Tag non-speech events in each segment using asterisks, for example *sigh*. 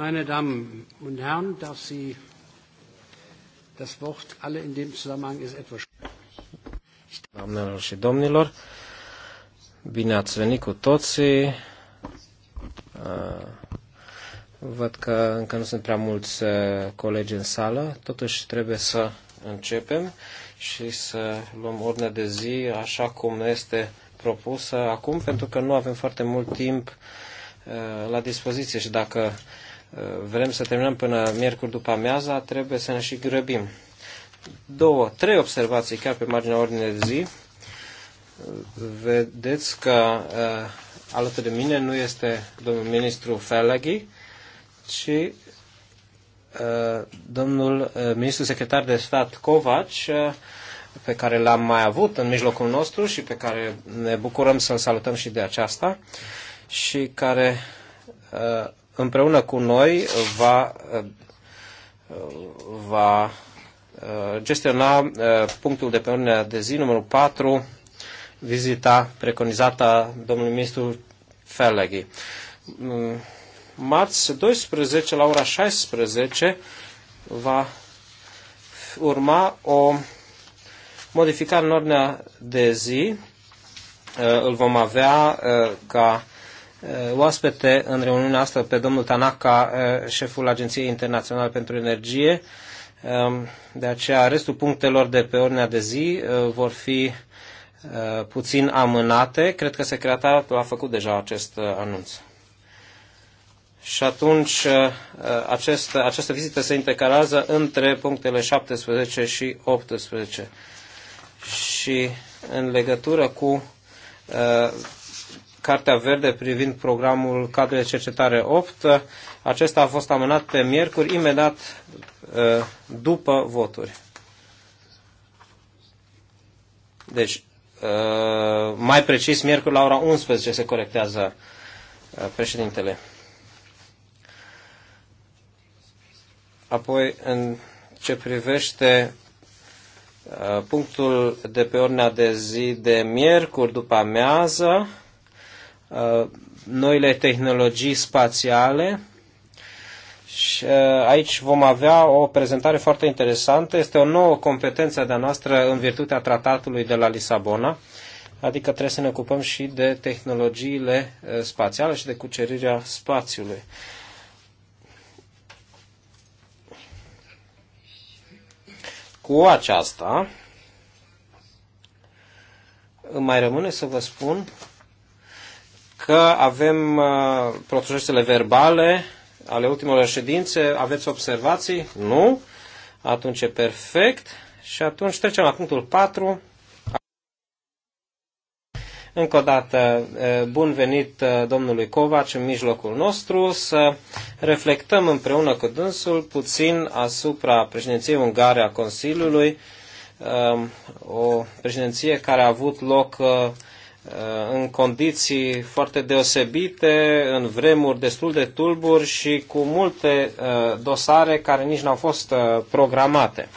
Meine Damen und Herren, darf Sie das Wort alle in dem Zusammenhang ist etwas. Doamnelor și domnilor, bine ați venit cu toții. Uh, văd că încă nu sunt prea mulți uh, colegi în sală, totuși trebuie să începem și să luăm ordine de zi așa cum este propusă acum, pentru că nu avem foarte mult timp uh, la dispoziție și dacă vrem să terminăm până miercuri după amiaza, trebuie să ne și grăbim. Două, trei observații chiar pe marginea ordinei de zi. Vedeți că uh, alături de mine nu este domnul ministru Felaghi, ci uh, domnul uh, ministru secretar de stat Covaci, pe care l-am mai avut în mijlocul nostru și pe care ne bucurăm să-l salutăm și de aceasta și care împreună cu noi va, va uh, gestiona uh, punctul de pe ordinea de zi numărul 4, vizita preconizată domnului ministru Feleghi. Mm, marți 12 la ora 16 va urma o modificare în ordinea de zi. Uh, îl vom avea ca Uh, oaspete în reuniunea asta pe domnul Tanaka, uh, șeful Agenției Internaționale pentru Energie. Um, de aceea, restul punctelor de pe ordinea de zi uh, vor fi puțin amânate. Cred că secretariatul a făcut deja acest anunț. Și atunci acest, această vizită se intercalează între punctele 17 și 18. Și în legătură cu Cartea Verde privind programul cadru de cercetare 8. Acesta a fost amânat pe miercuri, imediat uh, după voturi. Deci, uh, mai precis, miercuri la ora 11 se corectează uh, președintele. Apoi, în ce privește punctul de pe ordinea de zi de miercuri după amiază, Uh, noile tehnologii spațiale. Și uh, aici vom avea o prezentare foarte interesantă. Este o nouă competență de-a noastră în virtutea tratatului de la Lisabona, adică trebuie să ne ocupăm și de tehnologiile uh, spațiale și de cucerirea spațiului. Cu aceasta, îmi mai rămâne să vă spun că avem uh, procesele verbale ale ultimelor ședințe. Aveți observații? Nu? Atunci e perfect. Și atunci trecem la punctul 4. Încă o dată, uh, bun venit uh, domnului Covaci în mijlocul nostru să reflectăm împreună cu dânsul puțin asupra președinției ungare a Consiliului, o președinție care a avut loc Uh, în condiții foarte deosebite, în vremuri destul de tulburi și cu multe uh, dosare care nici n-au fost uh, programate.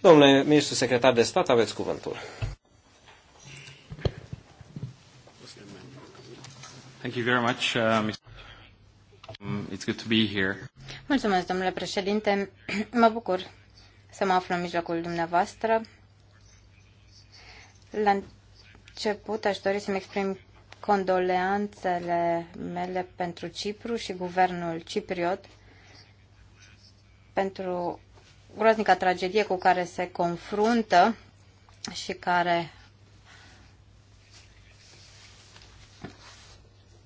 Domnule ministru secretar de stat, aveți cuvântul. Thank you very much, uh, mm, It's good to be here. Mulțumesc, domnule președinte. *clears throat* Mă bucur să mă aflu în mijlocul dumneavoastră. La început aș dori să-mi exprim condoleanțele mele pentru Cipru și guvernul cipriot pentru groaznica tragedie cu care se confruntă și care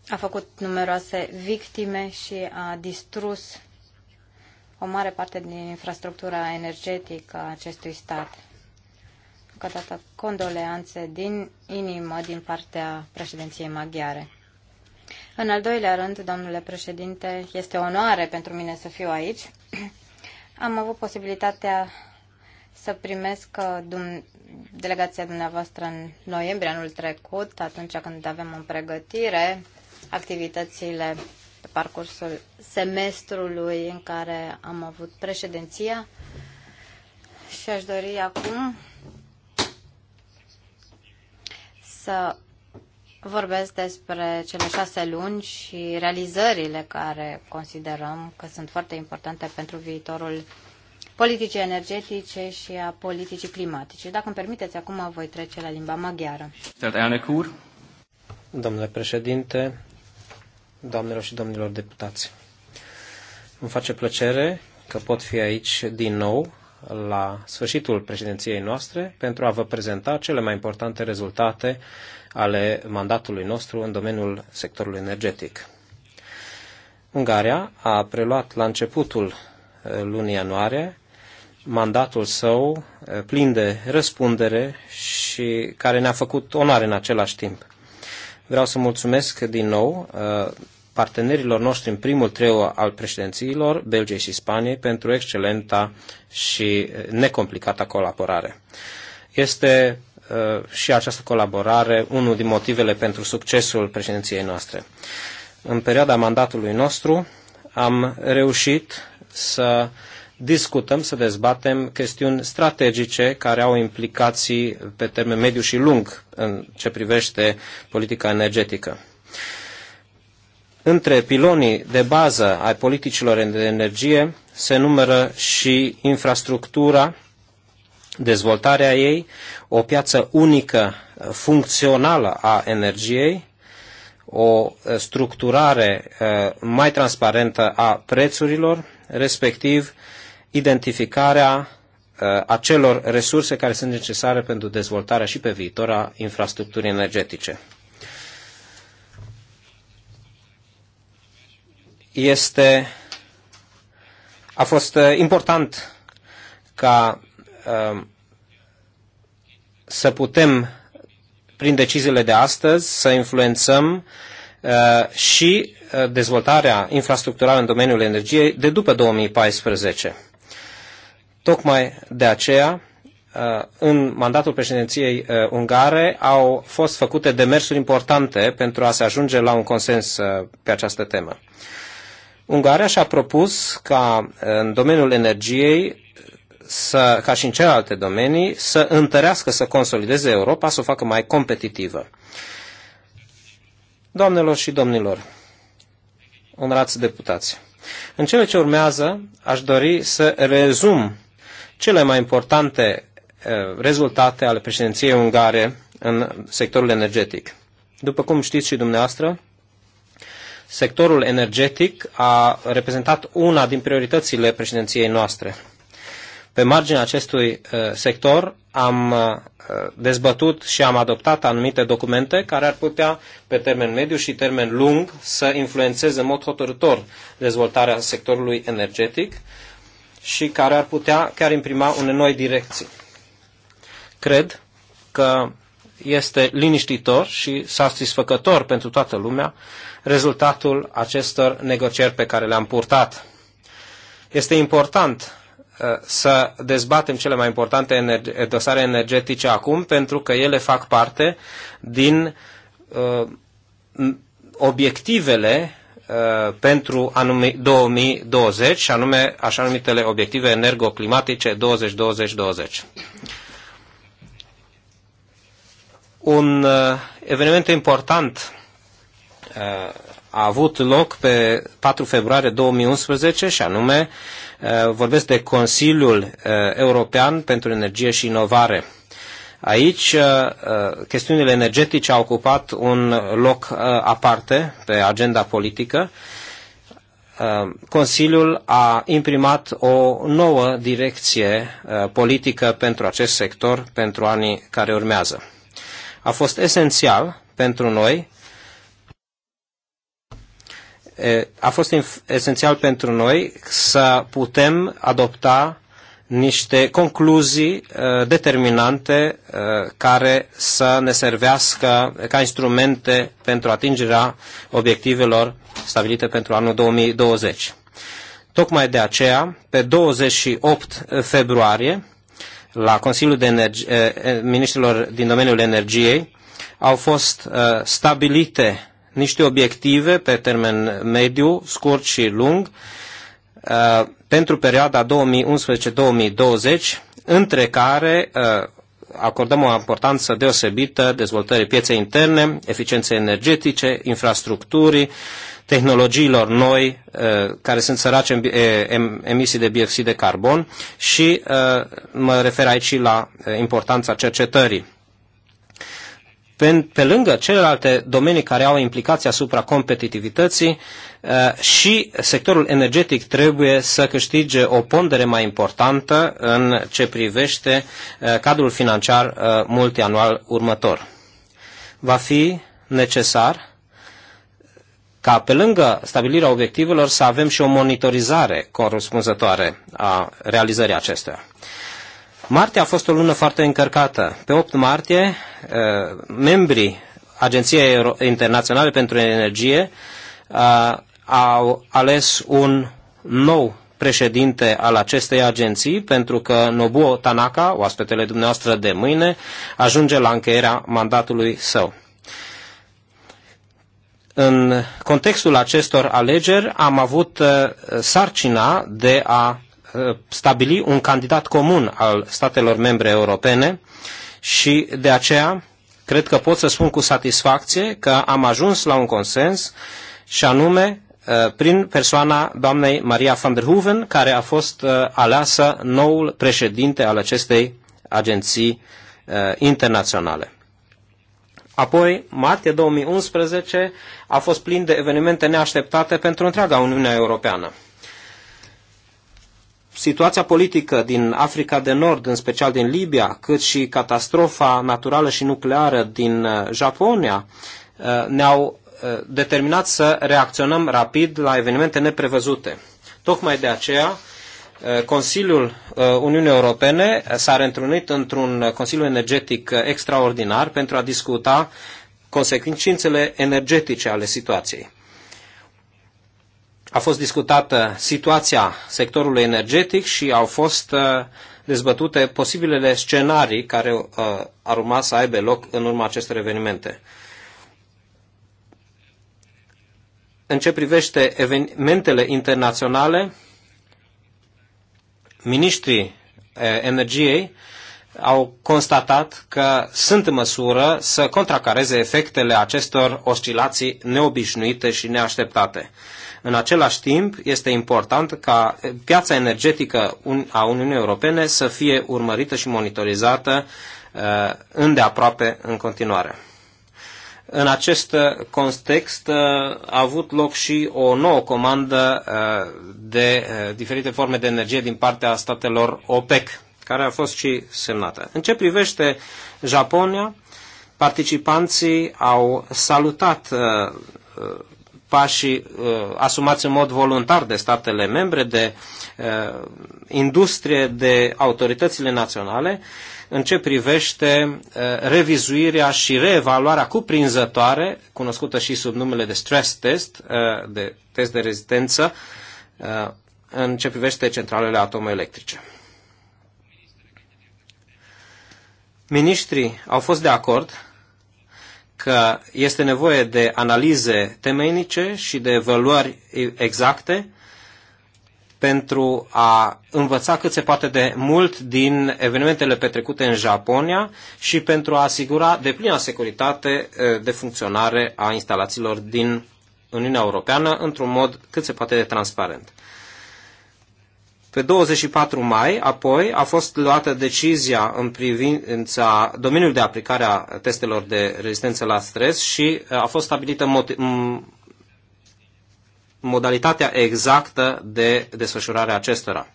a făcut numeroase victime și a distrus o mare parte din infrastructura energetică a acestui stat încă o dată condoleanțe din inimă din partea președinției maghiare. În al doilea rând, domnule președinte, este o onoare pentru mine să fiu aici. *clears throat* Am avut posibilitatea să primesc uh, dum- delegația dumneavoastră în noiembrie anul trecut, atunci când avem în pregătire activitățile pe parcursul semestrului în care am avut președinția. Și aș dori acum să vorbesc despre cele șase luni și realizările care considerăm că sunt foarte importante pentru viitorul politicii energetice și a politicii climatice. Dacă îmi permiteți, acum voi trece la limba maghiară. Domnule președinte, doamnelor și domnilor deputați, îmi face plăcere că pot fi aici din nou la sfârșitul președinției noastre pentru a vă prezenta cele mai importante rezultate ale mandatului nostru în domeniul sectorului energetic. Ungaria a preluat la începutul eh, lunii ianuarie mandatul său eh, plin de răspundere și care ne-a făcut onoare în același timp. Vreau să mulțumesc din nou eh, partenerilor noștri în primul treu al președințiilor, Belgiei și Spaniei, pentru excelenta și eh, necomplicată colaborare. Este eh, și această colaborare unul din motivele pentru succesul președinției noastre. În perioada mandatului nostru am reușit să discutăm, să dezbatem chestiuni strategice care au implicații pe termen mediu și lung în ce privește politica energetică. Între pilonii de bază ai politicilor de energie se numără și infrastructura, dezvoltarea ei, o piață unică funcțională a energiei, o structurare eh, mai transparentă a prețurilor, respectiv identificarea eh, acelor resurse care sunt necesare pentru dezvoltarea și pe viitor a infrastructurii energetice. este, a fost uh, important ca uh, să putem, prin deciziile de astăzi, să influențăm uh, și dezvoltarea infrastructurală în domeniul energiei de după 2014. Tocmai de aceea, în mandatul președinției ungare au fost făcute demersuri importante pentru a se ajunge la un consens pe această temă. Ungaria și-a propus ca în domeniul energiei să, ca și în celelalte domenii, să întărească, să consolideze Europa, să o facă mai competitivă. Doamnelor și domnilor, onorați deputați, în cele ce urmează aș dori să rezum cele mai importante rezultate ale președinției ungare în sectorul energetic. După cum știți și dumneavoastră, sectorul energetic a reprezentat una din prioritățile președinției noastre. Pe marginea acestui uh, sector am uh, dezbătut și am adoptat anumite documente care ar putea, pe termen mediu și termen lung, să influențeze în mod hotărător dezvoltarea sectorului energetic și care ar putea chiar imprima unei noi direcții. Cred că este liniștitor și satisfăcător pentru toată lumea rezultatul acestor negocieri pe care le-am purtat. Este important uh, să dezbatem cele mai importante energe dosare energetice acum, pentru că ele fac parte din uh, obiectivele uh, pentru anumi 2020, și anume așa numitele obiective energoclimatice 2020 2020 20 un uh, eveniment important uh, a avut loc pe 4 februarie 2011 și anume uh, vorbesc de Consiliul European pentru Energie și Inovare. Aici, chestiunile energetice au ocupat un loc aparte pe agenda politică. Consiliul a imprimat o nouă direcție politică pentru acest sector pentru anii care urmează a fost esențial pentru noi, a fost esențial pentru noi să putem adopta niște concluzii determinante care să ne servească ca instrumente pentru atingerea obiectivelor stabilite pentru anul 2020. Tocmai de aceea, pe 28 februarie, la Consiliul de Energie, eh, eh, Ministrilor din domeniul energiei au fost eh, stabilite niște obiective pe termen mediu, scurt și lung pentru perioada 2011-2020, între care acordăm o importanță deosebită dezvoltării pieței interne, eficienței energetice, infrastructurii, tehnologiilor noi uh, care sunt sărace în emisii de dioxid de carbon și uh, mă refer aici și la uh, importanța cercetării. Pe, pe lângă celelalte domenii care au implicații asupra competitivității, și sectorul energetic trebuie să câștige o pondere mai importantă în ce privește cadrul financiar multianual următor. Va fi necesar ca pe lângă stabilirea obiectivelor să avem și o monitorizare corespunzătoare a realizării acestea. Martie a fost o lună foarte încărcată. Pe 8 martie, eh, membrii Agenției Internaționale pentru Energie eh, au ales un nou președinte al acestei agenții, pentru că Nobuo Tanaka, oaspetele dumneavoastră de mâine, ajunge la încheierea mandatului său în contextul acestor alegeri am avut uh, sarcina de a uh, stabili un candidat comun al statelor membre europene și de aceea cred că pot să spun cu satisfacție că am ajuns la un consens și anume uh, prin persoana doamnei Maria van der Hoeven, care a fost aleasă noul președinte al acestei agenții internaționale. Apoi, martie 2011, a fost plin de evenimente neașteptate pentru întreaga Uniune Europeană. Situația politică din Africa de Nord, în special din Libia, cât și catastrofa naturală și nucleară din uh, Japonia, uh, ne-au uh, determinat să reacționăm rapid la evenimente neprevăzute. Tocmai de aceea, Consiliul Uniunii Europene s-a reîntrunit într-un Consiliu Energetic extraordinar pentru a discuta consecințele energetice ale situației. A fost discutată situația sectorului energetic și au fost uh, dezbătute posibilele scenarii care uh, ar urma să aibă loc în urma acestor evenimente. În ce privește evenimentele internaționale, ministrii uh, energiei au constatat că sunt în măsură să contracareze efectele acestor oscilații neobișnuite și neașteptate. În același timp, este important ca piața energetică a Uniunii Europene să fie urmărită și monitorizată uh, îndeaproape în continuare. În acest context uh, a avut loc și o nouă comandă uh, de diferite forme de energie din partea statelor OPEC care a fost și semnată. În ce privește Japonia, participanții au salutat uh, uh, pașii uh, asumați în mod voluntar de statele membre, de uh, industrie, de autoritățile naționale, în ce privește uh, revizuirea și reevaluarea cuprinzătoare, cunoscută și sub numele de stress test, uh, de test de rezistență, uh, în ce privește centralele atomoelectrice. Ministrii au fost de acord că este nevoie de analize temeinice și de evaluări exacte pentru a învăța cât se poate de mult din evenimentele petrecute în Japonia și pentru a asigura deplina securitate eh, de funcționare a instalațiilor din Uniunea Europeană într-un mod cât se poate de transparent. Pe 24 mai, apoi, a fost luată decizia în privința domeniului de aplicare a testelor de rezistență la stres și uh, a fost stabilită modalitatea exactă de desfășurare a acestora.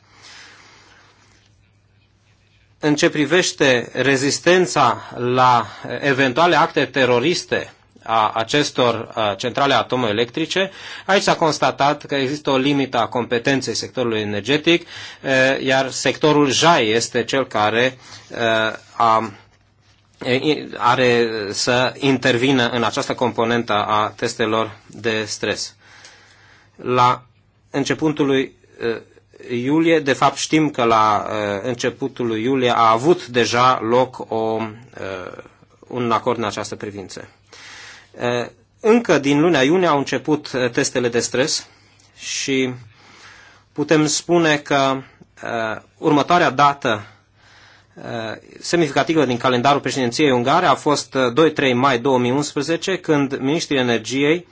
În ce privește rezistența la uh, eventuale acte teroriste a acestor centrale atomoelectrice. Aici s-a constatat că există o limită a competenței sectorului energetic, iar sectorul JAI este cel care a are să intervină în această componentă a testelor de stres. La începutul lui iulie, de fapt știm că la începutul lui iulie a avut deja loc o, un acord în această privință. Eh, încă din luna iunie au început eh, testele de stres și putem spune că eh, următoarea dată semnificativă din calendarul președinției ungare a fost 2-3 mai 2011, când ministrii energiei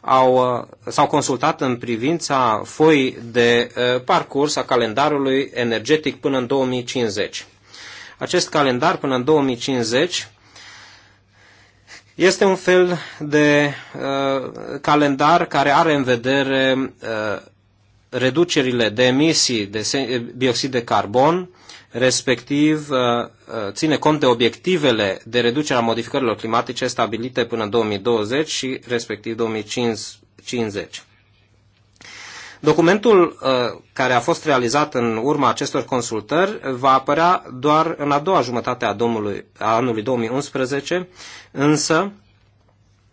au, s-au consultat în privința foi de parcurs a calendarului energetic până în 2050. Acest calendar până în 2050 este un fel de uh, calendar care are în vedere uh, reducerile de emisii de dioxid de carbon, respectiv uh, uh, ține cont de obiectivele de reducere a modificărilor climatice stabilite până în 2020 și respectiv 2050. Documentul uh, care a fost realizat în urma acestor consultări va apărea doar în a doua jumătate a, domnului, a anului 2011, însă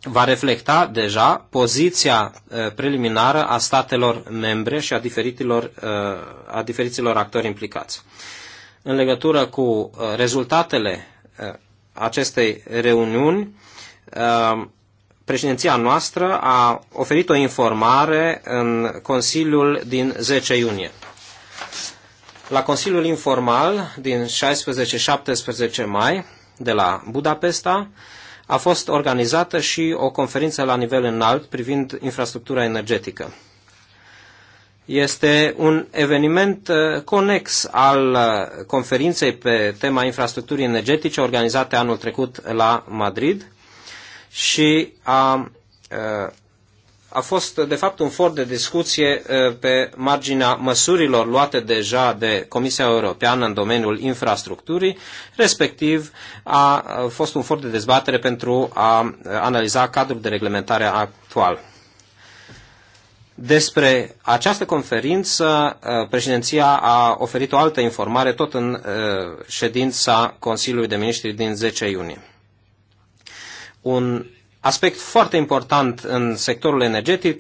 va reflecta deja poziția uh, preliminară a statelor membre și a, diferitilor, uh, a diferiților actori implicați. În legătură cu rezultatele acestei reuniuni, președinția noastră a oferit o informare în Consiliul din 10 iunie. La Consiliul informal din 16-17 mai de la Budapesta a fost organizată și o conferință la nivel înalt privind infrastructura energetică. Este un eveniment uh, conex al uh, conferinței pe tema infrastructurii energetice organizate anul trecut la Madrid – și a, a fost, de fapt, un for de discuție pe marginea măsurilor luate deja de Comisia Europeană în domeniul infrastructurii, respectiv a fost un for de dezbatere pentru a analiza cadrul de reglementare actual. Despre această conferință, președinția a oferit o altă informare tot în ședința Consiliului de Ministri din 10 iunie. Un aspect foarte important în sectorul energetic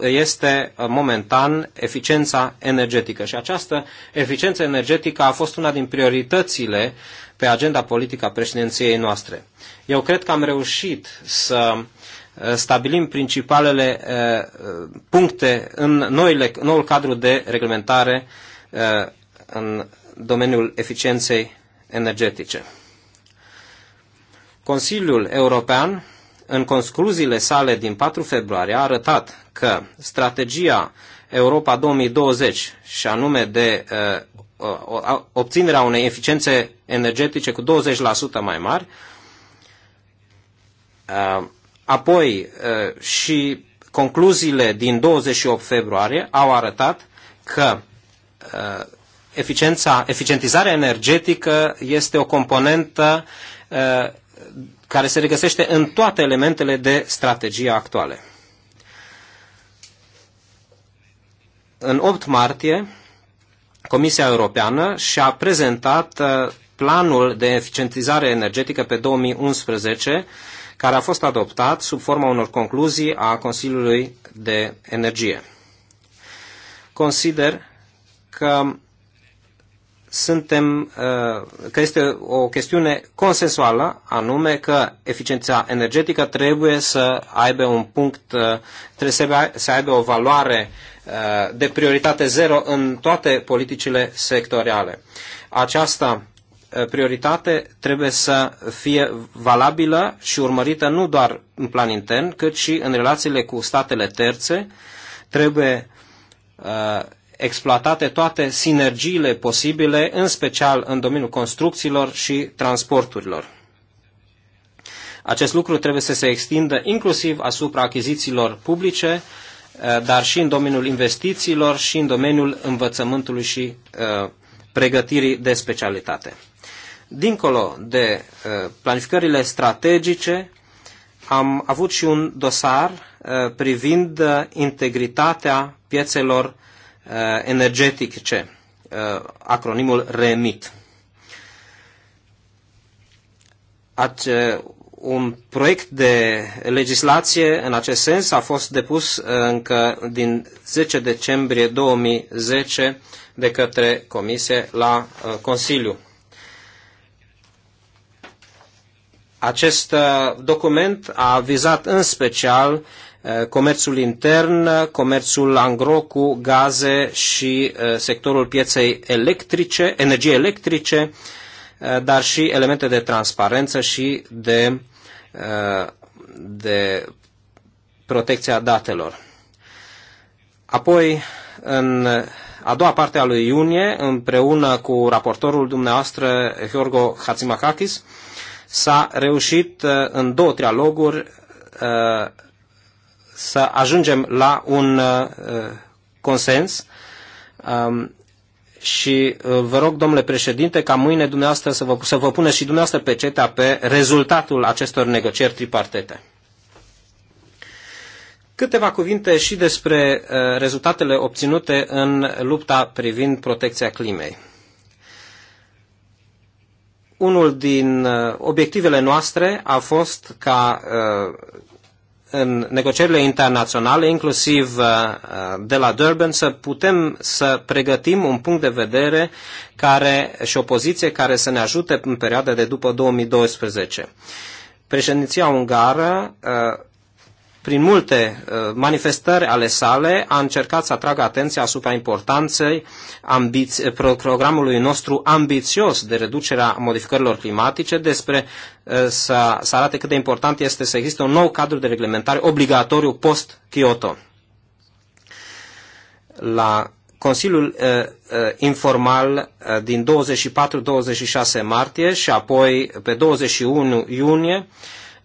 este uh, momentan eficiența energetică și această eficiență energetică a fost una din prioritățile pe agenda politică a președinției noastre. Eu cred că am reușit să uh, stabilim principalele uh, puncte în noile, noul cadru de reglementare în domeniul eficienței energetice. Consiliul European, în concluziile sale din 4 februarie, a arătat că strategia Europa 2020, și anume de uh, obținerea unei eficiențe energetice cu 20% mai mari, uh, apoi uh, și concluziile din 28 februarie au arătat că uh, eficiența, eficientizarea energetică este o componentă uh, care se regăsește în toate elementele de strategie actuale. În 8 martie, Comisia Europeană și-a prezentat uh, planul de eficientizare energetică pe 2011, care a fost adoptat sub forma unor concluzii a Consiliului de Energie. Consider că suntem, uh, că este o chestiune consensuală, anume că eficiența energetică trebuie să aibă un punct, uh, trebuie să aibă o valoare uh, de prioritate zero în toate politicile sectoriale. Aceasta prioritate trebuie să fie valabilă și urmărită nu doar în plan intern, cât și în relațiile cu statele terțe. Trebuie exploatate toate sinergiile posibile, în special în domeniul construcțiilor și transporturilor. Acest lucru trebuie să se extindă inclusiv asupra achizițiilor publice, eh, dar și în domeniul investițiilor și în domeniul învățământului și eh, pregătirii de specialitate. Dincolo de eh, planificările strategice, am avut și un dosar privind integritatea piețelor Uh, energetice, uh, acronimul REMIT. Ați, uh, un proiect de legislație în acest sens a fost depus încă din 10 decembrie 2010 de către Comisie la Consiliu. Acest document a vizat în special Eh, comerțul intern, comerțul angro cu gaze și eh, sectorul pieței electrice, energie electrice, eh, dar și elemente de transparență și de, de protecția datelor. Apoi, în a doua parte a lui iunie, împreună cu raportorul dumneavoastră, Georgo Hatzimakakis, s-a reușit în două trialoguri să ajungem la un uh, consens um, și uh, vă rog, domnule președinte, ca mâine dumneavoastră să vă, să vă puneți și dumneavoastră pe cetea pe rezultatul acestor negocieri tripartete. Câteva cuvinte și despre uh, rezultatele obținute în lupta privind protecția climei. Unul din obiectivele noastre a fost ca în negocierile internaționale, inclusiv uh, de la Durban, să putem să pregătim un punct de vedere care, și o poziție care să ne ajute în perioada de după 2012. Președinția ungară uh, prin multe uh, manifestări ale sale, a încercat să atragă atenția asupra importanței uh, programului nostru ambițios de reducerea modificărilor climatice, despre uh, să, să arate cât de important este să existe un nou cadru de reglementare obligatoriu post-Kyoto. La Consiliul uh, uh, informal uh, din 24-26 martie și apoi pe 21 iunie uh,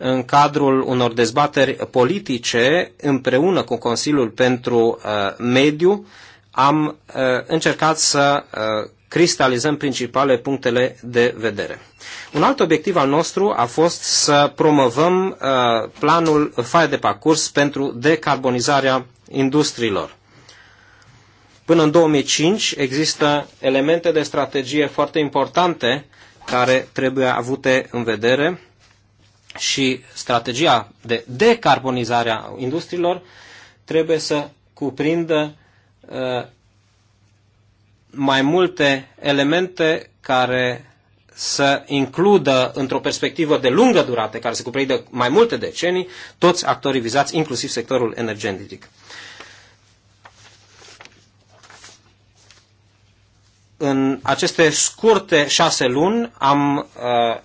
în cadrul unor dezbateri politice împreună cu Consiliul pentru uh, Mediu, am uh, încercat să uh, cristalizăm principale punctele de vedere. Un alt obiectiv al nostru a fost să promovăm planul faia de parcurs pentru decarbonizarea industriilor. Până în 2005 există elemente de strategie foarte importante care trebuie avute în vedere și strategia de decarbonizare a industriilor trebuie să cuprindă uh, mai multe elemente care să includă într-o perspectivă de lungă durată, care să cuprindă mai multe decenii, toți actorii vizați, inclusiv sectorul energetic. în aceste scurte șase luni am uh,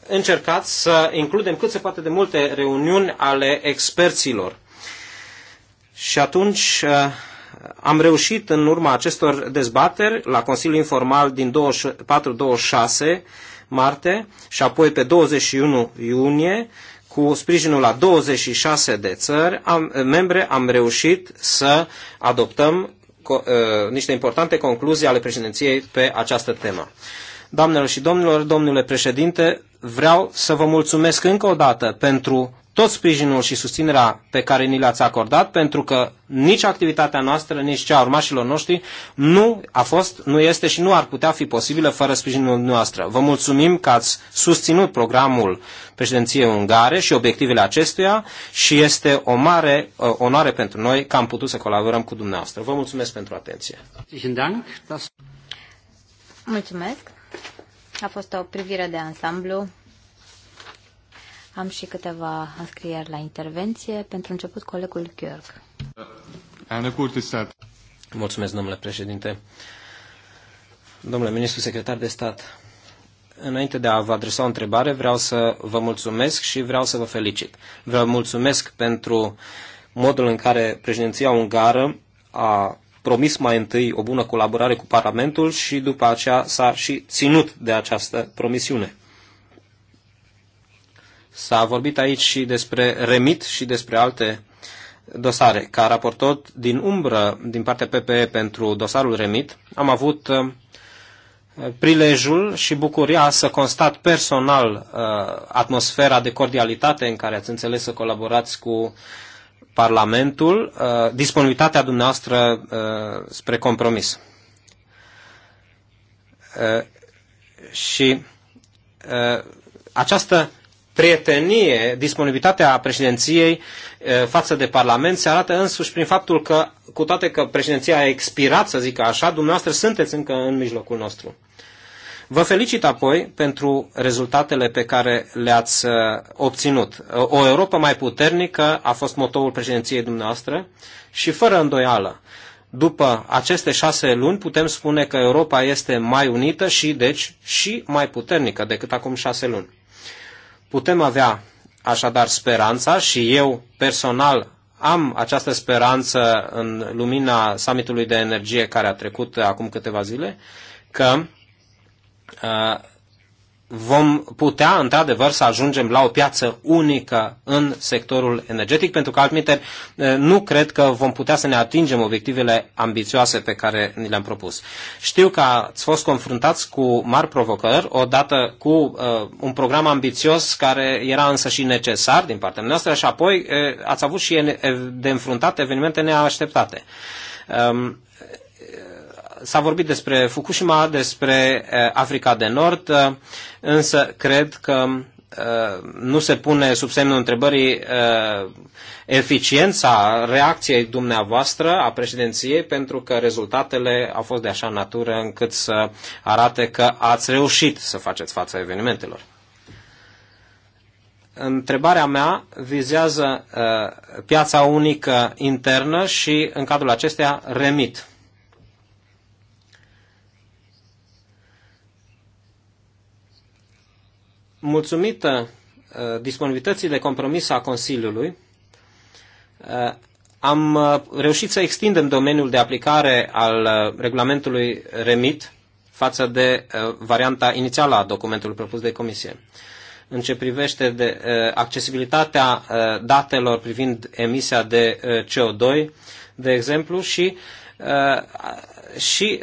încercat să includem cât se poate de multe reuniuni ale experților. Și atunci uh, am reușit în urma acestor dezbateri la Consiliul Informal din 24-26 martie și apoi pe 21 iunie cu sprijinul a 26 de țări am, membre am reușit să adoptăm Uh, niște importante concluzii ale președinției pe această temă. Doamnelor și domnilor, domnule președinte, vreau să vă mulțumesc încă o dată pentru tot sprijinul și susținerea pe care ni le-ați acordat, pentru că nici activitatea noastră, nici cea a urmașilor noștri nu a fost, nu este și nu ar putea fi posibilă fără sprijinul noastră. Vă mulțumim că ați susținut programul președinției ungare și obiectivele acestuia și este o mare uh, onoare pentru noi că am putut să colaborăm cu dumneavoastră. Vă mulțumesc pentru atenție. Mulțumesc. A fost o privire de ansamblu am și câteva înscrieri la intervenție. Pentru început, colegul Gheorg. Mulțumesc, domnule președinte. Domnule ministru secretar de stat, înainte de a vă adresa o întrebare, vreau să vă mulțumesc și vreau să vă felicit. Vă mulțumesc pentru modul în care președinția ungară a promis mai întâi o bună colaborare cu Parlamentul și după aceea s-a și ținut de această promisiune. S-a vorbit aici și despre remit și despre alte dosare. Ca raportor din umbră din partea PPE pentru dosarul remit, am avut uh, prilejul și bucuria să constat personal uh, atmosfera de cordialitate în care ați înțeles să colaborați cu Parlamentul, uh, disponibilitatea dumneavoastră spre compromis. Și această prietenie, disponibilitatea președinției față de Parlament se arată însuși prin faptul că, cu toate că președinția a expirat, să zic așa, dumneavoastră sunteți încă în mijlocul nostru. Vă felicit apoi pentru rezultatele pe care le-ați uh, obținut. O Europa mai puternică a fost motoul președinției dumneavoastră și fără îndoială. După aceste șase luni putem spune că Europa este mai unită și deci și mai puternică decât acum șase luni. Putem avea așadar speranța și eu personal am această speranță în lumina summitului de energie care a trecut acum câteva zile, că uh, vom putea, într-adevăr, să ajungem la o piață unică în sectorul energetic, pentru că, altminteri, eh, nu cred că vom putea să ne atingem obiectivele ambițioase pe care ni le-am propus. Știu că ați fost confruntați cu mari provocări, odată cu uh, un program ambițios care era însă și necesar din partea noastră și apoi uh, ați avut și de înfruntat evenimente neașteptate. Um, S-a vorbit despre Fukushima, despre eh, Africa de Nord, eh, însă cred că eh, nu se pune sub semnul întrebării eficiența reacției dumneavoastră a președinției, pentru că rezultatele au fost de așa natură încât să arate că ați reușit să faceți fața evenimentelor. Întrebarea mea vizează piața unică internă și, în cadrul acesteia, remit mulțumită uh, disponibilității de compromis a Consiliului, uh, am uh, reușit să extindem domeniul de aplicare al regulamentului REMIT față de varianta inițială a documentului propus de Comisie. În ce privește de accesibilitatea datelor privind emisia de CO2, de exemplu, și, și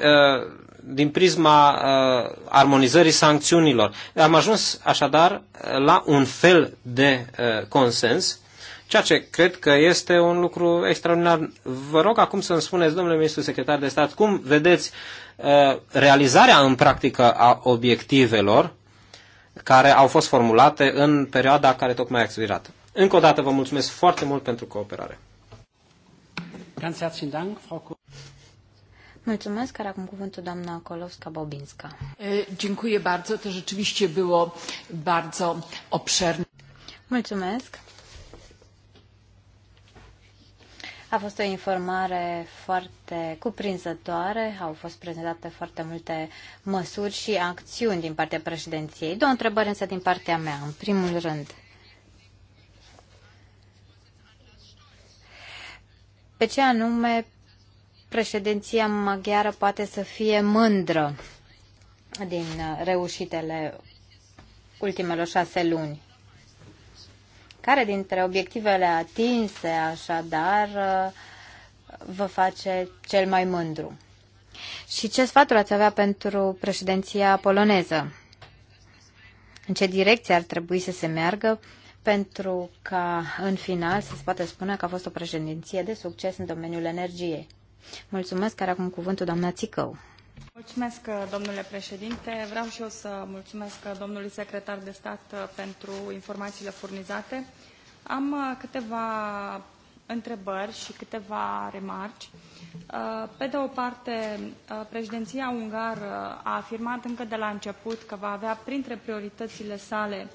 din prisma uh, armonizării sancțiunilor. Am ajuns așadar la un fel de uh, consens, ceea ce cred că este un lucru extraordinar. Vă rog acum să-mi spuneți, domnule ministru secretar de stat, cum vedeți uh, realizarea în practică a obiectivelor care au fost formulate în perioada care tocmai a expirat. Încă o dată vă mulțumesc foarte mult pentru cooperare. Mulțumesc, care acum cuvântul doamna Kolowska-Bobinska. Dziękuję bardzo, to rzeczywiście było bardzo obszerne. Mulțumesc. A fost o informare foarte cuprinzătoare, au fost prezentate foarte multe măsuri și acțiuni din partea președinției. Două întrebări însă din partea mea, în primul rând. Pe ce anume președinția maghiară poate să fie mândră din uh, reușitele ultimelor șase luni. Care dintre obiectivele atinse, așadar, uh, vă face cel mai mândru? Și ce sfaturi ați avea pentru președinția poloneză? În ce direcție ar trebui să se meargă pentru ca, în final, să se poată spune că a fost o președinție de succes în domeniul energiei? Mulțumesc, care acum cuvântul doamna Țicău. Mulțumesc, domnule președinte. Vreau și eu să mulțumesc domnului secretar de stat uh, pentru informațiile furnizate. Am uh, câteva întrebări și câteva remarci. Uh, pe de o parte, președinția ungară a afirmat încă de la început că va avea printre prioritățile sale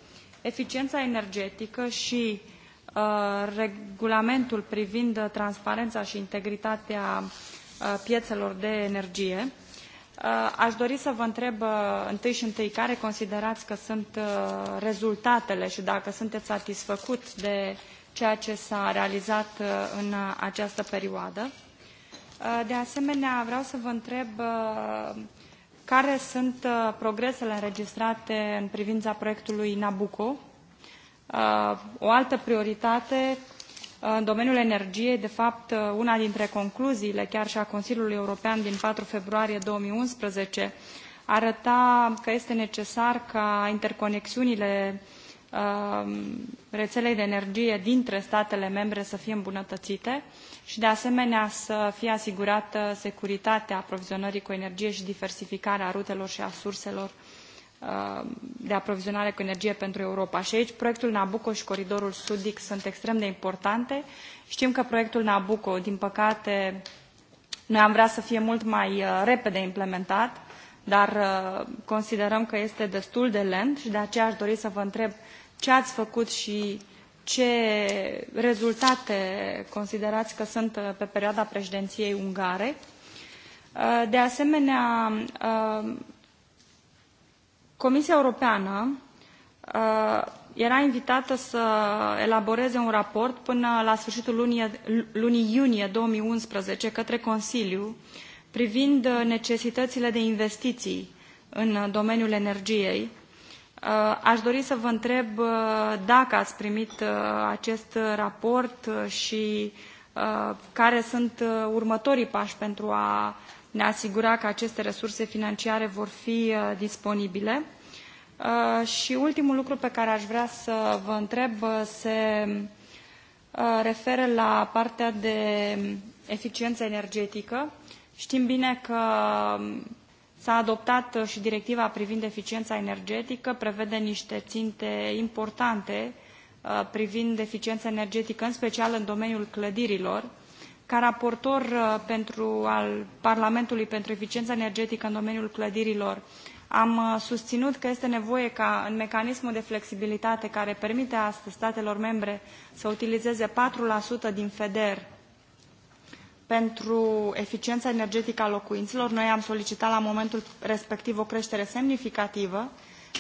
eficiența energetică și uh, Uh, regulamentul privind transparența și integritatea uh, piețelor de energie. Uh, aș dori să vă întreb întâi și întâi care considerați că sunt rezultatele și dacă sunteți satisfăcut de ceea ce s-a realizat în această perioadă. De asemenea, vreau să vă întreb care sunt progresele înregistrate în privința proiectului Nabucco Uh, o altă prioritate uh, în domeniul energiei, de fapt, uh, una dintre concluziile chiar și a Consiliului European din 4 februarie 2011 arăta că este necesar ca interconexiunile rețelei de energie dintre statele membre să fie îmbunătățite și, de asemenea, să fie asigurată securitatea aprovizionării cu energie și diversificarea rutelor și a surselor de aprovizionare cu energie pentru Europa. Și aici proiectul Nabucco și coridorul sudic sunt extrem de importante. Știm că proiectul Nabucco, din păcate, noi am vrea să fie mult mai uh, repede implementat, dar uh, considerăm că este destul de lent și de aceea aș dori să vă întreb ce ați făcut și ce rezultate considerați că sunt uh, pe perioada președinției ungare. De asemenea, Comisia Europeană uh, era invitată să elaboreze un raport până la sfârșitul lunii, lunii iunie 2011 către Consiliu privind necesitățile de investiții în domeniul energiei. Uh, aș dori să vă întreb uh, dacă ați primit acest raport și care sunt următorii pași pentru a ne asigura că aceste resurse financiare vor fi uh, disponibile. Uh, și ultimul lucru pe care aș vrea să vă întreb uh, se referă la partea de eficiență energetică. Știm bine că um, s-a adoptat și directiva privind eficiența energetică, prevede niște ținte importante privind eficiența energetică, în special în domeniul clădirilor. Ca raportor uh, pentru, al Parlamentului pentru eficiența energetică în domeniul clădirilor, am uh, susținut că este nevoie ca în mecanismul de flexibilitate care permite astăzi statelor membre să utilizeze 4% din FEDER pentru eficiența energetică a locuințelor. Noi am solicitat la momentul respectiv o creștere semnificativă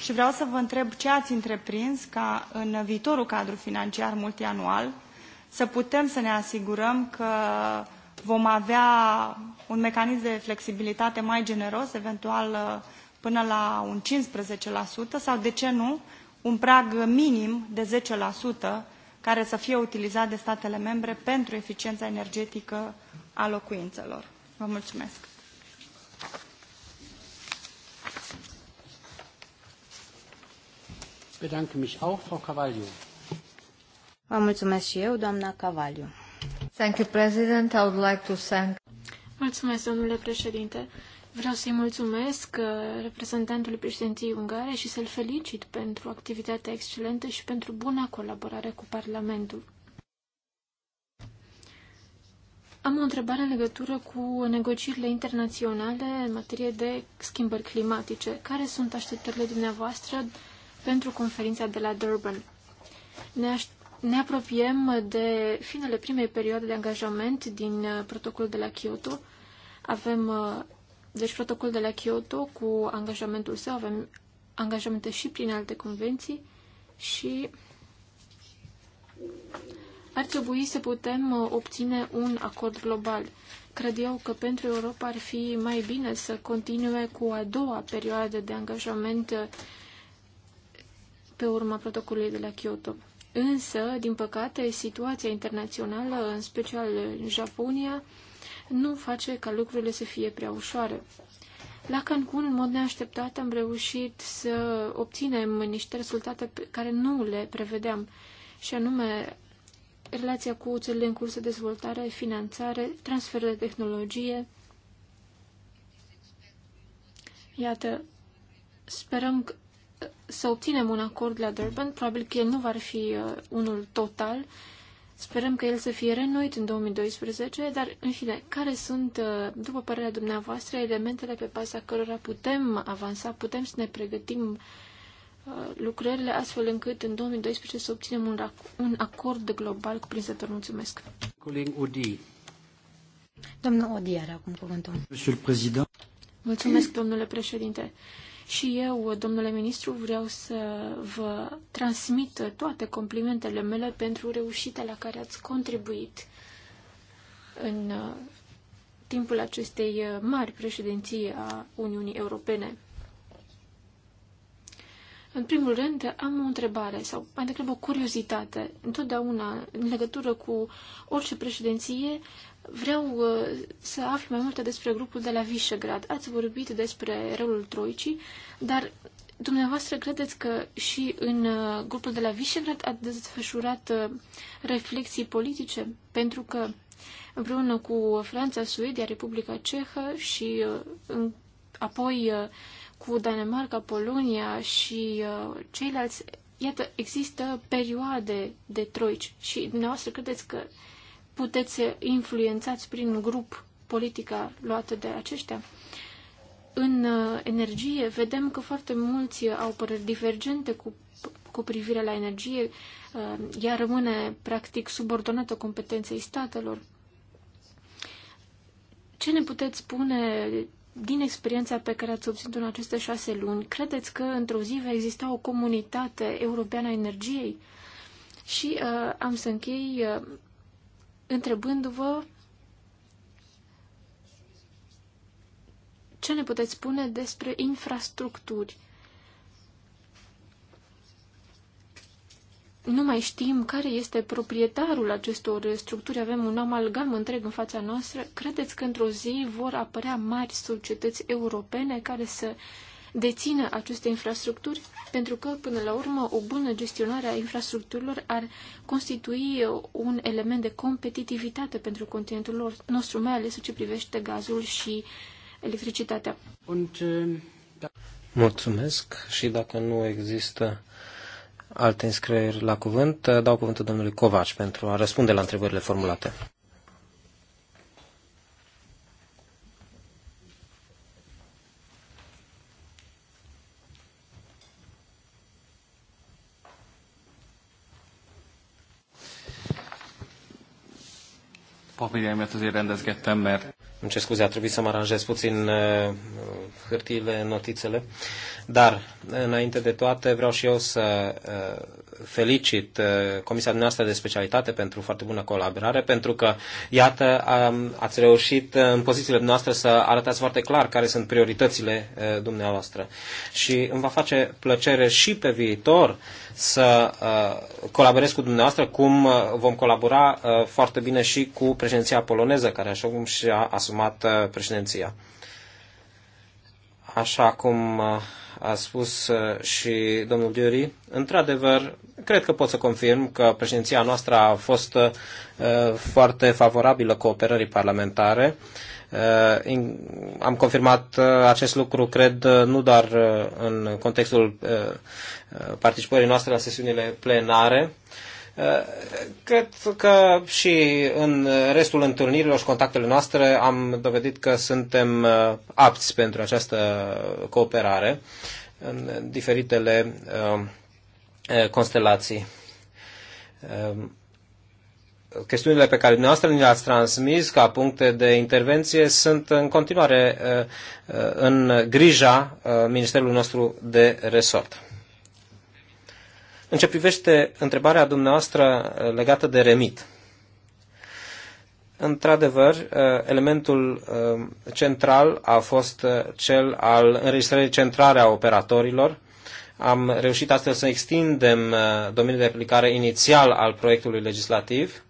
și vreau să vă întreb ce ați întreprins ca în viitorul cadru financiar multianual să putem să ne asigurăm că vom avea un mecanism de flexibilitate mai generos, eventual uh, până la un 15% sau, de ce nu, un prag minim de 10% care să fie utilizat de statele membre pentru eficiența energetică a locuințelor. Vă mulțumesc! Bedanke mich auch, Frau Cavaglio. Vă mulțumesc și eu, doamna Cavaliu. Thank you, President. I would like to thank... Mulțumesc, domnule președinte. Vreau să-i mulțumesc uh, reprezentantului președinției ungare și să-l felicit pentru activitatea excelentă și pentru buna colaborare cu Parlamentul. Am o întrebare în legătură cu negocierile internaționale în materie de schimbări climatice. Care sunt așteptările dumneavoastră pentru conferința de la Durban? Ne ne apropiem de finele primei perioade de angajament din uh, protocolul de la Kyoto. Avem, uh, deci, protocolul de la Kyoto cu angajamentul său, avem angajamente și prin alte convenții și ar trebui să putem uh, obține un acord global. Cred eu că pentru Europa ar fi mai bine să continue cu a doua perioadă de angajament pe urma protocolului de la Kyoto. Însă, din păcate, situația internațională, în special în Japonia, nu face ca lucrurile să fie prea ușoare. La Cancun, în mod neașteptat, am reușit să obținem niște rezultate pe care nu le prevedeam, și anume relația cu țările în curs de dezvoltare, finanțare, transfer de tehnologie. Iată, sperăm să obținem un acord la Durban. Probabil că el nu va fi uh, unul total. Sperăm că el să fie renoit în 2012, dar, în fine, care sunt, uh, după părerea dumneavoastră, elementele pe baza cărora putem avansa, putem să ne pregătim uh, lucrările astfel încât în 2012 să obținem un, un acord global cuprinzător. Mulțumesc. Coleg Odi. Domnul Odi are acum cuvântul. Mulțumesc, domnule președinte. Și eu, domnule ministru, vreau să vă transmit toate complimentele mele pentru reușita la care ați contribuit în uh, timpul acestei uh, mari președinții a Uniunii Europene. În primul rând, am o întrebare sau mai degrabă o curiozitate. Întotdeauna, în legătură cu orice președinție, vreau uh, să aflu mai multe despre grupul de la Visegrad. Ați vorbit despre rolul Troicii, dar dumneavoastră credeți că și în uh, grupul de la Visegrad a desfășurat uh, reflexii politice? Pentru că împreună cu Franța, Suedia, Republica Cehă și apoi cu Danemarca, Polonia și uh, ceilalți, iată, există perioade de troici și dumneavoastră credeți că puteți influențați prin un grup politica luată de aceștia? În uh, energie vedem că foarte mulți au păreri divergente cu, cu privire la energie, uh, ea rămâne practic subordonată competenței statelor. Ce ne puteți spune din experiența pe care ați obținut în aceste șase luni, credeți că într-o zi va exista o comunitate europeană a energiei? Și uh, am să închei uh, întrebându-vă ce ne puteți spune despre infrastructuri nu mai știm care este proprietarul acestor structuri, avem un amalgam întreg în fața noastră, credeți că într-o zi vor apărea mari societăți europene care să dețină aceste infrastructuri? Pentru că, până la urmă, o bună gestionare a infrastructurilor ar constitui un element de competitivitate pentru continentul nostru, mai ales în ce privește gazul și electricitatea. Mulțumesc și dacă nu există alte înscrieri la cuvânt. Dau cuvântul domnului Covaci pentru a răspunde la întrebările formulate. papírjaimat azért rendezgettem, mert... Îmi cer scuze, a trebuit să mă aranjez puțin uh, hârtiile, notițele. Dar, înainte de toate, vreau și eu să uh, felicit uh, Comisia dumneavoastră de specialitate pentru foarte bună colaborare, pentru că, iată, ați reușit uh, în pozițiile noastre să arătați foarte clar care sunt prioritățile uh, dumneavoastră. Și îmi va face plăcere și pe viitor să colaborez cu dumneavoastră, cum vom colabora foarte bine și cu președinția poloneză, care așa cum și-a asumat președinția. Așa cum a spus uh, și domnul Diori. Într-adevăr, cred că pot să confirm că președinția noastră a fost uh, foarte favorabilă cooperării parlamentare. Uh, am confirmat acest lucru, cred, nu doar în contextul participării noastre la sesiunile plenare, Cred că și în restul întâlnirilor și contactelor noastre am dovedit că suntem uh, apți pentru această cooperare în diferitele uh, constelații uh, chestiunile pe care dumneavoastră ni le-ați transmis ca puncte de intervenție sunt în continuare în grija Ministerului nostru de resort. În ce privește întrebarea dumneavoastră uh, legată de remit, într-adevăr, uh, elementul uh, central a fost cel al înregistrării centrare a operatorilor. Am reușit astfel să extindem domeniul de aplicare inițial al proiectului legislativ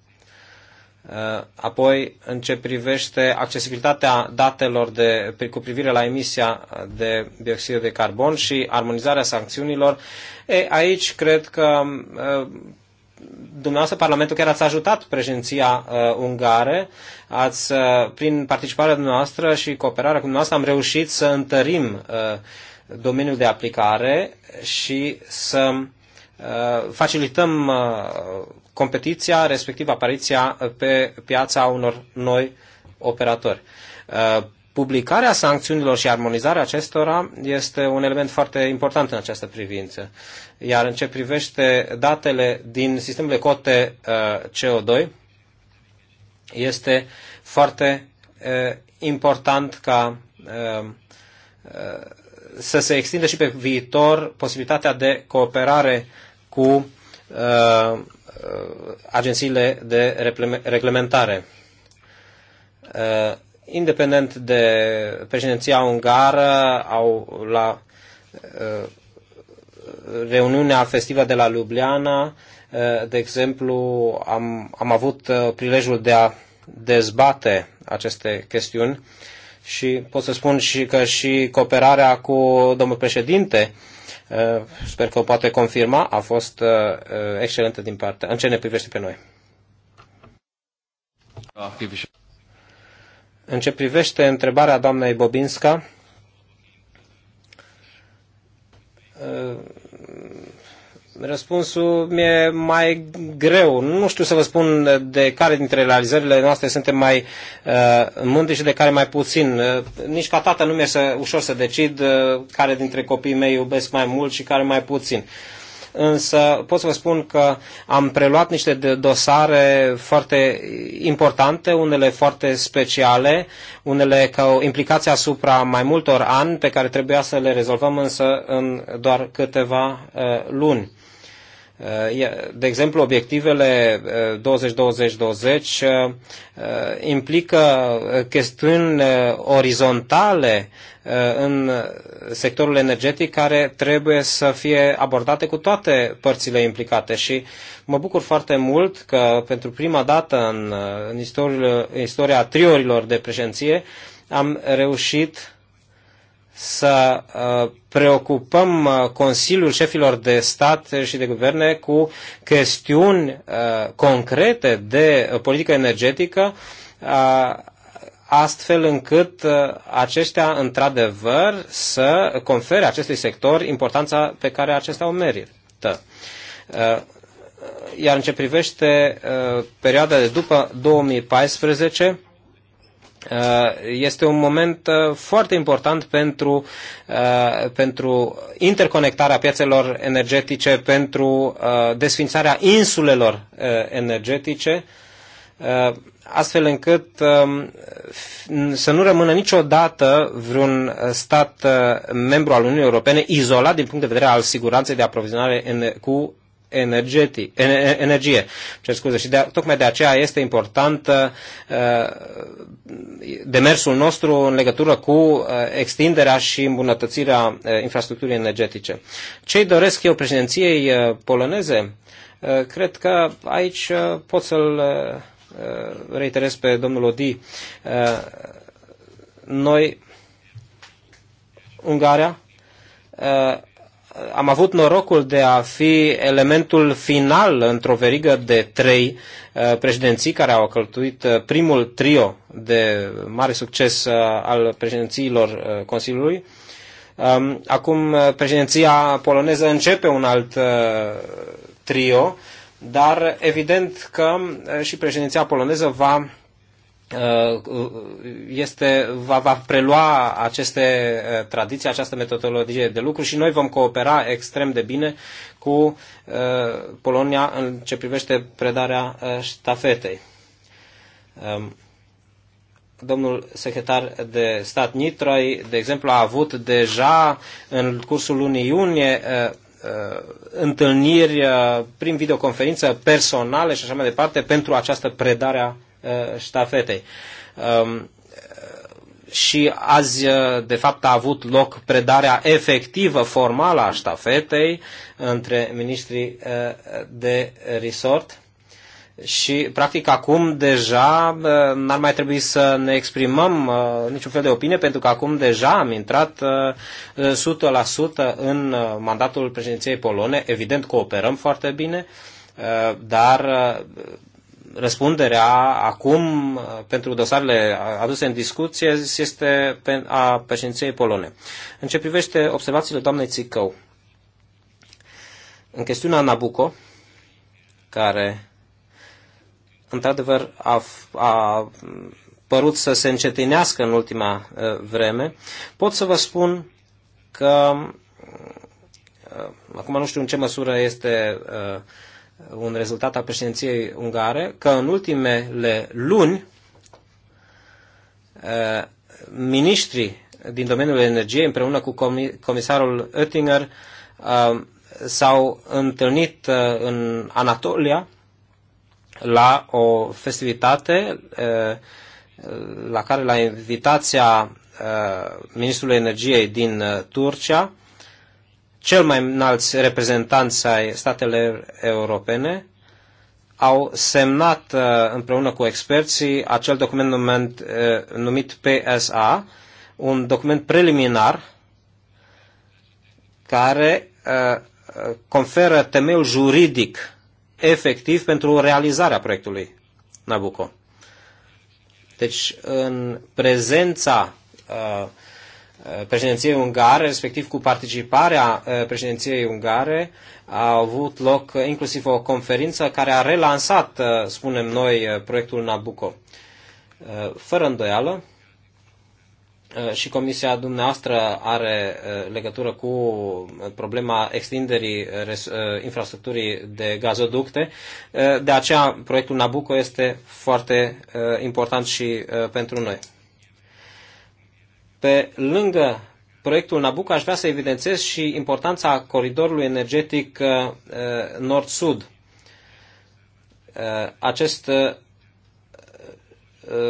Uh, apoi, în ce privește accesibilitatea datelor de, cu privire la emisia de dioxid de carbon și armonizarea sancțiunilor, e, aici cred că uh, dumneavoastră Parlamentul chiar ați ajutat președinția uh, ungare, ați, uh, prin participarea dumneavoastră și cooperarea cu dumneavoastră am reușit să întărim uh, domeniul de aplicare și să Uh, facilităm uh, competiția, respectiv apariția uh, pe piața unor noi operatori. Publicarea sancțiunilor și armonizarea acestora este un element foarte important în această privință. Iar în ce privește datele din sistemele cote CO2, este foarte important ca să se extindă și pe viitor posibilitatea de cooperare uh, cu uh, uh, agențiile de reglementare. Uh, independent de președinția ungară, au la reuniunea festivă de la Ljubljana, de exemplu, am, am avut prilejul de a dezbate aceste chestiuni și pot să spun și că și cooperarea cu domnul președinte uh, Uh, sper că o poate confirma, a fost uh, uh, excelentă din partea, în ce ne privește pe noi. În ce privește întrebarea doamnei Bobinska, Răspunsul mi-e mai greu. Nu știu să vă spun de care dintre realizările noastre suntem mai uh, mândri și de care mai puțin. Uh, nici ca tată nu mi-e să, ușor să decid uh, care dintre copiii mei iubesc mai mult și care mai puțin. Însă pot să vă spun că am preluat niște dosare foarte importante, unele foarte speciale, unele cu implicație asupra mai multor ani pe care trebuia să le rezolvăm însă în doar câteva uh, luni Uh, de exemplu, obiectivele 20-20-20 uh, uh, implică chestiuni orizontale în sectorul energetic care trebuie să fie abordate cu toate părțile implicate și mă bucur foarte mult că pentru prima dată în, în istoria, istoria triorilor de președinție am reușit să uh, preocupăm uh, Consiliul șefilor de stat și de guverne cu chestiuni uh, concrete de politică energetică, astfel încât aceștia, într-adevăr, să confere acestui sector importanța pe care acesta o merită. Iar în ce privește perioada de după 2014, Uh, este un moment uh, foarte important pentru, uh, pentru interconectarea piețelor energetice, pentru desfințarea insulelor energetice, astfel încât um, să nu rămână niciodată vreun stat membru al Uniunii Europene izolat din punct de vedere al siguranței de aprovizionare cu energetic, energie. Cer scuze. Și de, tocmai de aceea este important uh, demersul nostru în legătură cu uh, extinderea și îmbunătățirea uh, infrastructurii energetice. Ce doresc eu președinției uh, poloneze? Uh, cred că aici uh, pot să-l uh, uh reiterez pe domnul Odi. Uh, noi, Ungaria, uh, Uh, am avut norocul de a fi elementul final într-o verigă de trei uh, președinții care au călătuit uh, primul trio de mare succes al președințiilor Consiliului. Um, acum președinția poloneză începe un alt trio, dar evident că și președinția poloneză va Uh, este, va, va prelua aceste uh, tradiții, această metodologie de lucru și noi vom coopera extrem de bine cu uh, Polonia în ce privește predarea ștafetei. Um, domnul secretar de stat Nitroi, de exemplu, a avut deja în cursul lunii iunie întâlniri prin videoconferință personale și așa mai departe pentru această predare a Uh, ștafetei. Um, și azi, uh, de fapt, a avut loc predarea efectivă, formală a ștafetei între ministrii uh, de resort. Și, practic, acum deja n-ar mai trebui să ne exprimăm niciun fel de opinie, pentru că acum deja am intrat 100% în mandatul președinției polone. Evident, cooperăm foarte bine, dar răspunderea acum uh, pentru dosarele aduse în discuție este a președinției polone. În ce privește observațiile doamnei Țicău, în chestiunea Nabucco, care într-adevăr a, a părut să se încetinească în ultima uh, vreme, pot să vă spun că uh, acum nu știu în ce măsură este uh, un rezultat al președinției ungare, că în ultimele luni miniștrii din domeniul energiei împreună cu comisarul Oettinger s-au întâlnit în Anatolia la o festivitate la care la invitația ministrului energiei din Turcia cel mai înalți reprezentanți ai statelor europene au semnat uh, împreună cu experții acel document numit, uh, numit PSA, un document preliminar care uh, conferă temeiul juridic efectiv pentru realizarea proiectului Nabucco. Deci, în prezența uh, Eh, președinției ungare, respectiv cu participarea eh, președinției ungare, a avut loc eh, inclusiv o conferință care a relansat, spunem noi, proiectul Nabucco. Fără îndoială, și comisia dumneavoastră are legătură cu problema extinderii infrastructurii de gazoducte. De aceea, proiectul Nabucco este foarte important și pentru noi. Pe lângă proiectul Nabucco aș vrea să evidențez și importanța coridorului energetic uh, uh, nord-sud. Uh, acest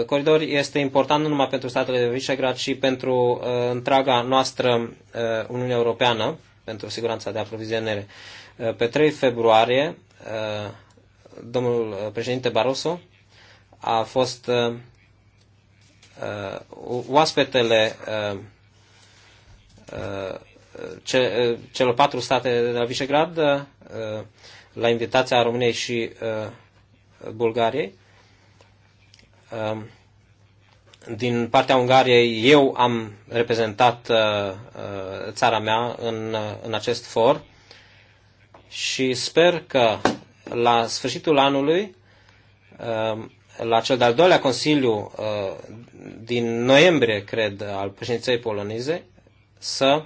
coridor este important nu numai pentru statele de Visegrad, ci pentru întreaga noastră Uniune Europeană, pentru siguranța de aprovizionare. Pe 3 februarie, domnul președinte Barroso a fost uh, oaspetele uh, uh, ce, uh, celor patru state de la Visegrad, uh, la invitația României și uh, Bulgariei. Uh, din partea Ungariei, eu am reprezentat uh, uh țara mea în, uh, în acest for și sper că la sfârșitul anului uh, la cel de-al doilea Consiliu uh, din noiembrie, cred, al președinței poloneze, să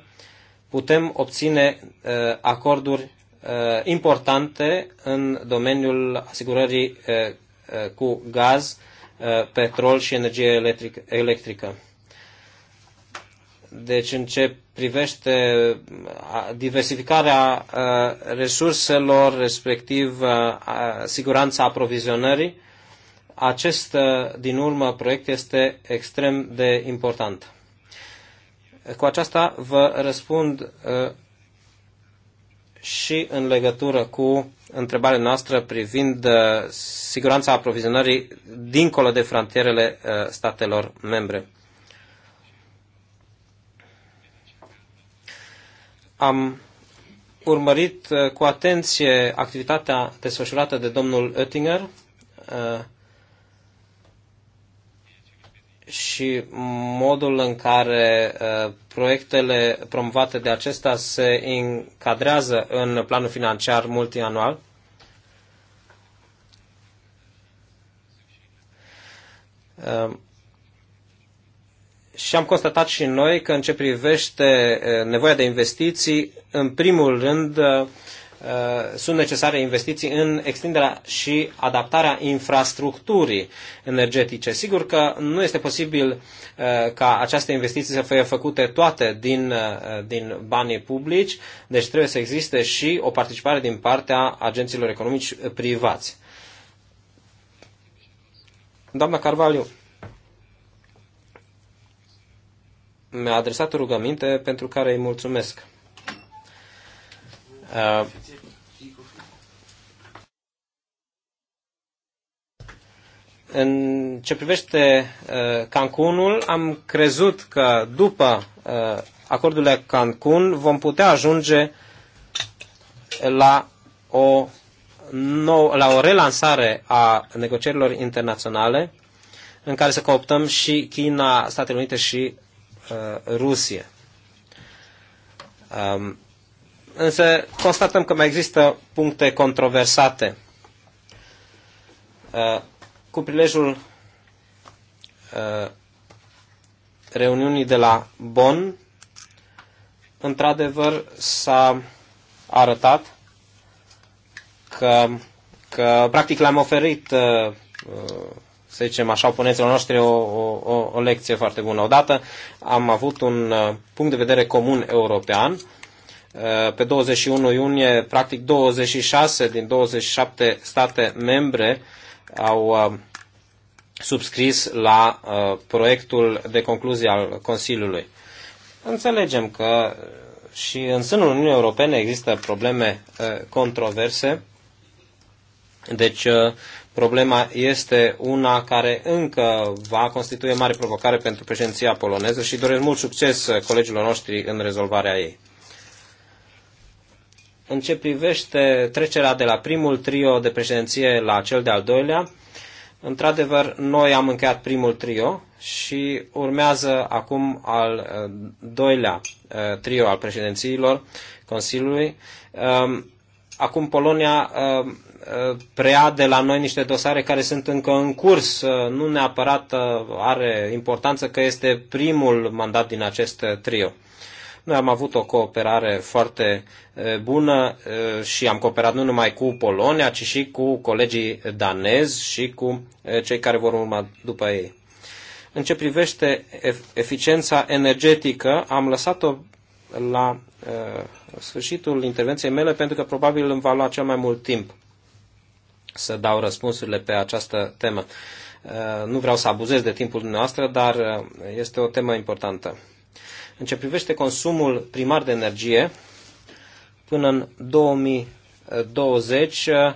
putem obține uh, acorduri uh, importante în domeniul asigurării cu gaz, petrol și energie electrică. Deci în ce privește diversificarea resurselor, respectiv siguranța aprovizionării, acest, uh, din urmă, proiect este extrem de important. Cu aceasta vă răspund uh, și în legătură cu întrebarea noastră privind uh, siguranța aprovizionării dincolo de frontierele statelor membre. Am urmărit cu atenție activitatea desfășurată de domnul Oettinger și modul în care uh, proiectele promovate de acesta se încadrează în planul financiar multianual. Uh, și am constatat și noi că în ce privește uh, nevoia de investiții, în primul rând, uh, Uh, sunt necesare investiții în extinderea și adaptarea infrastructurii energetice. Sigur că nu este posibil uh, ca aceste investiții să fie făcute toate din, uh, din banii publici, deci trebuie să existe și o participare din partea agenților economici privați. Doamna Carvaliu, mi-a adresat rugăminte pentru care îi mulțumesc. Uh, în ce privește uh, Cancunul, am crezut că după uh, acordul de Cancun vom putea ajunge la o, nou, la o relansare a negocierilor internaționale în care să cooptăm și China, Statele Unite și uh, Rusie. Um, însă constatăm că mai există puncte controversate. Uh, cu prilejul uh, reuniunii de la Bonn, într-adevăr s-a arătat că, că practic le-am oferit, uh, să zicem așa, oponenților noștri o, o, o lecție foarte bună. Odată am avut un punct de vedere comun european, Uh, pe 21 iunie, practic 26 din 27 state membre au uh, subscris la uh, proiectul de concluzie al Consiliului. Înțelegem că și în sânul Uniunii Europene există probleme controverse, deci problema este una care încă va constitui mare provocare pentru președinția poloneză și doresc mult succes colegilor noștri în rezolvarea ei în ce privește trecerea de la primul trio de președinție la cel de-al doilea, într-adevăr, noi am încheiat primul trio și urmează acum al uh, doilea uh, trio al președințiilor Consiliului. Um, acum Polonia um, uh, preia de la noi niște dosare care sunt încă în curs. Nu neapărat are importanță că este primul mandat din acest trio. Noi am avut o cooperare foarte bună și am cooperat nu numai cu Polonia, ci și cu colegii danezi și cu cei care vor urma după ei. În ce privește eficiența energetică, am lăsat-o la sfârșitul intervenției mele pentru că probabil îmi va lua cel mai mult timp să dau răspunsurile pe această temă. Nu vreau să abuzez de timpul dumneavoastră, dar este o temă importantă. În ce privește consumul primar de energie, până în 2020 uh,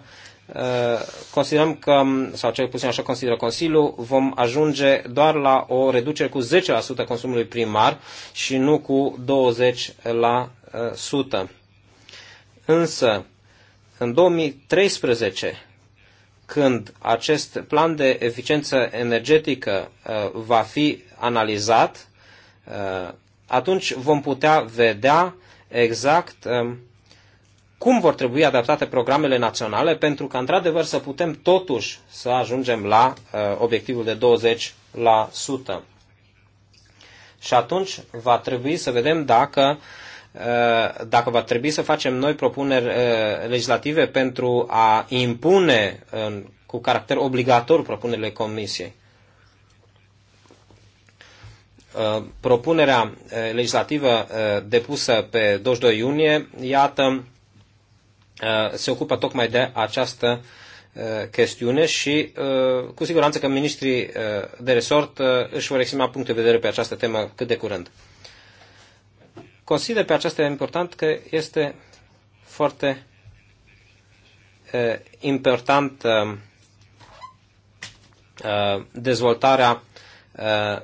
considerăm că, sau cel puțin așa consideră Consiliul, vom ajunge doar la o reducere cu 10% consumului primar și nu cu 20%. Însă, în 2013, când acest plan de eficiență energetică uh, va fi analizat, uh, atunci vom putea vedea exact um, cum vor trebui adaptate programele naționale pentru că, într-adevăr, să putem totuși să ajungem la uh, obiectivul de 20%. Și atunci va trebui să vedem dacă, uh, dacă va trebui să facem noi propuneri uh, legislative pentru a impune cu caracter obligator propunerile Comisiei. Uh, propunerea uh, legislativă uh, depusă pe 22 iunie, iată, se ocupă tocmai de această chestiune și cu siguranță că ministrii de resort își vor exprima punct de vedere pe această temă cât de curând. Consider pe aceasta important că este foarte important dezvoltarea Uh, uh,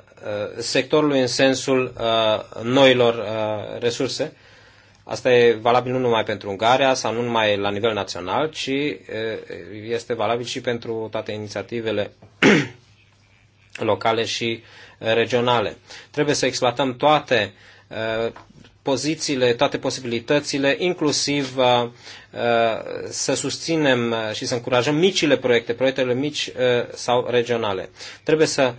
sectorului în sensul uh, noilor resurse. Asta e valabil nu numai pentru Ungaria sau nu numai la nivel național, ci este valabil și pentru toate inițiativele *clears throat* locale și regionale. Trebuie să exploatăm toate pozițiile, toate posibilitățile, inclusiv să susținem și să încurajăm micile proiecte, proiectele mici sau regionale. Trebuie să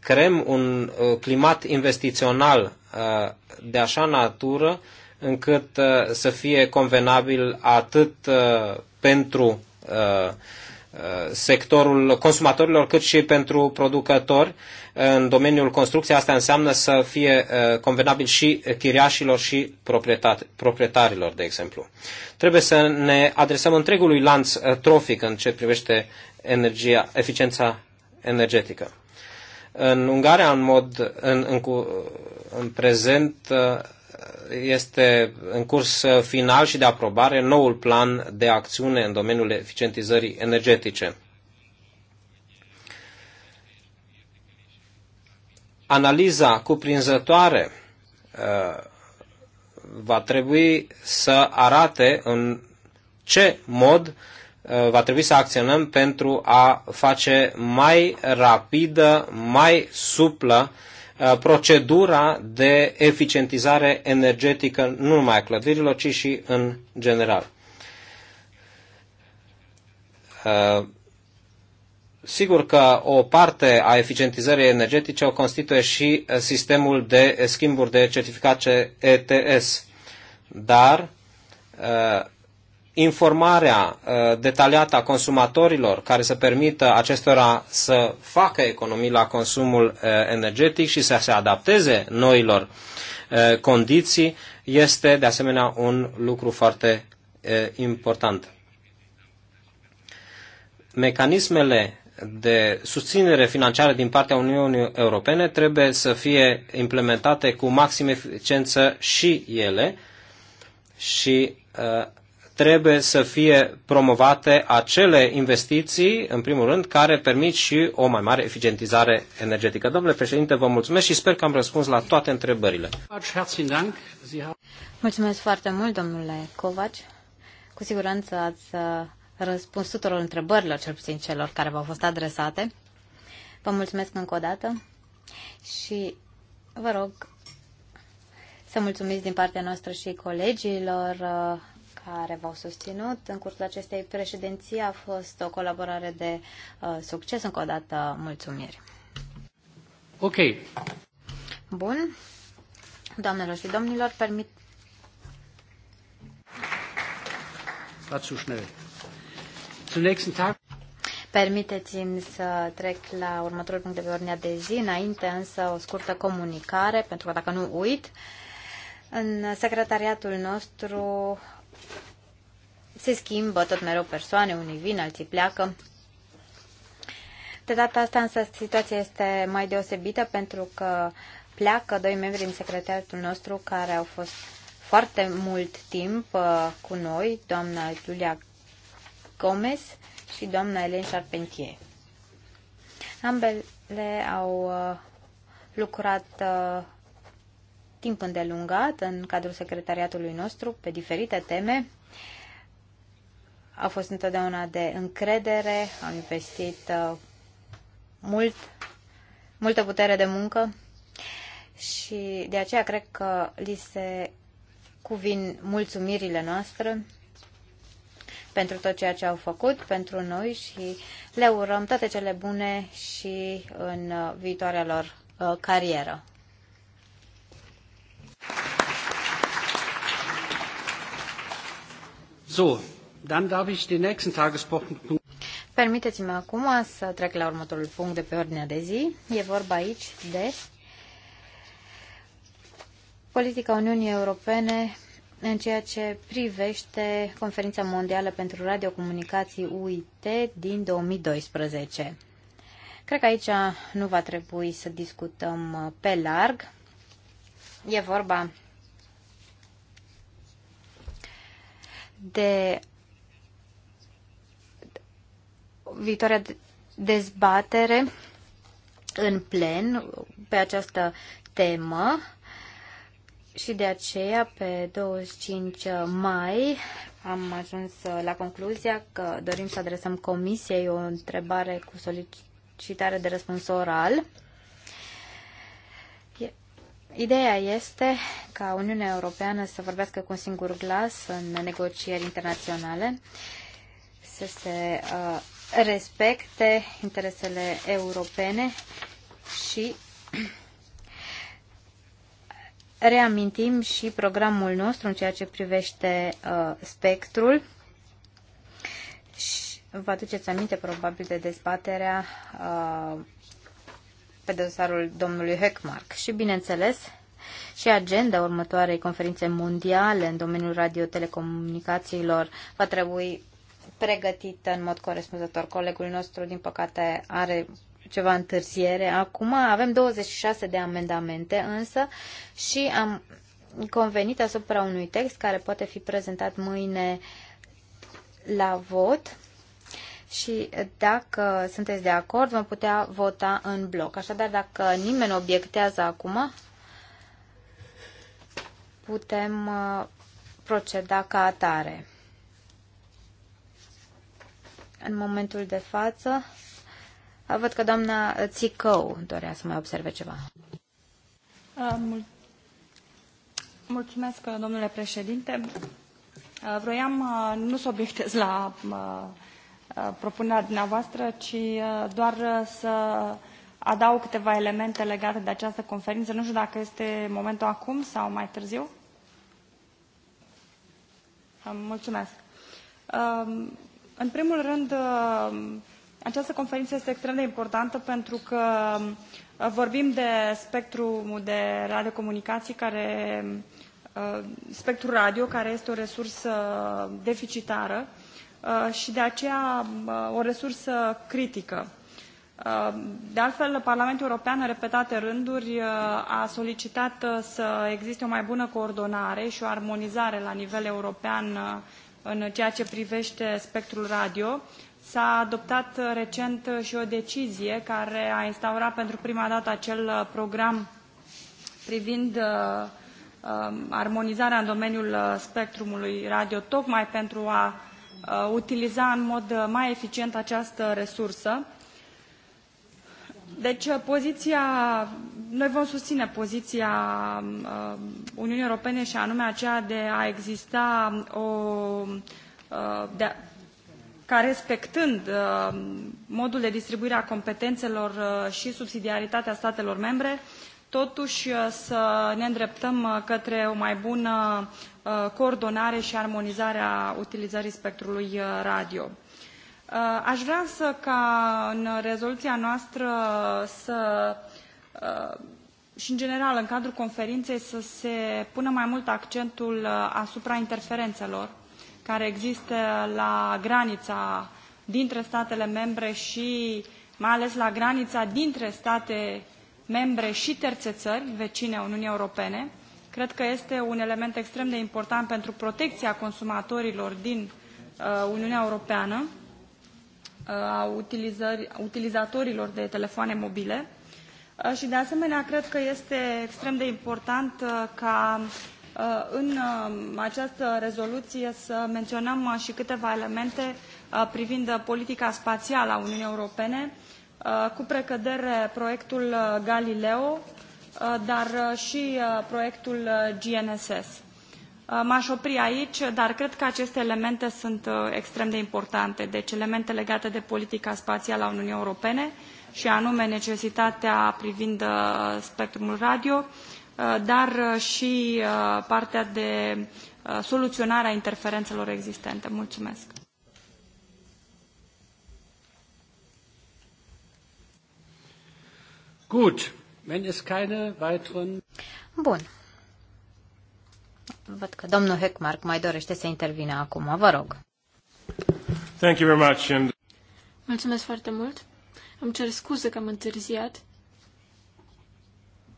creăm un uh, climat investițional uh, de așa natură încât uh, să fie convenabil atât pentru sectorul consumatorilor cât și pentru producători în domeniul construcției. Asta înseamnă să fie convenabil și chiriașilor și proprietarilor, de exemplu. Trebuie să ne adresăm întregului lanț trofic în ce privește energia, eficiența energetică. În Ungaria, în mod, în, în, în prezent, este în curs final și de aprobare noul plan de acțiune în domeniul eficientizării energetice. Analiza cuprinzătoare uh, va trebui să arate în ce mod Uh, va trebui să acționăm pentru a face mai rapidă, mai suplă uh, procedura de eficientizare energetică nu numai a clădirilor, ci și în general. Uh, sigur că o parte a eficientizării energetice o constituie și sistemul de schimburi de certificate ETS, dar informarea uh, detaliată a consumatorilor care să permită acestora să facă economii la consumul uh, energetic și să se adapteze noilor uh, condiții este de asemenea un lucru foarte important. Mecanismele de susținere financiară din partea Uniunii Europene trebuie să fie implementate cu maximă eficiență și ele și uh, trebuie să fie promovate acele investiții, în primul rând, care permit și o mai mare eficientizare energetică. Domnule președinte, vă mulțumesc și sper că am răspuns la toate întrebările. Mulțumesc foarte mult, domnule Covaci. Cu siguranță ați uh, răspuns tuturor întrebărilor, cel puțin celor care v-au fost adresate. Vă mulțumesc încă o dată și vă rog să mulțumiți din partea noastră și colegilor uh, care v-au susținut. În cursul acestei președinții a fost o colaborare de uh, succes. Încă o dată, mulțumiri. Ok. Bun. Doamnelor și domnilor, permit... Permiteți-mi să trec la următorul punct de pe ordinea de zi, înainte însă o scurtă comunicare, pentru că dacă nu uit, în secretariatul nostru se schimbă tot mereu persoane, unii vin, alții pleacă. De data asta însă situația este mai deosebită pentru că pleacă doi membri din secretariatul nostru care au fost foarte mult timp uh, cu noi, doamna Julia Gomez și doamna Elen Charpentier. Ambele au uh, lucrat uh, timp îndelungat în cadrul secretariatului nostru pe diferite teme. A fost întotdeauna de încredere, am investit uh, mult, multă putere de muncă și de aceea cred că li se cuvin mulțumirile noastre pentru tot ceea ce au făcut pentru noi și le urăm toate cele bune și în uh, viitoarea lor uh, carieră. So, dann darf ich den nächsten Permiteți-mi acum să trec la următorul punct de pe ordinea de zi. E vorba aici de politica Uniunii Europene în ceea ce privește Conferința Mondială pentru Radiocomunicații UIT din 2012. Cred că aici nu va trebui să discutăm uh, pe larg. E vorba de viitoarea dezbatere în plen pe această temă și de aceea pe 25 mai am ajuns la concluzia că dorim să adresăm comisiei o întrebare cu solicitare de răspuns oral Ideea este ca Uniunea Europeană să vorbească cu un singur glas în negocieri internaționale, să se uh, respecte interesele europene și *clears throat* reamintim și programul nostru în ceea ce privește uh, spectrul. Și vă aduceți aminte probabil de dezbaterea uh, pe dosarul domnului Heckmark și, bineînțeles, și agenda următoarei conferințe mondiale în domeniul radiotelecomunicațiilor va trebui pregătită în mod corespunzător. Colegul nostru, din păcate, are ceva întârziere. Acum avem 26 de amendamente, însă și am convenit asupra unui text care poate fi prezentat mâine la vot și dacă sunteți de acord, vom putea vota în bloc. Așadar, dacă nimeni obiectează acum, putem uh, proceda ca atare. În momentul de față, uh, văd că doamna Țicău dorea să mai observe ceva. Uh, mulțumesc, domnule președinte. Vroiam nu să obiectez la Uh, propunerea dumneavoastră, ci uh, doar uh, să adaug câteva elemente legate de această conferință. Nu știu dacă este momentul acum sau mai târziu. Mulțumesc. Um, în primul rând, um, această conferință este extrem de importantă pentru că um, vorbim de spectrul de radiocomunicații care spectrul radio, care este o resursă deficitară Uh, și de aceea uh, o resursă critică. Uh, de altfel, Parlamentul European, în repetate rânduri, a solicitat să existe o mai bună coordonare și o armonizare la nivel european în ceea ce privește spectrul radio. S-a adoptat recent și o decizie care a instaurat pentru prima dată acel program privind um, armonizarea în domeniul spectrului radio, tocmai pentru a Uh, utiliza în mod uh, mai eficient această resursă. Deci uh, poziția, noi vom susține poziția Uniunii Europene și anume aceea de a exista o, de a, ca respectând modul de distribuire a competențelor și subsidiaritatea statelor membre, totuși să ne îndreptăm către o mai bună Uh, coordonare și armonizare a utilizării spectrului uh, radio. Uh, aș vrea ca în rezoluția noastră să și în general în cadrul conferinței să se pună mai mult accentul asupra interferențelor care există la granița dintre statele membre și mai ales la granița dintre state membre și terțe țări vecine Uniunii Europene Cred că este un element extrem de important pentru protecția consumatorilor din uh, Uniunea Europeană, uh, a utilizatorilor de telefoane mobile. Uh, și de asemenea, cred că este extrem de important ca în această rezoluție să menționăm și câteva elemente privind politica spațială a Uniunii Europene, cu precădere proiectul Galileo, Uh, dar uh, și uh, proiectul GNSS. M-aș opri aici, dar cred că aceste elemente sunt extrem de importante, deci elemente legate de politica spațială a Uniunii Europene și anume necesitatea privind spectrul radio, dar și partea de soluționare a interferențelor existente. Mulțumesc! Gut, Wenn es keine weiteren... Bun. Văd că domnul Heckmark mai dorește să intervine acum. Vă rog. Thank you very much. And... Mulțumesc foarte mult. Îmi cer scuze că am întârziat.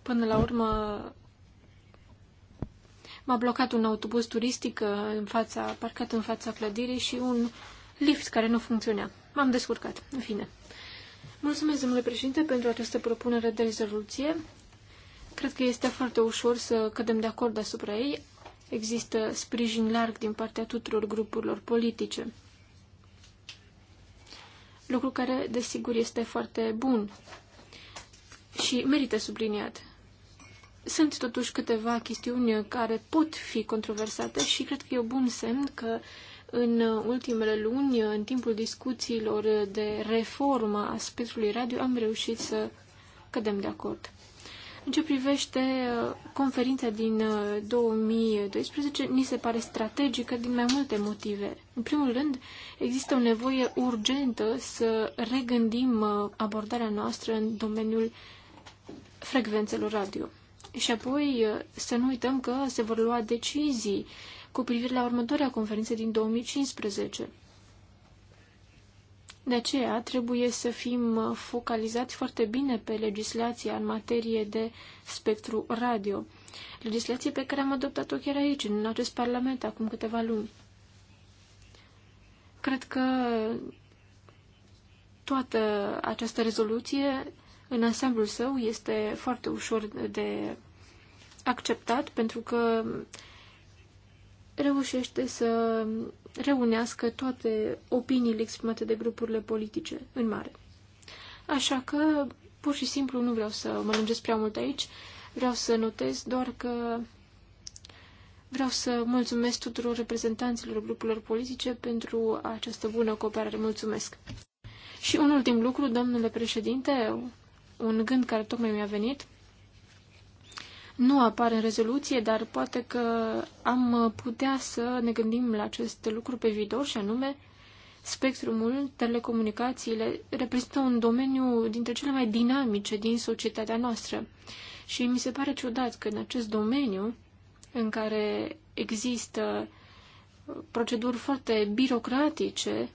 Până la urmă m-a blocat un autobuz turistic uh, în fața, parcat în fața clădirii și un lift care nu funcționa. M-am descurcat, în fine. Mulțumesc, domnule președinte, pentru această propunere de rezoluție. Cred că este foarte ușor să cădem de acord asupra ei. Există sprijin larg din partea tuturor grupurilor politice. Lucru care, desigur, este foarte bun și merită subliniat. Sunt totuși câteva chestiuni care pot fi controversate și cred că e un bun semn că uh, în ultimele luni, în timpul discuțiilor de reformă a spectrului radio, am reușit să cădem de acord. În ce privește uh, conferința din 2012, uh, ni se pare strategică din mai multe motive. În primul rând, există o nevoie urgentă să regândim uh, abordarea noastră în domeniul frecvențelor radio. Și apoi să nu uităm că se vor lua decizii cu privire la următoarea conferință din 2015. De aceea trebuie să fim focalizați foarte bine pe legislația în materie de spectru radio. Legislație pe care am adoptat-o chiar aici, în acest parlament, acum câteva luni. Cred că toată această rezoluție, în ansamblul său, este foarte ușor de acceptat, pentru că reușește să reunească toate opiniile exprimate de grupurile politice în mare. Așa că, pur și simplu, nu vreau să mă lungesc prea mult aici, vreau să notez doar că vreau să mulțumesc tuturor reprezentanților grupurilor politice pentru această bună cooperare. Mulțumesc! Și un ultim lucru, domnule președinte, un gând care tocmai mi-a venit nu apare în rezoluție, dar poate că am putea să ne gândim la acest lucru pe viitor și anume spectrumul, telecomunicațiile reprezintă un domeniu dintre cele mai dinamice din societatea noastră. Și mi se pare ciudat că în acest domeniu în care există proceduri foarte birocratice,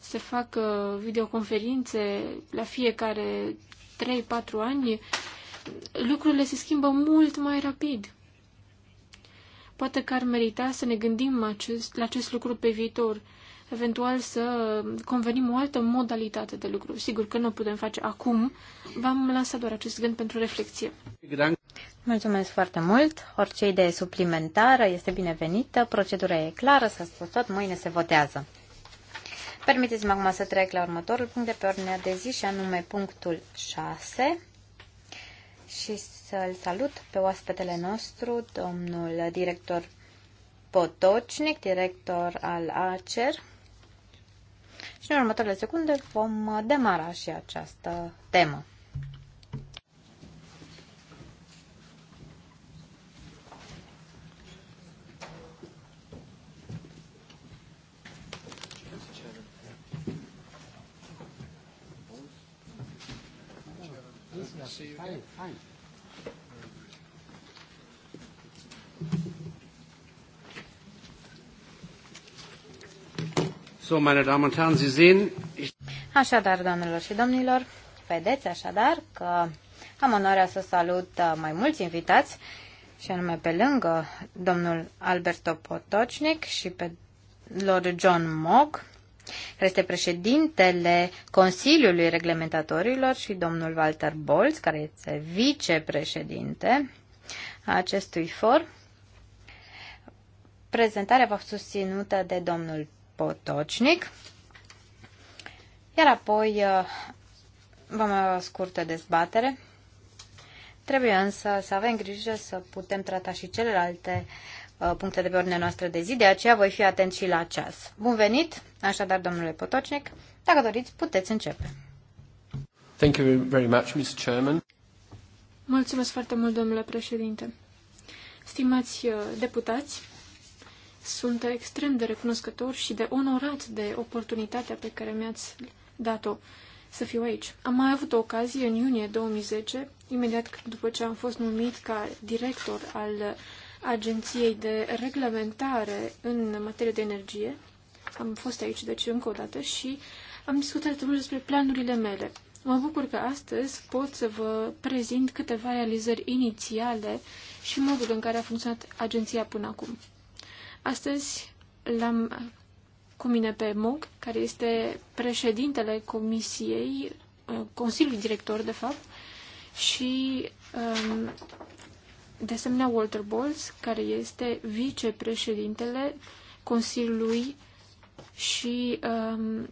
se fac uh, videoconferințe la fiecare 3-4 ani, lucrurile se schimbă mult mai rapid. Poate că ar merita să ne gândim acest, la acest lucru pe viitor, eventual să convenim o altă modalitate de lucru. Sigur că nu o putem face acum, v-am lansat doar acest gând pentru reflexie. Mulțumesc foarte mult. Orice idee suplimentară este binevenită, procedura e clară, s-a spus tot, mâine se votează. permiteți mă acum să trec la următorul punct de pe ordinea de zi și anume punctul 6 și să-l salut pe oaspetele nostru, domnul director Potocnic, director al ACER. Și în următoarele secunde vom demara și această temă. see you again. Fine, So, meine Damen und Herren, Sie sehen, ich... Așadar, doamnelor și domnilor, vedeți așadar că am onoarea să salut uh, mai mulți invitați și anume pe lângă domnul Alberto Potocnic și pe Lord John Mogg, care este președintele Consiliului Reglementatorilor și domnul Walter Bolz, care este vicepreședinte a acestui for. Prezentarea va fi susținută de domnul Potocnic, iar apoi uh, vom avea o scurtă dezbatere. Trebuie însă să avem grijă să putem trata și celelalte Uh, puncte de pe ordinea noastră de zi, de aceea voi fi atent și la ceas. Bun venit, așadar, domnule Potocnic, dacă doriți, puteți începe. Thank you very much, Mr. Chairman. Mulțumesc foarte mult, domnule președinte. Stimați uh, deputați, sunt extrem de recunoscător și de onorat de oportunitatea pe care mi-ați dat-o să fiu aici. Am mai avut o ocazie în iunie 2010, imediat după ce am fost numit ca director al Agenției de Reglementare în materie de energie. Am fost aici, deci, încă o dată și am discutat mult despre planurile mele. Mă bucur că astăzi pot să vă prezint câteva realizări inițiale și modul în care a funcționat agenția până acum. Astăzi l-am cu mine pe Mog, care este președintele comisiei, Consiliului Director, de fapt, și um, de asemenea, Walter Bowles, care este vicepreședintele Consiliului și um,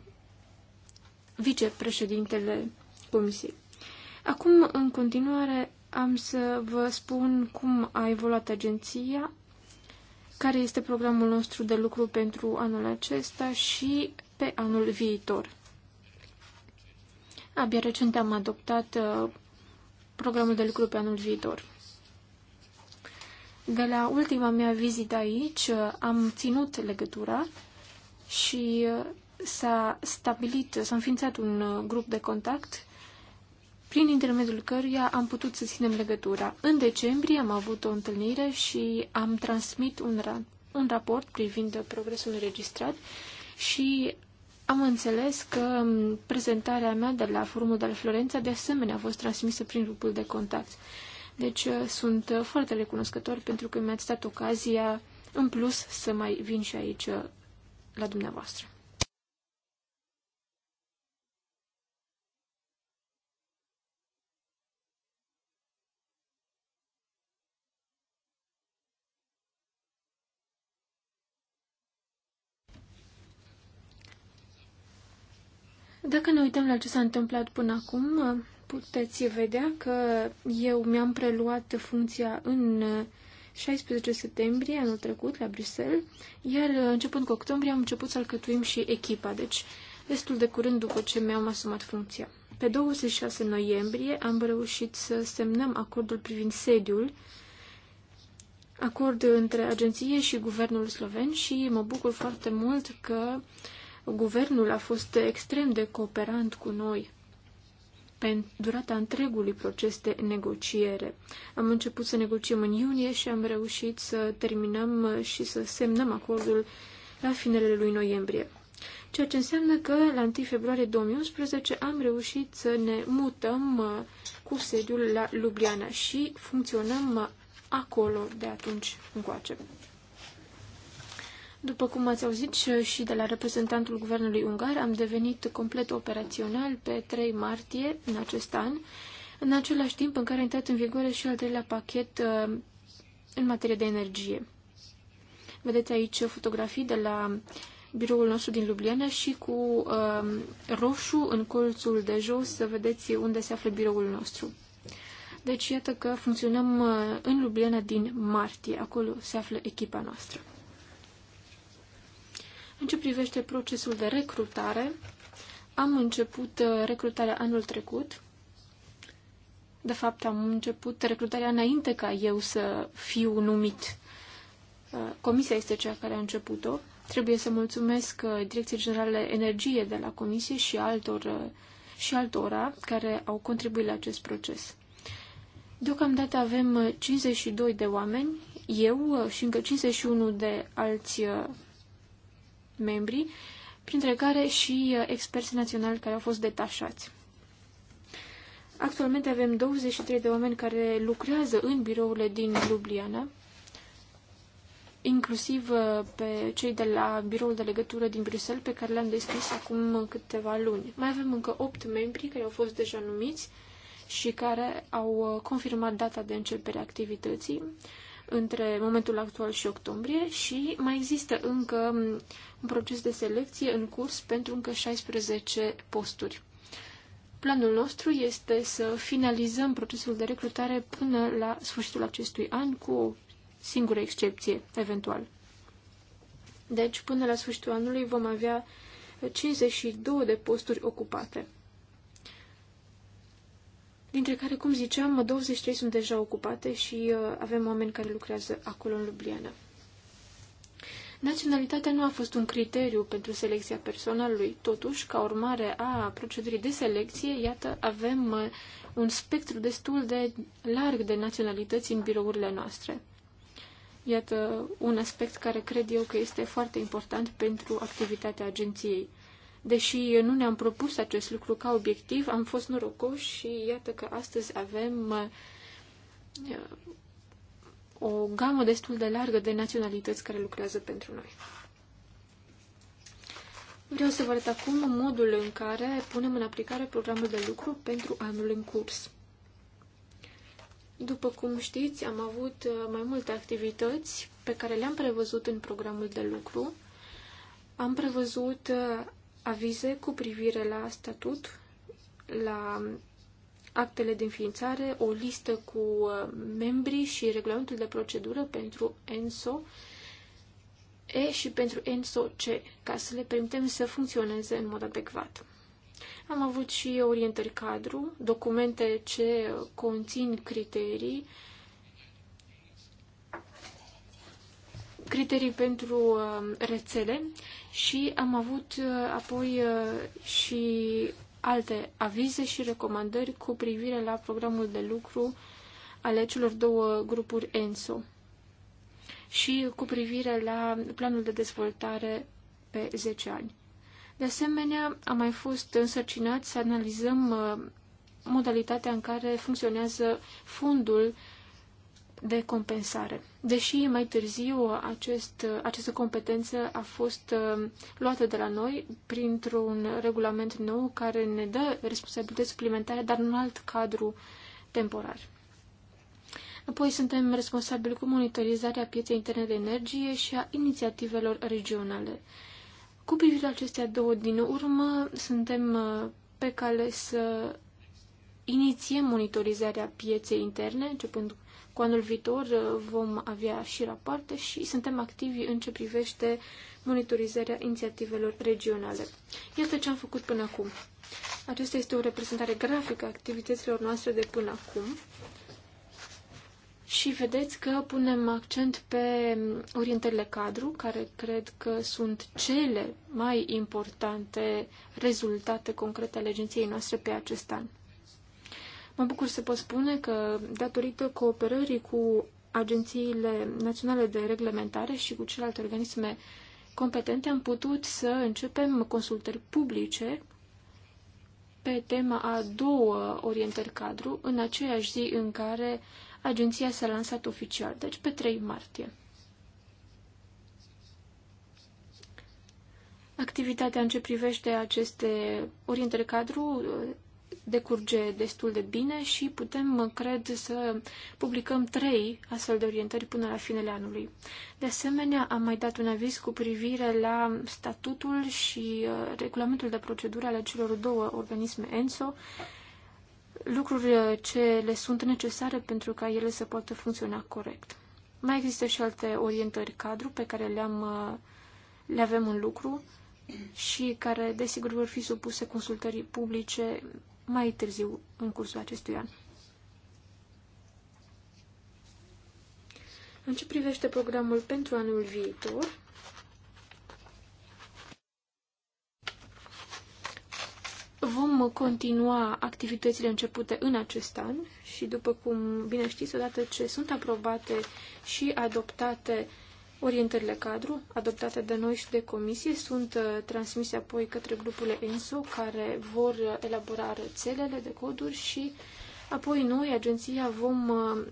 vicepreședintele Comisiei. Acum, în continuare, am să vă spun cum a evoluat agenția, care este programul nostru de lucru pentru anul acesta și pe anul viitor. Abia recent am adoptat uh, programul de lucru pe anul viitor. De la ultima mea vizită aici uh, am ținut legătura și uh, s-a stabilit, s-a înființat un uh, grup de contact prin intermediul căruia am putut să ținem legătura. În decembrie am avut o întâlnire și am transmit un, ra- un raport privind progresul înregistrat și am înțeles că um, prezentarea mea de la Forumul de la Florența de asemenea a fost transmisă prin grupul de contact. Deci uh, sunt uh, foarte recunoscător pentru că mi-ați dat ocazia, în plus, să mai vin și aici uh, la dumneavoastră. Dacă ne uităm la ce s-a întâmplat până acum, Puteți vedea că eu mi-am preluat funcția în 16 septembrie anul trecut la Bruxelles, iar începând cu octombrie am început să alcătuim și echipa, deci destul de curând după ce mi-am asumat funcția. Pe 26 noiembrie am reușit să semnăm acordul privind sediul, acord între agenție și guvernul sloven și mă bucur foarte mult că guvernul a fost extrem de cooperant cu noi pe durata întregului proces de negociere. Am început să negociem în iunie și am reușit să terminăm și să semnăm acordul la finele lui noiembrie. Ceea ce înseamnă că la 1 februarie 2011 am reușit să ne mutăm uh, cu sediul la Ljubljana și funcționăm uh, acolo de atunci încoace. După cum ați auzit și de la reprezentantul guvernului ungar, am devenit complet operațional pe 3 martie în acest an, în același timp în care a intrat în vigoare și al treilea pachet uh, în materie de energie. Vedeți aici fotografii de la biroul nostru din Ljubljana și cu uh, roșu în colțul de jos să vedeți unde se află biroul nostru. Deci iată că funcționăm uh, în Ljubljana din martie, acolo se află echipa noastră. În ce privește procesul de recrutare, am început uh, recrutarea anul trecut. De fapt, am început recrutarea înainte ca eu să fiu numit. Uh, comisia este cea care a început-o. Trebuie să mulțumesc uh, Direcției Generale Energie de la Comisie și altor și altora care au contribuit la acest proces. Deocamdată avem 52 de oameni, eu și încă 51 de alți membri, printre care și uh, experți naționali care au fost detașați. Actualmente avem 23 de oameni care lucrează în birourile din Ljubljana, inclusiv uh, pe cei de la biroul de legătură din Bruxelles, pe care le-am deschis acum câteva luni. Mai avem încă 8 membri care au fost deja numiți și care au uh, confirmat data de începere a activității între momentul actual și octombrie și mai există încă un proces de selecție în curs pentru încă 16 posturi. Planul nostru este să finalizăm procesul de recrutare până la sfârșitul acestui an, cu o singură excepție, eventual. Deci, până la sfârșitul anului vom avea 52 de posturi ocupate dintre care, cum ziceam, 23 sunt deja ocupate și uh, avem oameni care lucrează acolo în Ljubljana. Naționalitatea nu a fost un criteriu pentru selecția personalului, totuși, ca urmare a procedurii de selecție, iată, avem uh, un spectru destul de larg de naționalități în birourile noastre. Iată un aspect care cred eu că este foarte important pentru activitatea agenției. Deși nu ne-am propus acest lucru ca obiectiv, am fost norocoși și iată că astăzi avem uh, o gamă destul de largă de naționalități care lucrează pentru noi. Vreau să vă arăt acum modul în care punem în aplicare programul de lucru pentru anul în curs. După cum știți, am avut uh, mai multe activități pe care le-am prevăzut în programul de lucru. Am prevăzut uh, avize cu privire la statut, la actele de înființare, o listă cu uh, membrii și regulamentul de procedură pentru ENSO E și pentru ENSO C, ca să le permitem să funcționeze în mod adecvat. Am avut și orientări cadru, documente ce conțin criterii, criterii pentru uh, rețele și am avut uh, apoi uh, și alte avize și recomandări cu privire la programul de lucru ale celor două grupuri ENSO și cu privire la planul de dezvoltare pe 10 ani. De asemenea, am mai fost însărcinat să analizăm uh, modalitatea în care funcționează fundul de compensare. Deși mai târziu acest, această competență a fost uh, luată de la noi printr-un regulament nou care ne dă responsabilități suplimentare, dar în alt cadru temporar. Apoi suntem responsabili cu monitorizarea pieței interne de energie și a inițiativelor regionale. Cu privire la acestea două din urmă, suntem uh, pe cale să inițiem monitorizarea pieței interne, începând cu anul viitor uh, vom avea și rapoarte și suntem activi în ce privește monitorizarea inițiativelor regionale. Iată ce am făcut până acum. Aceasta este o reprezentare grafică a activităților noastre de până acum. Și vedeți că punem accent pe orientările cadru, care cred că sunt cele mai importante rezultate concrete ale agenției noastre pe acest an. Mă bucur să pot spune că, datorită cooperării cu agențiile naționale de reglementare și cu celelalte organisme competente, am putut să începem consultări publice pe tema a două orientări cadru în aceeași zi în care agenția s-a lansat oficial, deci pe 3 martie. Activitatea în ce privește aceste orientări cadru decurge destul de bine și putem, cred, să publicăm trei astfel de orientări până la finele anului. De asemenea, am mai dat un aviz cu privire la statutul și uh, regulamentul de procedură ale celor două organisme ENSO, lucruri uh, ce le sunt necesare pentru ca ele să poată funcționa corect. Mai există și alte orientări cadru pe care le-am, uh, le avem în lucru și care, desigur, vor fi supuse consultării publice mai târziu în cursul acestui an. În ce privește programul pentru anul viitor, vom continua activitățile începute în acest an și, după cum bine știți, odată ce sunt aprobate și adoptate Orientările cadru, adoptate de noi și de comisie, sunt uh, transmise apoi către grupurile ENSO, care vor uh, elabora rețelele de coduri și apoi noi, agenția, vom uh,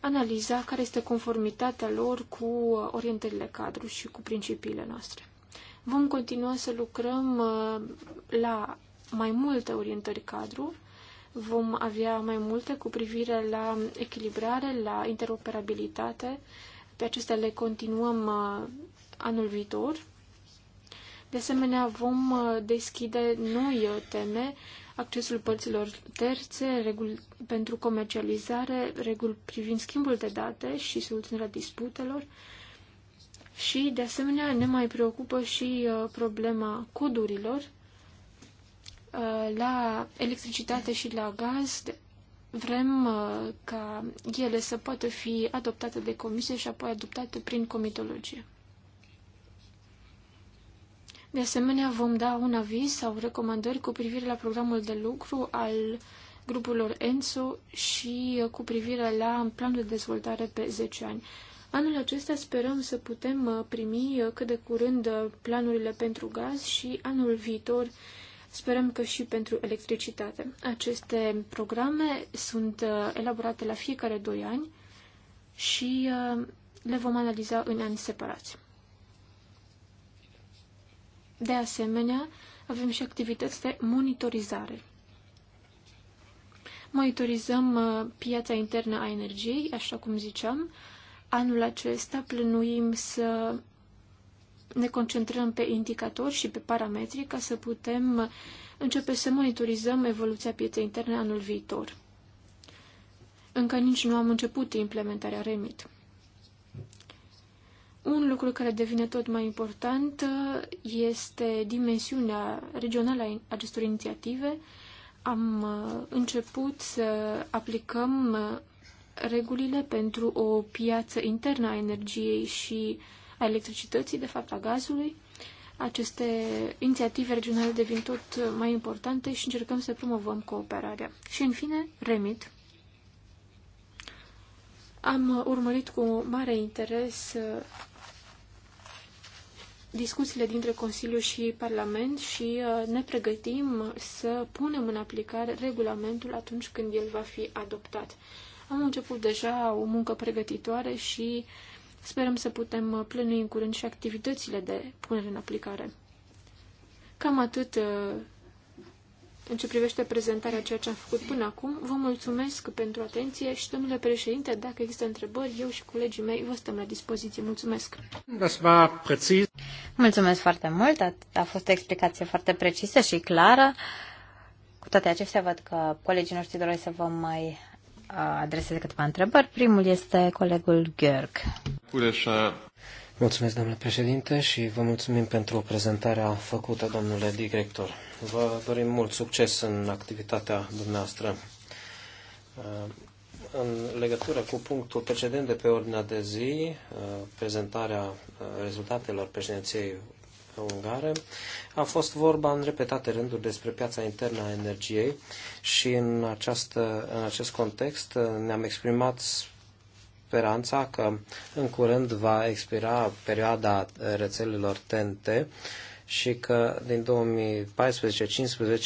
analiza care este conformitatea lor cu orientările cadru și cu principiile noastre. Vom continua să lucrăm la mai multe orientări cadru, vom avea mai multe cu privire la echilibrare, la interoperabilitate, pe acestea le continuăm uh, anul viitor. De asemenea, vom uh, deschide noi uh, teme, accesul părților terțe, reguli pentru comercializare, reguli privind schimbul de date și soluționarea disputelor. Și, de asemenea, ne mai preocupă și problema codurilor la electricitate și la gaz, Vrem uh, ca ele să poată fi adoptate de comisie și apoi adoptate prin comitologie. De asemenea, vom da un aviz sau recomandări cu privire la programul de lucru al grupurilor ENSO și uh, cu privire la planul de dezvoltare pe 10 ani. Anul acesta sperăm să putem uh, primi cât de curând planurile pentru gaz și anul viitor Sperăm că și pentru electricitate. Aceste programe sunt uh, elaborate la fiecare doi ani și uh, le vom analiza în ani separați. De asemenea, avem și activități de monitorizare. Monitorizăm uh, piața internă a energiei, așa cum ziceam. Anul acesta plănuim să ne concentrăm pe indicatori și pe parametri ca să putem începe să monitorizăm evoluția pieței interne anul viitor. Încă nici nu am început implementarea REMIT. Un lucru care devine tot mai important este dimensiunea regională a acestor inițiative. Am uh, început să aplicăm uh, regulile pentru o piață internă a energiei și uh, a electricității, de fapt a gazului. Aceste inițiative regionale devin tot mai importante și încercăm să promovăm cooperarea. Și, în fine, REMIT. Am urmărit cu mare interes uh, discuțiile dintre Consiliu și Parlament și uh, ne pregătim să punem în aplicare regulamentul atunci când el va fi adoptat. Am început deja o muncă pregătitoare și uh, Sperăm să putem uh, plănui în curând și activitățile de punere în aplicare. Cam atât uh, în ce privește prezentarea ceea ce am făcut până acum. Vă mulțumesc pentru atenție și, domnule președinte, dacă există întrebări, eu și colegii mei vă stăm la dispoziție. Mulțumesc! Mulțumesc foarte mult! A, fost o explicație foarte precisă și clară. Cu toate acestea, văd că colegii noștri doresc să vă mai adreseze câteva întrebări. Primul este colegul Gheorg. Mulțumesc, domnule președinte, și vă mulțumim pentru prezentarea făcută, domnule director. Vă dorim mult succes în activitatea dumneavoastră. Uh, în legătură cu punctul precedent de pe ordinea de zi, uh, prezentarea uh, rezultatelor președinției ungare, a fost vorba în repetate rânduri despre piața internă a energiei și în, această, în acest context ne-am exprimat speranța că în curând va expira perioada rețelelor TNT și că din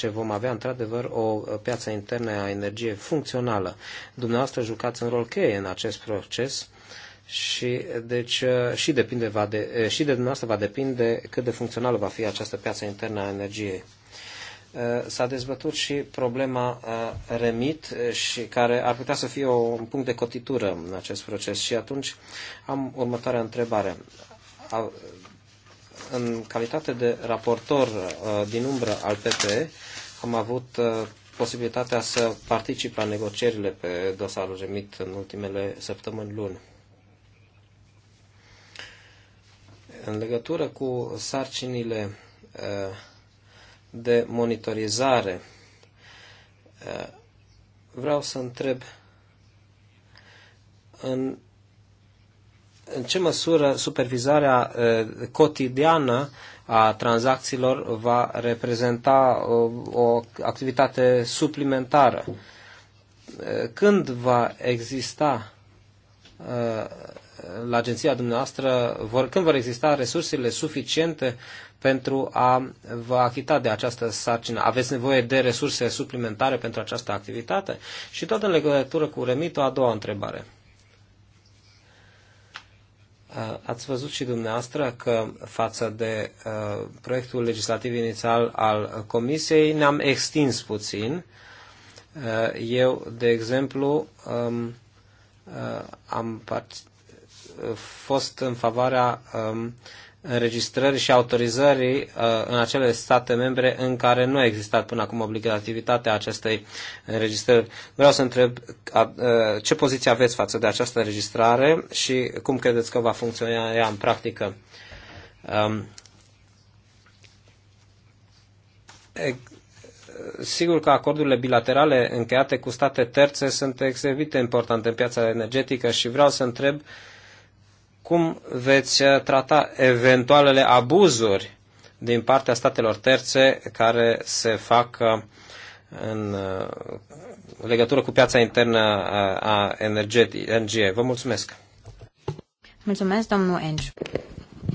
2014-2015 vom avea într-adevăr o piață internă a energiei funcțională. Dumneavoastră jucați un rol cheie în acest proces și, deci, uh, și, depinde, va de, uh, și de dumneavoastră va depinde cât de funcțională va fi această piață internă a energiei. Uh, s-a dezbătut și problema remit și care ar putea să fie o, un punct de cotitură în acest proces. Și atunci am următoarea întrebare. În calitate de raportor din umbră al PPE, am avut posibilitatea să particip la negocierile pe dosarul remit în ultimele săptămâni luni. În legătură cu sarcinile uh, de monitorizare, uh, vreau să întreb în, în ce măsură supervizarea uh, cotidiană a tranzacțiilor va reprezenta o, o activitate suplimentară. Când va exista la agenția dumneavoastră, vor, când vor exista resursele suficiente pentru a vă achita de această sarcină? Aveți nevoie de resurse suplimentare pentru această activitate? Și tot în legătură cu remito a doua întrebare. Uh, ați văzut și dumneavoastră că față de uh, proiectul legislativ inițial al Comisiei ne-am extins puțin. Uh, eu, de exemplu, um, uh, am part- fost în favoarea um, înregistrării și autorizării uh, în acele state membre în care nu a existat până acum obligativitatea acestei înregistrări. Vreau să întreb uh, ce poziție aveți față de această înregistrare și cum credeți că va funcționa ea în practică. Um, sigur că acordurile bilaterale încheiate cu state terțe sunt extrem importante în piața energetică și vreau să întreb uh, cum veți uh, trata eventualele abuzuri din partea statelor terțe care se fac uh, în uh, legătură cu piața internă a energiei. Vă mulțumesc! Mulțumesc, domnul Enci.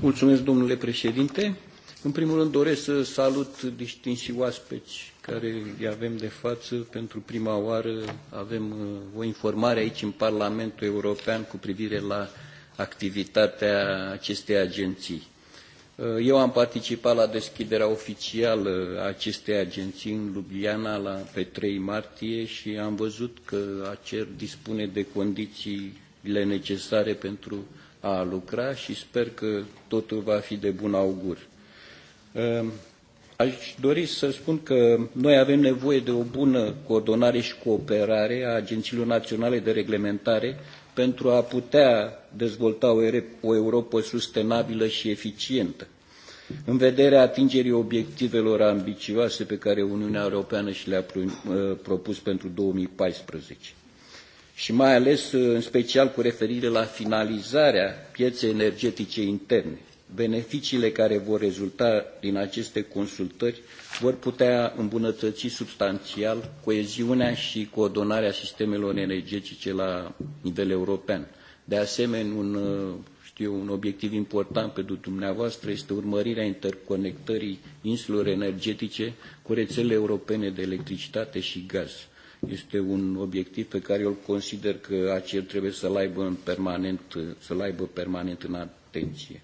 Mulțumesc, domnule președinte. În primul rând doresc să salut distinși oaspeți care îi avem de față. Pentru prima oară avem o informare aici în Parlamentul European cu privire la activitatea acestei agenții. Uh, eu am participat la deschiderea oficială a acestei agenții în Ljubljana la, pe 3 martie și am văzut că ACER dispune de condițiile necesare pentru a lucra și sper că totul va fi de bun augur. Uh, aș dori să spun că noi avem nevoie de o bună coordonare și cooperare a agențiilor naționale de reglementare pentru a putea dezvolta o Europă sustenabilă și eficientă. În vederea atingerii obiectivelor ambițioase pe care Uniunea Europeană și le-a uh, propus pentru 2014 și mai ales uh, în special cu referire la finalizarea pieței energetice interne, beneficiile care vor rezulta din aceste consultări vor putea îmbunătăți substanțial coeziunea și coordonarea sistemelor energetice la nivel european. De asemenea, un, uh, știu, un obiectiv important pentru dumneavoastră este urmărirea interconectării insulelor energetice cu rețelele europene de electricitate și gaz. Este un obiectiv pe care eu consider că ACER trebuie să-l aibă permanent, să aibă permanent în atenție.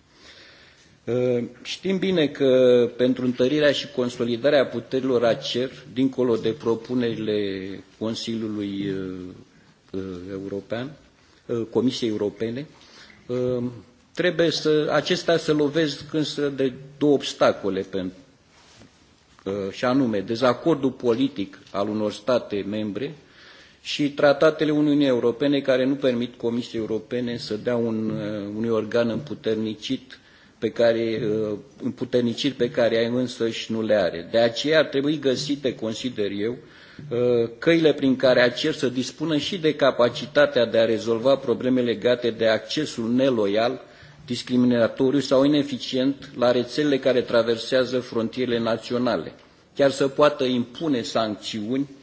Ă, știm bine că pentru întărirea și consolidarea puterilor ACER, dincolo de propunerile Consiliului ă, ă, European, Comisiei Europene, trebuie să, acestea să lovesc însă de două obstacole pentru și anume dezacordul politic al unor state membre și tratatele Uniunii Europene care nu permit Comisiei Europene să dea un, unui organ împuternicit pe care, uh, împuterniciri pe care ai însăși nu le are. De aceea ar trebui găsite, consider eu, uh, căile prin care acer să dispună și de capacitatea de a rezolva probleme legate de accesul neloial, discriminatoriu sau ineficient la rețelele care traversează frontierele naționale. Chiar să poată impune sancțiuni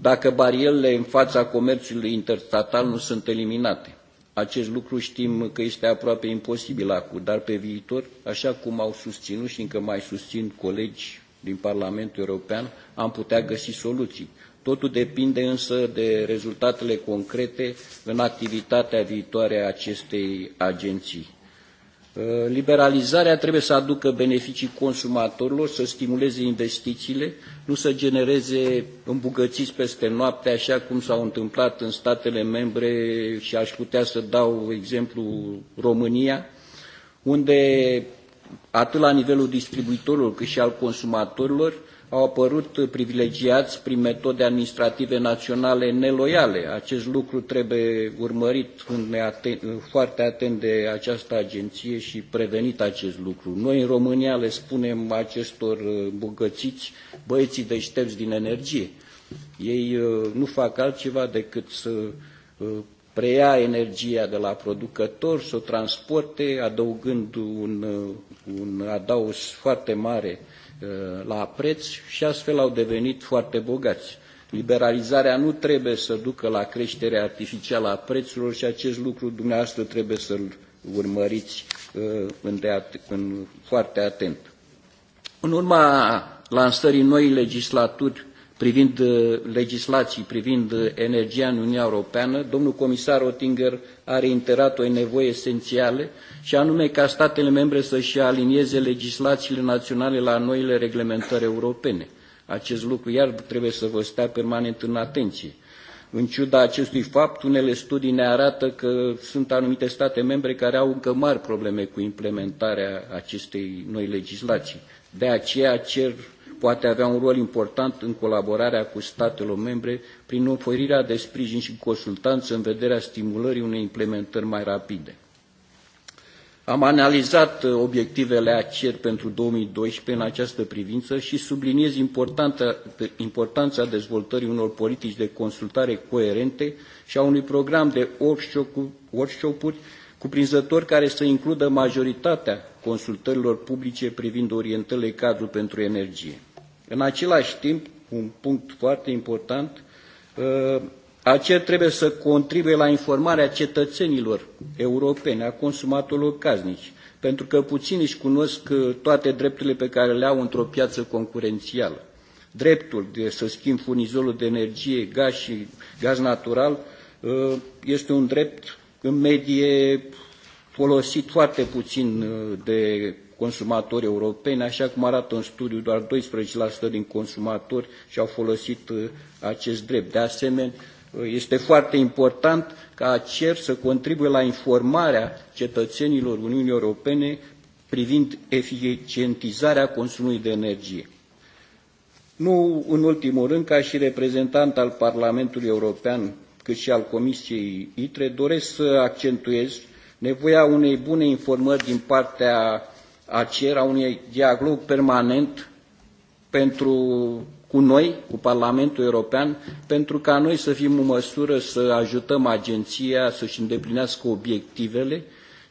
dacă barierele în fața comerțului interstatal nu sunt eliminate. Acest lucru știm că este aproape imposibil acum, dar pe viitor, așa cum au susținut și încă mai susțin colegi din Parlamentul European, am putea găsi soluții. Totul depinde însă de rezultatele concrete în activitatea viitoare a acestei agenții. Uh, liberalizarea trebuie să aducă beneficii consumatorilor, să stimuleze investițiile, nu să genereze îmbugățiți peste noapte, așa cum s-au întâmplat în statele membre și aș putea să dau exemplu România, unde atât la nivelul distribuitorilor cât și al consumatorilor au apărut privilegiați prin metode administrative naționale neloiale. Acest lucru trebuie urmărit foarte atent de această agenție și prevenit acest lucru. Noi în România le spunem acestor uh, bogățiți, băieții deștepți din energie. Ei uh, nu fac altceva decât să uh, preia energia de la producător, să o transporte, adăugând un, un adaos foarte mare Eh, la preț și astfel au devenit foarte bogați. Liberalizarea nu trebuie să ducă la creșterea artificială a prețurilor și acest lucru dumneavoastră trebuie să-l urmăriți eh, în, în, foarte atent. În urma lansării noii legislaturi privind eh, legislații privind energia în Uniunea Europeană, domnul comisar Oettinger are interat o nevoie esențială și anume ca statele membre să-și alinieze legislațiile naționale la noile reglementări europene. Acest lucru iar trebuie să vă stea permanent în atenție. În ciuda acestui fapt, unele studii ne arată că sunt anumite state membre care au încă mari probleme cu implementarea acestei noi legislații. De aceea cer poate avea un rol important în colaborarea cu statele membre prin oferirea de sprijin și consultanță în vederea stimulării unei implementări mai rapide. Am analizat uh, obiectivele ACER pentru 2012 în această privință și subliniez importanța dezvoltării unor politici de consultare coerente și a unui program de workshop-uri cuprinzător care să includă majoritatea consultărilor publice privind orientările cadru pentru energie. În același timp, un punct foarte important, ă, acel trebuie să contribuie la informarea cetățenilor europeni, a consumatorilor casnici, pentru că puțini își cunosc ă, toate drepturile pe care le au într-o piață concurențială. Dreptul de să schimb furnizorul de energie, gaz și gaz natural ă, este un drept în medie folosit foarte puțin de consumatori europeni, așa cum arată un studiu, doar 12% din consumatori și-au folosit uh, acest drept. De asemenea, uh, este foarte important ca CER să contribuie la informarea cetățenilor Uniunii Europene privind eficientizarea consumului de energie. Nu în ultimul rând, ca și reprezentant al Parlamentului European, cât și al Comisiei ITRE, doresc să accentuez nevoia unei bune informări din partea a CER, unui dialog permanent pentru, cu noi, cu Parlamentul European, pentru ca noi să fim în măsură să ajutăm agenția să-și îndeplinească obiectivele,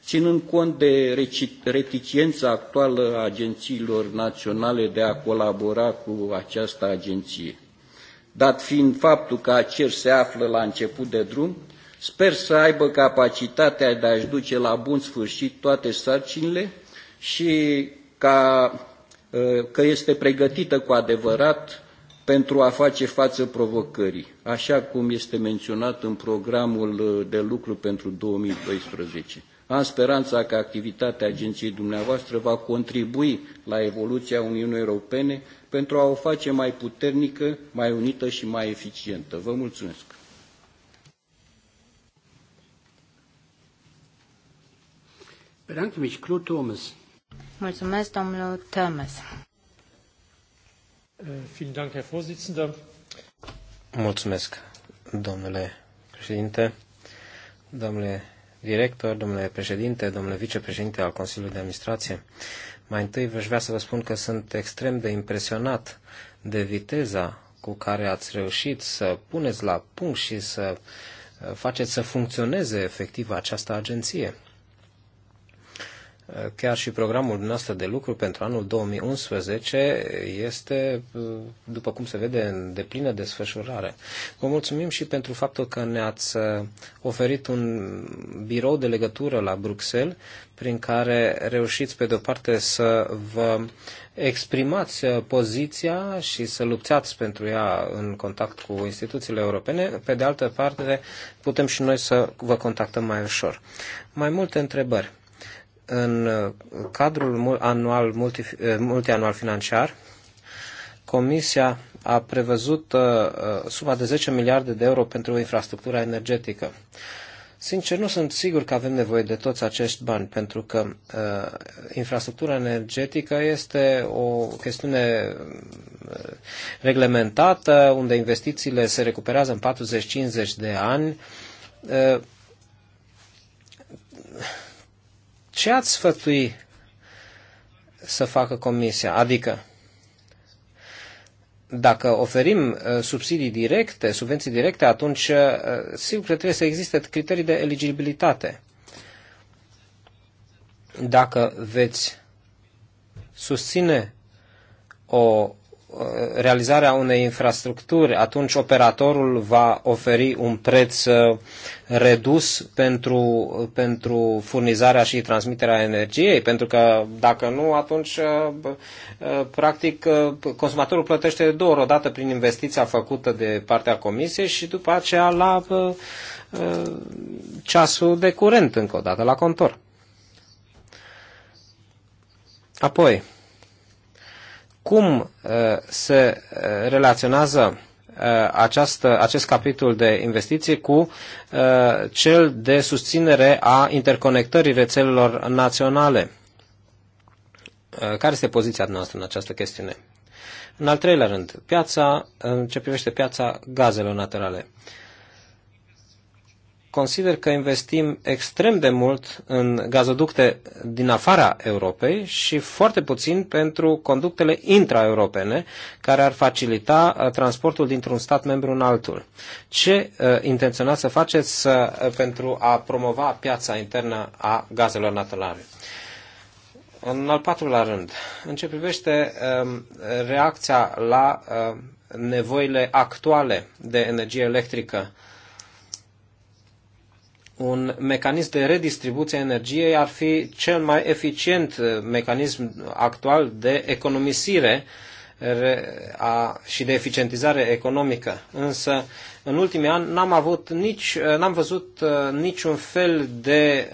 ținând cont de reticența actuală a agențiilor naționale de a colabora cu această agenție. Dat fiind faptul că ACER se află la început de drum, sper să aibă capacitatea de a-și duce la bun sfârșit toate sarcinile, și ca, ă, că este pregătită cu adevărat pentru a face față provocării, așa cum este menționat în programul ă, de lucru pentru 2012. Am speranța că activitatea agenției dumneavoastră va contribui la evoluția Uniunii Europene pentru a o face mai puternică, mai unită și mai eficientă. Vă mulțumesc! Bedanke mich, Claude Thomas. Mulțumesc, domnul Tămes. Eh, Mulțumesc, domnule președinte, domnule director, domnule președinte, domnule vicepreședinte al Consiliului de Administrație. Mai întâi vă vrea să vă spun că sunt extrem de impresionat de viteza cu care ați reușit să puneți la punct și să eh, faceți să funcționeze efectiv această agenție. Chiar și programul nostru de lucru pentru anul 2011 este, după cum se vede, în deplină desfășurare. Vă mulțumim și pentru faptul că ne-ați oferit un birou de legătură la Bruxelles, prin care reușiți, pe de-o parte, să vă exprimați poziția și să luptați pentru ea în contact cu instituțiile europene, pe de altă parte putem și noi să vă contactăm mai ușor. Mai multe întrebări în uh, cadrul anual, multi, uh, multianual financiar, Comisia a prevăzut uh, suma de 10 miliarde de euro pentru infrastructura energetică. Sincer, nu sunt sigur că avem nevoie de toți acești bani, pentru că uh, infrastructura energetică este o chestiune reglementată, unde investițiile se recuperează în 40-50 de ani. Uh, ce ați sfătui să facă comisia? Adică, dacă oferim uh, subsidii directe, subvenții directe, atunci uh, sigur că trebuie să existe criterii de eligibilitate. Dacă veți susține o Uh, realizarea unei infrastructuri, atunci operatorul va oferi un preț uh, redus pentru, uh, pentru furnizarea și transmiterea energiei, pentru că dacă nu, atunci practic consumatorul plătește de două ori odată prin investiția făcută de partea comisiei și după aceea la ceasul de curent încă o dată, la contor. Apoi, cum uh, se uh, relaționează uh, această, acest capitol de investiții cu cel de susținere a interconectării rețelelor naționale. Care este poziția noastră în această chestiune? În al treilea rând, piața, în ce privește piața gazelor naturale. Uh, consider că investim extrem de mult în gazoducte din afara Europei și foarte puțin pentru conductele intraeuropene care ar facilita uh, transportul dintr-un stat membru în altul. Ce uh, intenționați să faceți uh, pentru a promova piața internă a gazelor naturale? În al patrulea rând, în ce privește um, reacția la nevoile actuale de energie electrică, un mecanism de redistribuție a energiei ar fi cel mai eficient uh, mecanism actual de economisire și de eficientizare economică. Însă, în ultimii ani n-am avut nici, uh, n-am văzut uh, niciun fel de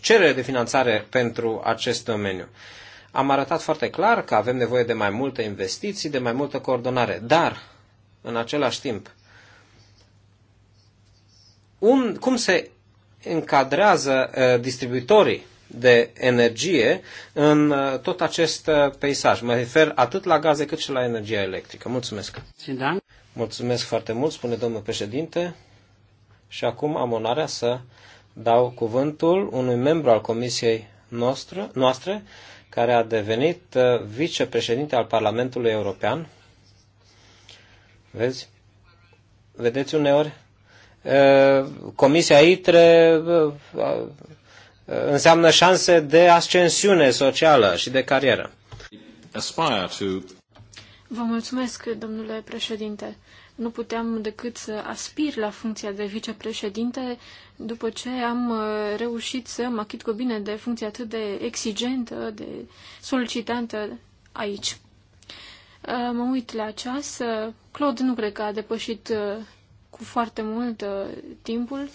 cerere de finanțare pentru acest domeniu. Am arătat foarte clar că avem nevoie de mai multe investiții, de mai multă coordonare, dar, în același timp, un, cum se încadrează uh, distribuitorii de energie în uh, tot acest uh, peisaj. Mă refer atât la gaze cât și la energia electrică. Mulțumesc! Mulțumesc foarte mult, spune domnul președinte. Și acum am onoarea să dau cuvântul unui membru al comisiei noastră, noastre, care a devenit vicepreședinte al Parlamentului European. Vezi? Vedeți uneori Comisia ITRE uh, uh, înseamnă șanse de ascensiune socială și de carieră. Vă mulțumesc, domnule președinte. Nu puteam decât să aspir la funcția de vicepreședinte după ce am uh, reușit să mă achit cu bine de funcția atât de exigentă, de solicitantă aici. Mă uit la ceas. Claude nu cred că a depășit cu foarte mult uh, timpul,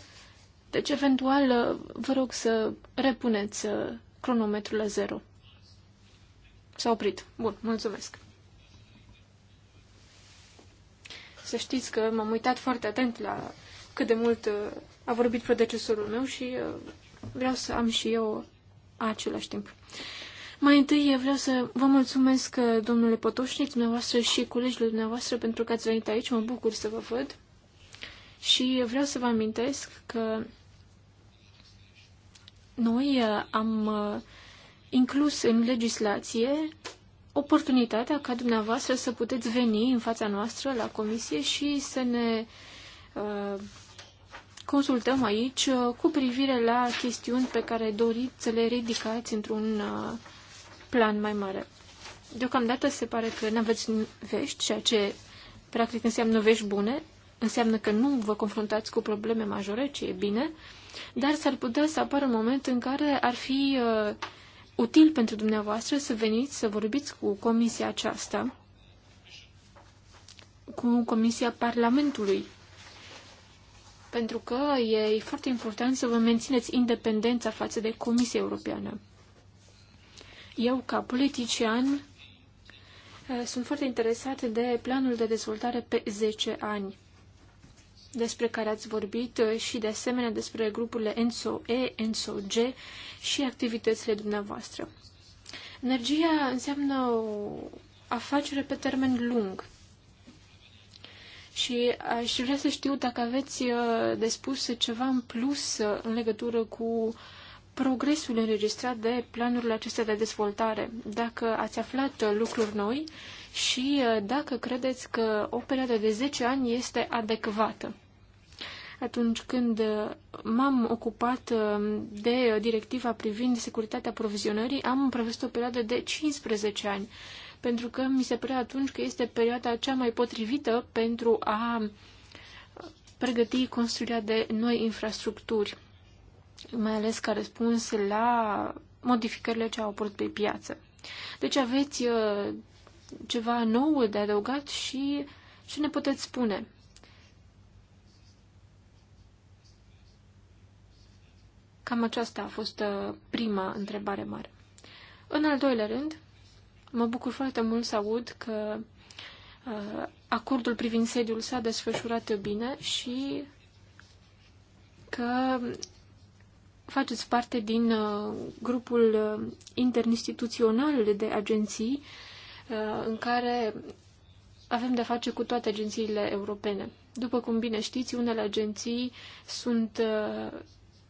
deci eventual uh, vă rog să repuneți uh, cronometrul la zero. S-a oprit. Bun, mulțumesc. Să știți că m-am uitat foarte atent la cât de mult uh, a vorbit predecesorul meu și uh, vreau să am și eu același timp. Mai întâi vreau să vă mulțumesc, uh, domnule Potoșnic, dumneavoastră și colegilor dumneavoastră pentru că ați venit aici. Mă bucur să vă văd. Și vreau să vă amintesc că noi uh, am uh, inclus în legislație oportunitatea ca dumneavoastră să puteți veni în fața noastră la comisie și să ne uh, consultăm aici cu privire la chestiuni pe care doriți să le ridicați într-un plan mai mare. Deocamdată se pare că nu aveți vești, ceea ce practic înseamnă vești bune, Înseamnă că nu vă confruntați cu probleme majore, ce e bine, dar s-ar putea să apară un moment în care ar fi uh, util pentru dumneavoastră să veniți să vorbiți cu comisia aceasta, cu comisia Parlamentului. Pentru că e foarte important să vă mențineți independența față de Comisia Europeană. Eu, ca politician, uh, sunt foarte interesat de planul de dezvoltare pe 10 ani despre care ați vorbit uh, și de asemenea despre grupurile ENSO-E, ENSO-G și activitățile dumneavoastră. Energia înseamnă o afacere pe termen lung și aș vrea să știu dacă aveți uh, de spus ceva în plus uh, în legătură cu progresul înregistrat de planurile acestea de dezvoltare, dacă ați aflat lucruri noi și uh, dacă credeți că o perioadă de 10 ani este adecvată. Atunci când uh, m-am ocupat uh, de directiva privind securitatea provizionării, am prevăzut o perioadă de 15 ani, pentru că mi se părea atunci că este perioada cea mai potrivită pentru a pregăti construirea de noi infrastructuri, mai ales ca răspuns la modificările ce au apărut pe piață. Deci aveți ceva nou de adăugat și ce ne puteți spune? Cam aceasta a fost uh, prima întrebare mare. În al doilea rând, mă bucur foarte mult să aud că uh, acordul privind sediul s-a desfășurat bine și că faceți parte din uh, grupul interinstituțional de agenții Uh, în care avem de face cu toate agențiile europene. După cum bine știți, unele agenții sunt uh,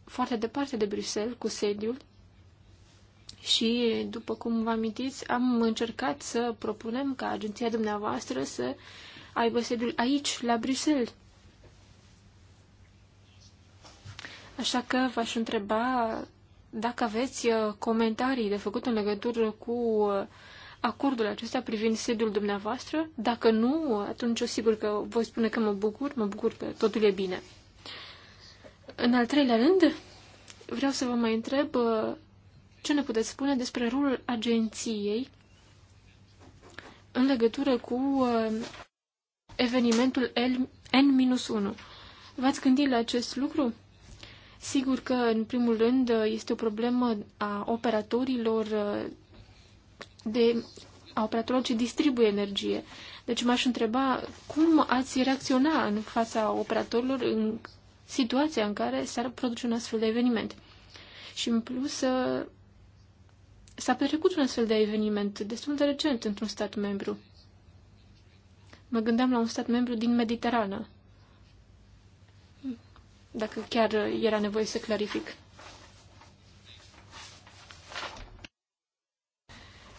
foarte departe de Bruxelles cu sediul și, după cum vă amintiți, am încercat să propunem ca agenția dumneavoastră să aibă sediul aici, la Bruxelles. Așa că v-aș întreba dacă aveți uh, comentarii de făcut în legătură cu acordul acesta privind sediul dumneavoastră? Dacă nu, atunci eu sigur că voi spune că mă bucur, mă bucur că totul e bine. În al treilea rând, vreau să vă mai întreb uh, ce ne puteți spune despre rolul agenției în legătură cu uh, evenimentul N-1. V-ați gândit la acest lucru? Sigur că, în primul rând, uh, este o problemă a operatorilor de a operatorului ce distribuie energie. Deci m-aș întreba cum ați reacționa în fața operatorilor în situația în care s-ar produce un astfel de eveniment. Și în plus uh, s-a petrecut un astfel de eveniment destul de recent într-un stat membru. Mă gândeam la un stat membru din Mediterană, Dacă chiar era nevoie să clarific.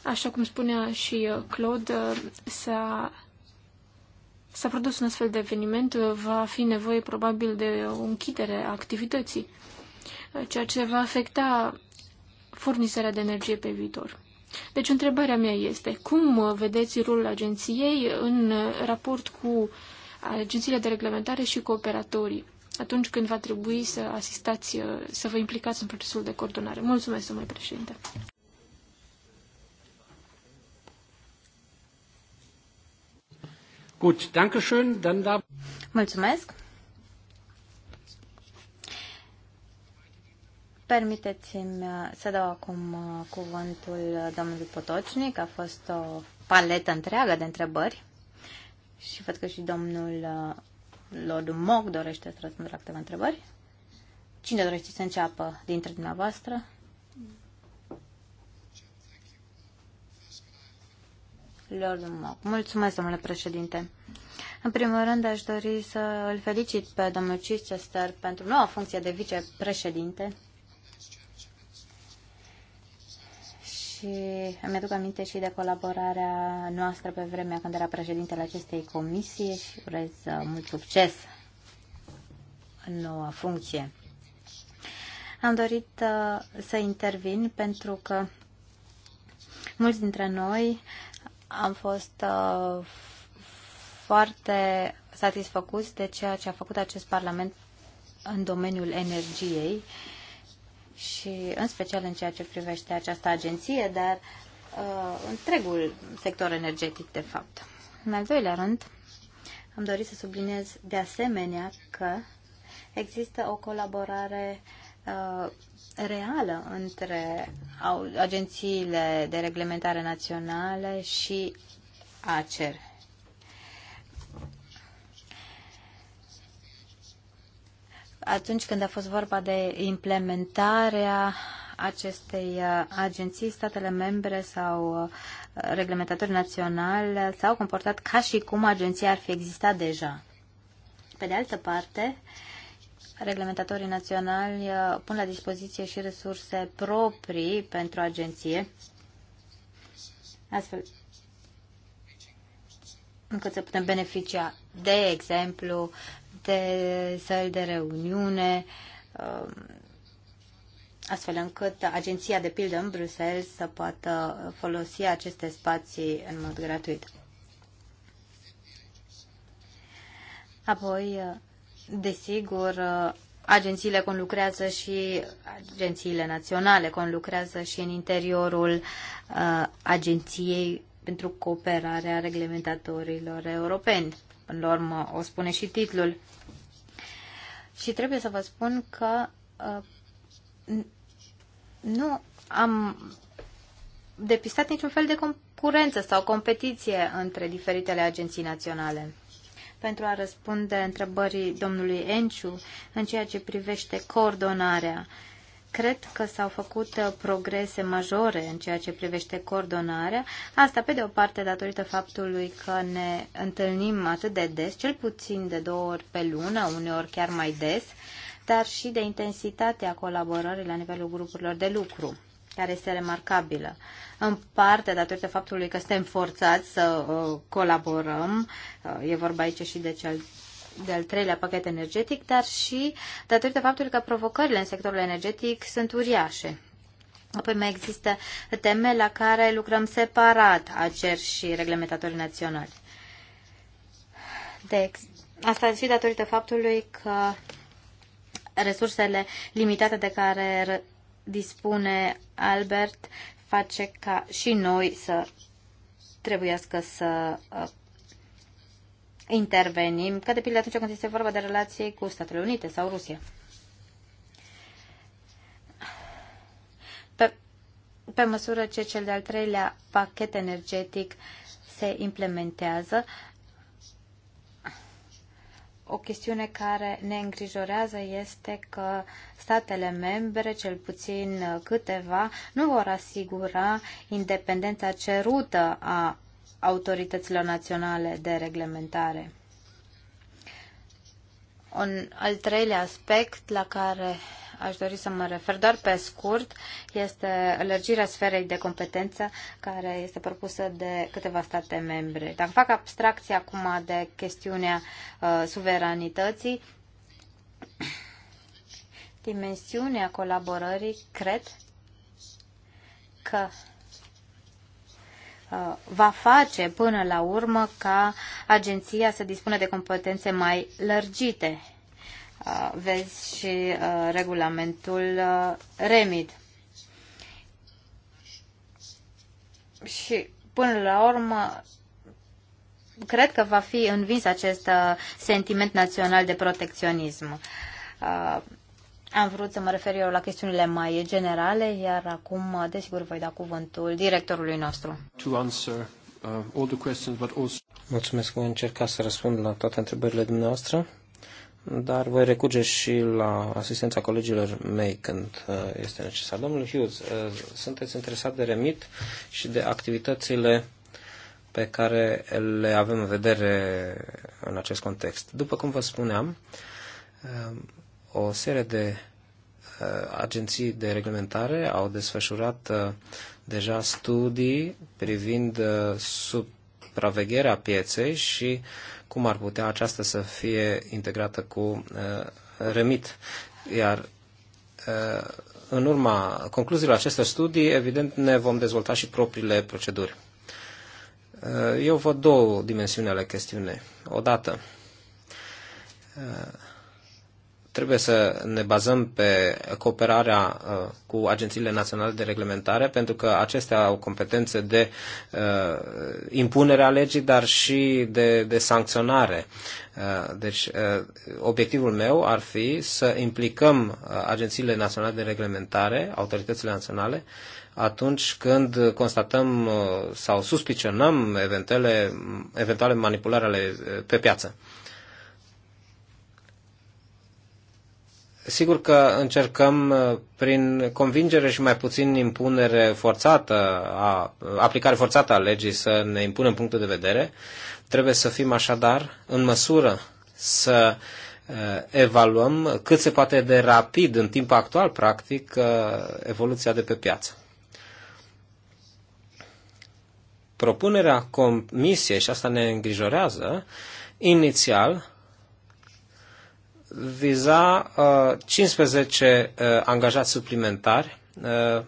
Așa cum spunea și uh, Claude, uh, s-a, s-a produs un astfel de eveniment, uh, va fi nevoie probabil de o închidere a activității, ceea ce va afecta furnizarea de energie pe viitor. Deci întrebarea mea este, cum vedeți rolul agenției în raport cu agențiile de reglementare și cu operatorii atunci când va trebui să asistați, să vă implicați în procesul de coordonare? Mulțumesc, domnule președinte! Gut, danke schön, dann da... Mulțumesc. Permiteți-mi uh, să dau acum uh, cuvântul uh, domnului Potocnic. A fost o paletă întreagă de întrebări și văd că și domnul Lord Mog dorește să răspundă la câteva întrebări. Cine dorește să înceapă dintre dumneavoastră? Lorumov. Mulțumesc, domnule președinte. În primul rând, aș dori să îl felicit pe domnul Chichester pentru noua funcție de vicepreședinte. și îmi aduc aminte și de colaborarea noastră pe vremea când era președintele acestei comisii și urez uh, mult succes în noua funcție. Am dorit uh, să intervin pentru că mulți dintre noi am fost uh, foarte satisfăcuți de ceea ce a făcut acest Parlament în domeniul energiei și în special în ceea ce privește această agenție, dar uh, întregul sector energetic, de fapt. În al doilea rând, am dorit să subliniez de asemenea că există o colaborare uh, Uh, reală între agențiile de reglementare naționale și ACER. Atunci când a fost vorba de implementarea acestei uh, agenții, statele membre sau uh, reglementatorii naționali s-au comportat ca și cum agenția ar fi existat deja. Pe de altă parte, uh, reglementatorii naționali uh, pun la dispoziție și resurse proprii pentru agenție, astfel încât să putem beneficia, de exemplu, de săli de reuniune, um, astfel încât agenția de pildă în Bruxelles să poată folosi aceste spații în mod gratuit. Apoi, uh, Desigur, agențiile conlucrează și agențiile naționale conlucrează și în interiorul uh, agenției pentru cooperarea reglementatorilor europeni. În la urmă, o spune și titlul. Și trebuie să vă spun că uh, nu am depistat niciun fel de concurență sau competiție între diferitele agenții naționale pentru a răspunde întrebării domnului Enciu în ceea ce privește coordonarea. Cred că s-au făcut uh, progrese majore în ceea ce privește coordonarea. Asta, pe de o parte, datorită faptului că ne întâlnim atât de des, cel puțin de două ori pe lună, uneori chiar mai des, dar și de intensitatea colaborării la nivelul grupurilor de lucru care este remarcabilă. În parte, datorită faptului că suntem forțați să uh, colaborăm, uh, e vorba aici și de cel de-al treilea pachet energetic, dar și datorită faptului că provocările în sectorul energetic sunt uriașe. Apoi mai există teme la care lucrăm separat ACER și reglementatorii naționali. Dex. Deci, asta și datorită faptului că resursele limitate de care dispune Albert face ca și noi să trebuiască să uh, intervenim, ca de pildă atunci când este vorba de relații cu Statele Unite sau Rusia. Pe, pe măsură ce cel de-al treilea pachet energetic se implementează, o chestiune care ne îngrijorează este că statele membre, cel puțin câteva, nu vor asigura independența cerută a autorităților naționale de reglementare. Un al treilea aspect la care aș dori să mă refer doar pe scurt este lărgirea sferei de competență care este propusă de câteva state membre. Dacă fac abstracție acum de chestiunea uh, suveranității, *clears throat* dimensiunea colaborării, cred că uh, va face până la urmă ca agenția să dispună de competențe mai lărgite Uh, vezi și uh, regulamentul uh, REMIT. Și până la urmă, cred că va fi învins acest sentiment național de protecționism. Am vrut să mă refer eu la chestiunile mai generale, iar acum, desigur, voi da cuvântul directorului nostru. To answer uh, all the questions, but also... Mulțumesc că am încercat să răspund la toate întrebările dumneavoastră dar voi recurge și la asistența colegilor mei când uh, este necesar. Domnul Hughes, uh, sunteți interesat de remit și de activitățile pe care le avem în vedere în acest context. După cum vă spuneam, uh, o serie de agenții de reglementare au desfășurat deja studii privind supravegherea pieței și cum ar putea aceasta să fie integrată cu uh, remit. Iar uh, în urma concluziilor acestor studii, evident, ne vom dezvolta și propriile proceduri. Uh, eu văd două dimensiuni ale chestiunii. Odată, trebuie să ne bazăm pe cooperarea uh, cu agențiile naționale de reglementare, pentru că acestea au competențe de uh, impunere a legii, dar și de, de sancționare. Uh, deci, obiectivul meu ar fi să implicăm agențiile naționale de reglementare, autoritățile naționale, atunci când constatăm sau suspicionăm eventuale, eventuale manipulări ale pe piață. Sigur că încercăm uh, prin convingere și mai puțin impunere forțată, a, aplicare forțată a legii să ne impunem punctul de vedere. Trebuie să fim așadar în măsură să uh, evaluăm cât se poate de rapid în timp actual, practic, uh, evoluția de pe piață. Propunerea comisiei, și asta ne îngrijorează, inițial viza 15 uh, uh, angajați suplimentari. Uh,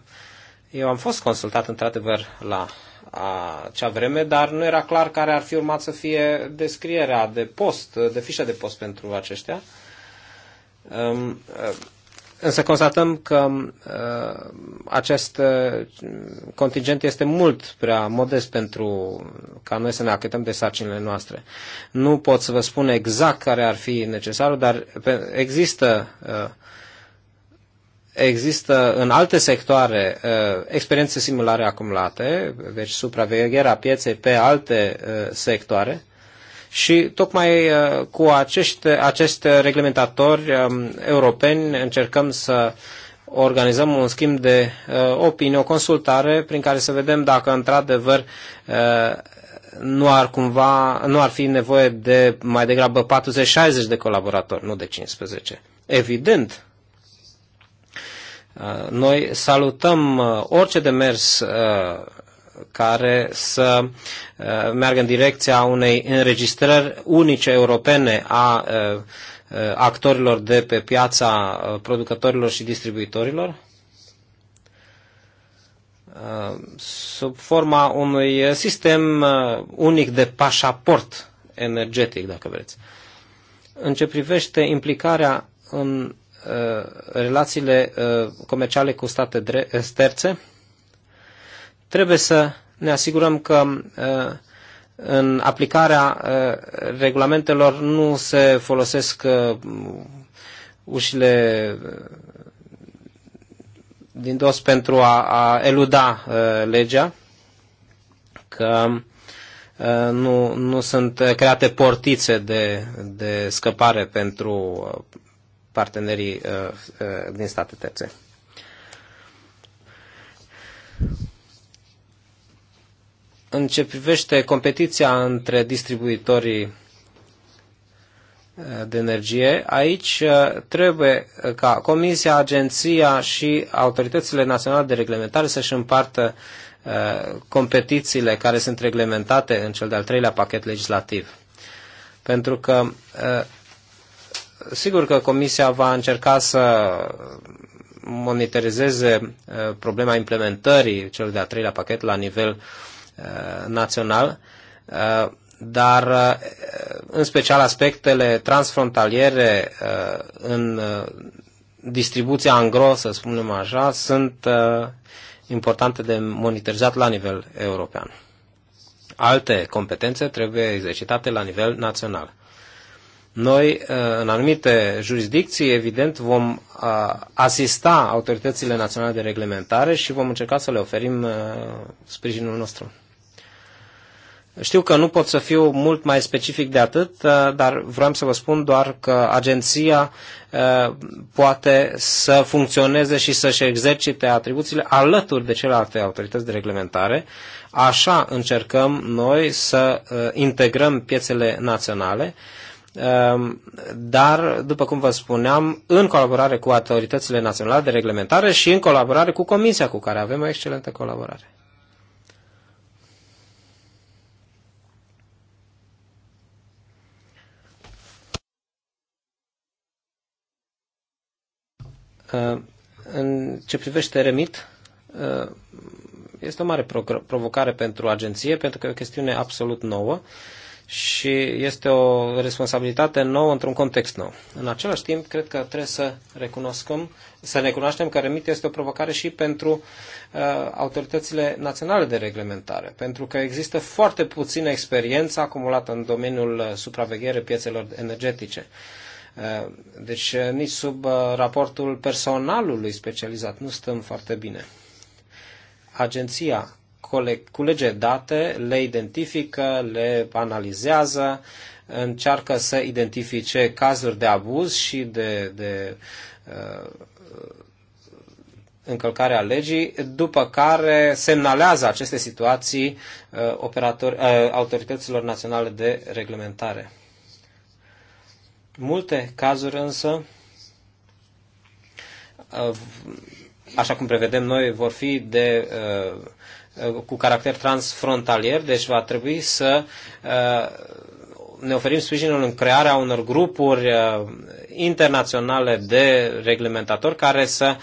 eu am fost consultat într-adevăr la acea vreme, dar nu era clar care ar fi urmat să fie descrierea de post, de fișa de post pentru aceștia. Um, Însă constatăm că uh, acest uh, contingent este mult prea modest pentru ca noi să ne achităm de sarcinile noastre. Nu pot să vă spun exact care ar fi necesarul, dar pe, există, uh, există în alte sectoare uh, experiențe similare acumulate, deci supravegherea pieței pe alte uh, sectoare, uh, și tocmai uh, cu acești, acești reglementatori um, europeni încercăm să organizăm un schimb de uh, opinie, o consultare prin care să vedem dacă într-adevăr uh, nu ar cumva, nu ar fi nevoie de mai degrabă 40-60 de colaboratori, nu de 15. Evident, noi salutăm orice demers care să uh, meargă în direcția unei înregistrări unice europene a uh, uh, actorilor de pe piața producătorilor și distribuitorilor? sub forma unui sistem unic de pașaport energetic, dacă vreți. În ce privește implicarea în relațiile comerciale cu state terțe, Trebuie să ne asigurăm că uh, în aplicarea uh, regulamentelor nu se folosesc uh, ușile din dos pentru a, a eluda legea, că nu, nu sunt create portițe de, de scăpare pentru partenerii din state terțe în ce privește competiția între distribuitorii uh, de energie, aici uh, trebuie ca Comisia, Agenția și autoritățile naționale de reglementare să-și împartă uh, competițiile care sunt reglementate în cel de-al treilea pachet legislativ. Pentru că sigur că Comisia va încerca să monitorizeze problema implementării celor de-al treilea pachet la nivel uh, Uh, național, uh, dar uh, în special aspectele transfrontaliere în distribuția în gros, să spunem așa, sunt importante de monitorizat la nivel european. Alte competențe trebuie exercitate la nivel național. Noi, în anumite jurisdicții, evident, vom asista autoritățile naționale de reglementare și vom încerca să le oferim sprijinul nostru. Știu că nu pot să fiu mult mai specific de atât, uh, dar vreau să vă spun doar că agenția uh, poate să funcționeze și să-și exercite atribuțiile alături de celelalte autorități de reglementare. Așa încercăm noi să uh, integrăm piețele naționale um, dar, după cum vă spuneam, în colaborare cu autoritățile naționale de reglementare și în colaborare cu Comisia, cu care avem o excelentă colaborare. Uh, în ce privește remit, uh, este o mare provocare pentru agenție, pentru că e o chestiune absolut nouă și este o responsabilitate nouă într-un context nou. În același timp, cred că trebuie să recunoscăm, să recunoaștem că remit este o provocare și pentru uh, autoritățile naționale de reglementare, pentru că există foarte puțină experiență acumulată în domeniul uh, supraveghere piețelor energetice. Uh, Eh, deci eh, nici sub eh, raportul personalului specializat nu stăm foarte bine. Agenția culege date, le identifică, le analizează, încearcă să identifice cazuri de abuz și de, de uh, a legii, după care semnalează aceste situații uh, operator, uh, autorităților naționale de reglementare multe cazuri însă, uh, așa cum prevedem noi, vor fi de, uh, cu caracter transfrontalier, deci va trebui să uh, ne oferim sprijinul în crearea unor grupuri internaționale de reglementatori care să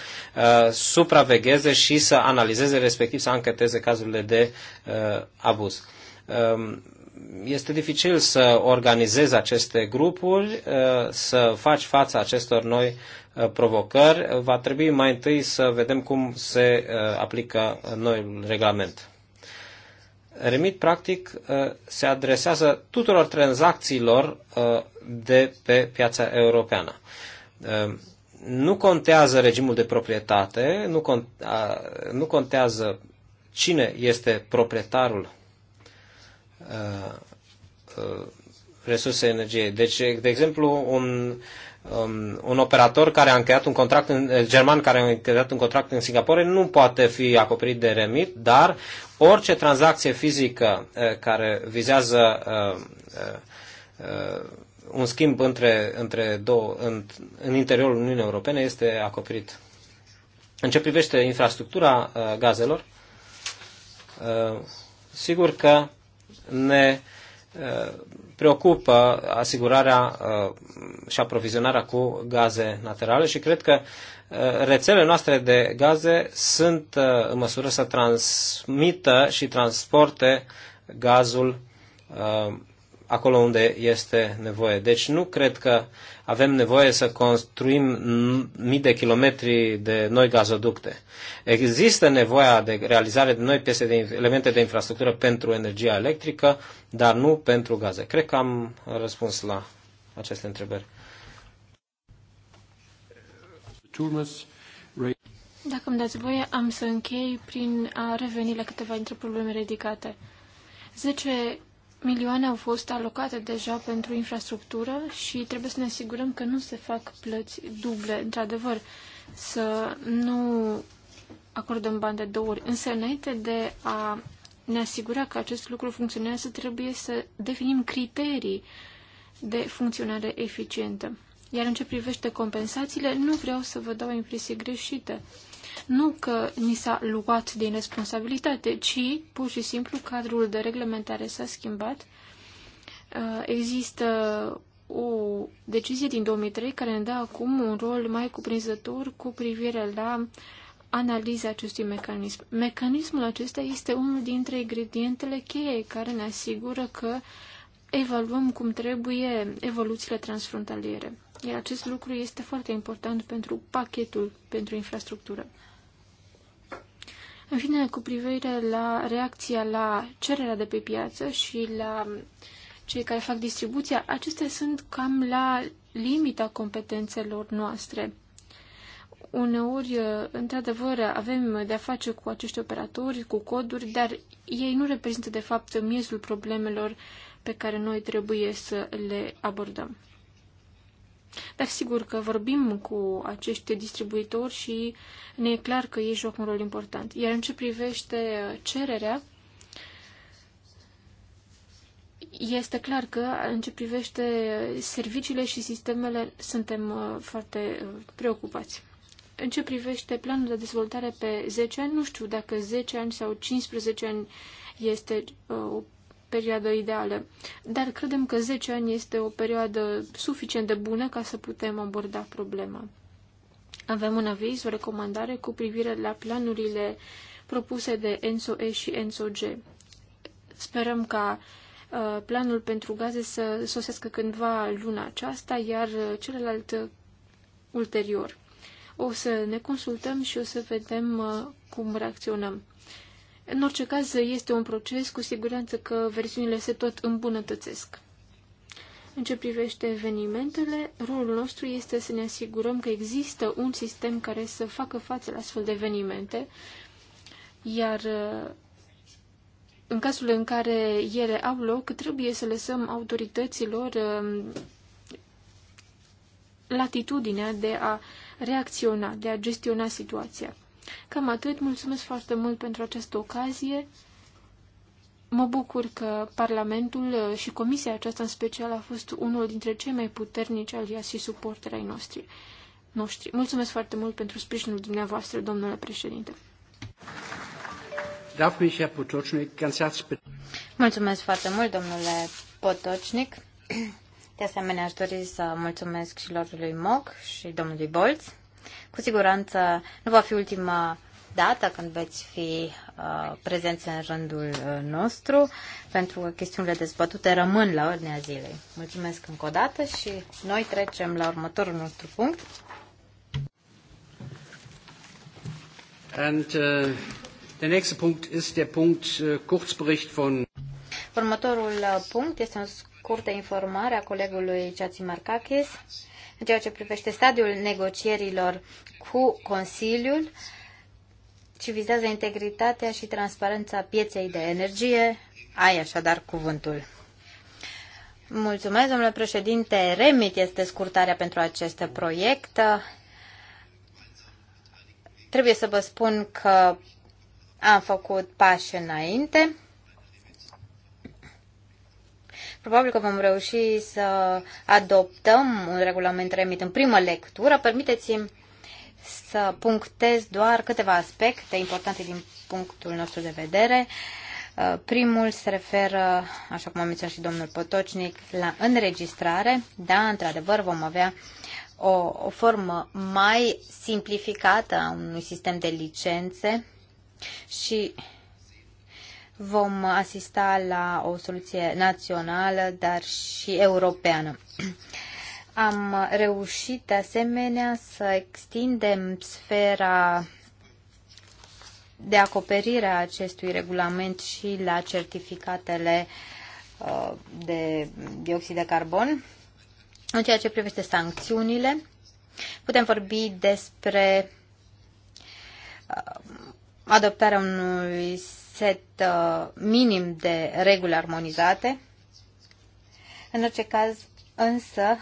supravegheze și să analizeze, respectiv să ancheteze cazurile de abuz um, este dificil să organizezi aceste grupuri, uh, să faci fața acestor noi uh, provocări. Va trebui mai întâi să vedem cum se uh, aplică noul regulament. Remit, practic, se adresează tuturor tranzacțiilor de pe piața europeană. Nu contează regimul de proprietate, nu contează cine este proprietarul Uh, uh, resurse energiei. Deci, de exemplu, un, um, un operator care a încheiat un contract în, uh, german care a încheiat un contract în Singapore nu poate fi acoperit de remit, dar orice tranzacție fizică uh, care vizează uh, uh, un schimb între, între două, în, în interiorul Uniunii Europene este acoperit. În ce privește infrastructura uh, gazelor, uh, sigur că ne eh, preocupă asigurarea eh, și aprovizionarea cu gaze naturale și cred că eh, rețelele noastre de gaze sunt în măsură să transmită și transporte gazul acolo unde este nevoie. Deci nu cred că avem nevoie să construim mii de kilometri de noi gazoducte. Există nevoia de realizare de noi piese de elemente de infrastructură pentru energia electrică, dar nu pentru gaze. Cred că am răspuns la aceste întrebări. dacă îmi dați voie, am să închei prin a reveni la câteva dintre probleme ridicate. 10 milioane au fost alocate deja pentru infrastructură și trebuie să ne asigurăm că nu se fac plăți duble, într-adevăr, să nu acordăm bani de două ori. Însă, înainte de a ne asigura că acest lucru funcționează, trebuie să definim criterii de funcționare eficientă. Iar în ce privește compensațiile, nu vreau să vă dau impresie greșită nu că ni s-a luat din responsabilitate, ci pur și simplu cadrul de reglementare s-a schimbat. Uh, există o decizie din 2003 care ne dă acum un rol mai cuprinzător cu privire la analiza acestui mecanism. Mecanismul acesta este unul dintre ingredientele cheie care ne asigură că evaluăm cum trebuie evoluțiile transfrontaliere. Iar acest lucru este foarte important pentru pachetul pentru infrastructură. În fine, cu privire la reacția la cererea de pe piață și la cei care fac distribuția, acestea sunt cam la limita competențelor noastre. Uneori, într-adevăr, avem de-a face cu acești operatori, cu coduri, dar ei nu reprezintă, de fapt, miezul problemelor pe care noi trebuie să le abordăm. Dar sigur că vorbim cu acești distribuitori și ne e clar că ei joacă un rol important. Iar în ce privește cererea, este clar că în ce privește serviciile și sistemele suntem uh, foarte uh, preocupați. În ce privește planul de dezvoltare pe 10 ani, nu știu dacă 10 ani sau 15 ani este uh, o perioadă ideală, dar credem că 10 ani este o perioadă suficient de bună ca să putem aborda problema. Avem un aviz, o recomandare cu privire la planurile propuse de ENSO-E și ENSO-G. Sperăm ca uh, planul pentru gaze să sosească cândva luna aceasta, iar uh, celălalt uh, ulterior. O să ne consultăm și o să vedem cum reacționăm. În orice caz, este un proces, cu siguranță că versiunile se tot îmbunătățesc. În ce privește evenimentele, rolul nostru este să ne asigurăm că există un sistem care să facă față la astfel de evenimente, iar în cazul în care ele au loc, trebuie să lăsăm autorităților um, latitudinea de a reacționa, de a gestiona situația. Cam atât. Mulțumesc foarte mult pentru această ocazie. Mă bucur că Parlamentul uh, și Comisia aceasta în special a fost unul dintre cei mai puternici aliați și suporteri ai noștri. noștri. Mulțumesc foarte mult pentru sprijinul dumneavoastră, domnule președinte. Da, mulțumesc foarte mult, domnule Potocnic. De asemenea, aș dori să mulțumesc și lorului Moc și domnului Bolț. Cu siguranță nu va fi ultima dată când veți fi uh, prezenți în rândul uh, nostru, pentru că chestiunile dezbătute rămân la ordinea zilei. Mulțumesc încă o dată și noi trecem la următorul nostru punct. And, uh, der nächste Punkt ist der Punkt uh, Kurzbericht von Următorul uh, punct este un scurtă informare a colegului Ceați Marcachis în ceea ce privește stadiul negocierilor cu Consiliul și vizează integritatea și transparența pieței de energie, ai așadar cuvântul. Mulțumesc, domnule președinte. REMIT este scurtarea pentru acest proiect. Trebuie să vă spun că am făcut pași înainte. Probabil că vom reuși să adoptăm un regulament remit în primă lectură. Permiteți-mi să punctez doar câteva aspecte importante din punctul nostru de vedere. Uh, primul se referă, așa cum a menționat și domnul Potocnic, la înregistrare. Da, într-adevăr, vom avea o, o formă mai simplificată a unui sistem de licențe și vom asista la o soluție națională, dar și europeană. *clears throat* Am reușit de asemenea să extindem sfera de acoperire a acestui regulament și la certificatele uh, de dioxid de carbon. În ceea ce privește sancțiunile, putem vorbi despre uh, adoptarea unui set uh, minim de reguli armonizate. În orice caz, însă,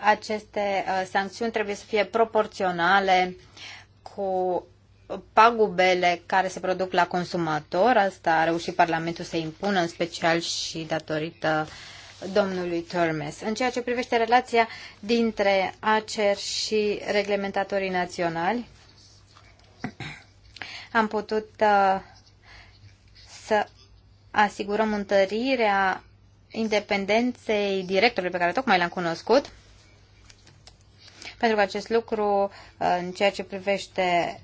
aceste uh, sancțiuni trebuie să fie proporționale cu pagubele care se produc la consumator. Asta a reușit Parlamentul să impună, în special și datorită domnului Turmes. În ceea ce privește relația dintre ACER și reglementatorii naționali, am putut uh, să asigurăm întărirea independenței directorului pe care tocmai l-am cunoscut, pentru că acest lucru, uh, în ceea ce privește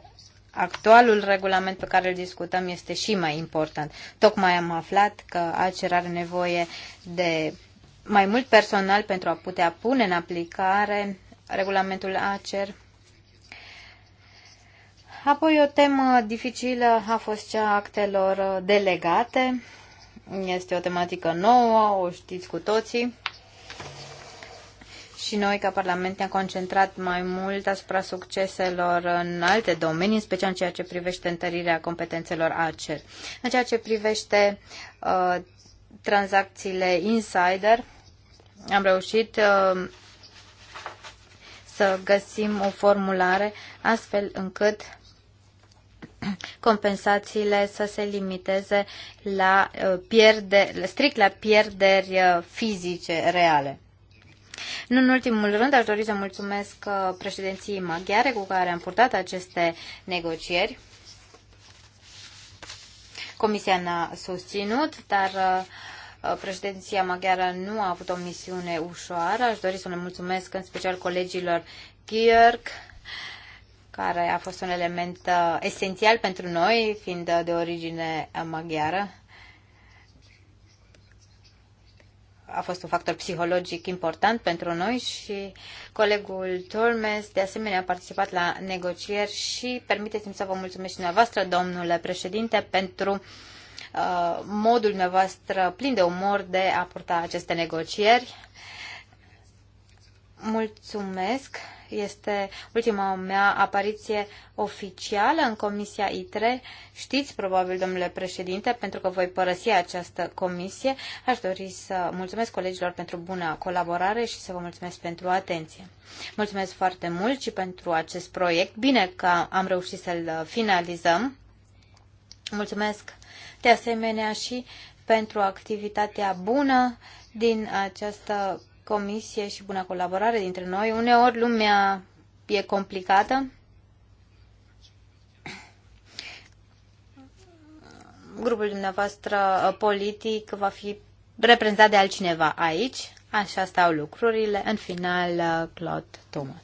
actualul regulament pe care îl discutăm, este și mai important. Tocmai am aflat că ACER are nevoie de mai mult personal pentru a putea pune în aplicare regulamentul ACER Apoi o temă dificilă a fost cea actelor delegate. Este o tematică nouă, o știți cu toții. Și noi, ca Parlament, ne-am concentrat mai mult asupra succeselor în alte domenii, în special în ceea ce privește întărirea competențelor ACER. În ceea ce privește uh, tranzacțiile insider, am reușit uh, să găsim o formulare astfel încât compensațiile să se limiteze la uh, pierde, strict la pierderi uh, fizice reale. Nu în ultimul rând, aș dori să mulțumesc uh, președinției maghiare cu care am purtat aceste negocieri. Comisia ne-a susținut, dar președinția maghiară nu a avut o misiune ușoară. Aș dori să le mulțumesc în special colegilor Kierk care a fost un element uh, esențial pentru noi, fiind uh, de origine uh, maghiară. A fost un factor psihologic important pentru noi și colegul Tormes, de asemenea, a participat la negocieri și permiteți-mi să vă mulțumesc și dumneavoastră, domnule președinte, pentru modul dumneavoastră plin de umor de a purta aceste negocieri. Mulțumesc! Este ultima mea apariție oficială în Comisia ITRE. Știți probabil, domnule președinte, pentru că voi părăsi această comisie. Aș dori să mulțumesc colegilor pentru bună colaborare și să vă mulțumesc pentru atenție. Mulțumesc foarte mult și pentru acest proiect. Bine că am reușit să-l finalizăm. Mulțumesc de asemenea și pentru activitatea bună din această comisie și bună colaborare dintre noi. Uneori lumea e complicată. Grupul dumneavoastră uh, politic va fi reprezentat de altcineva aici. Așa stau lucrurile. În final, uh, Claude Thomas.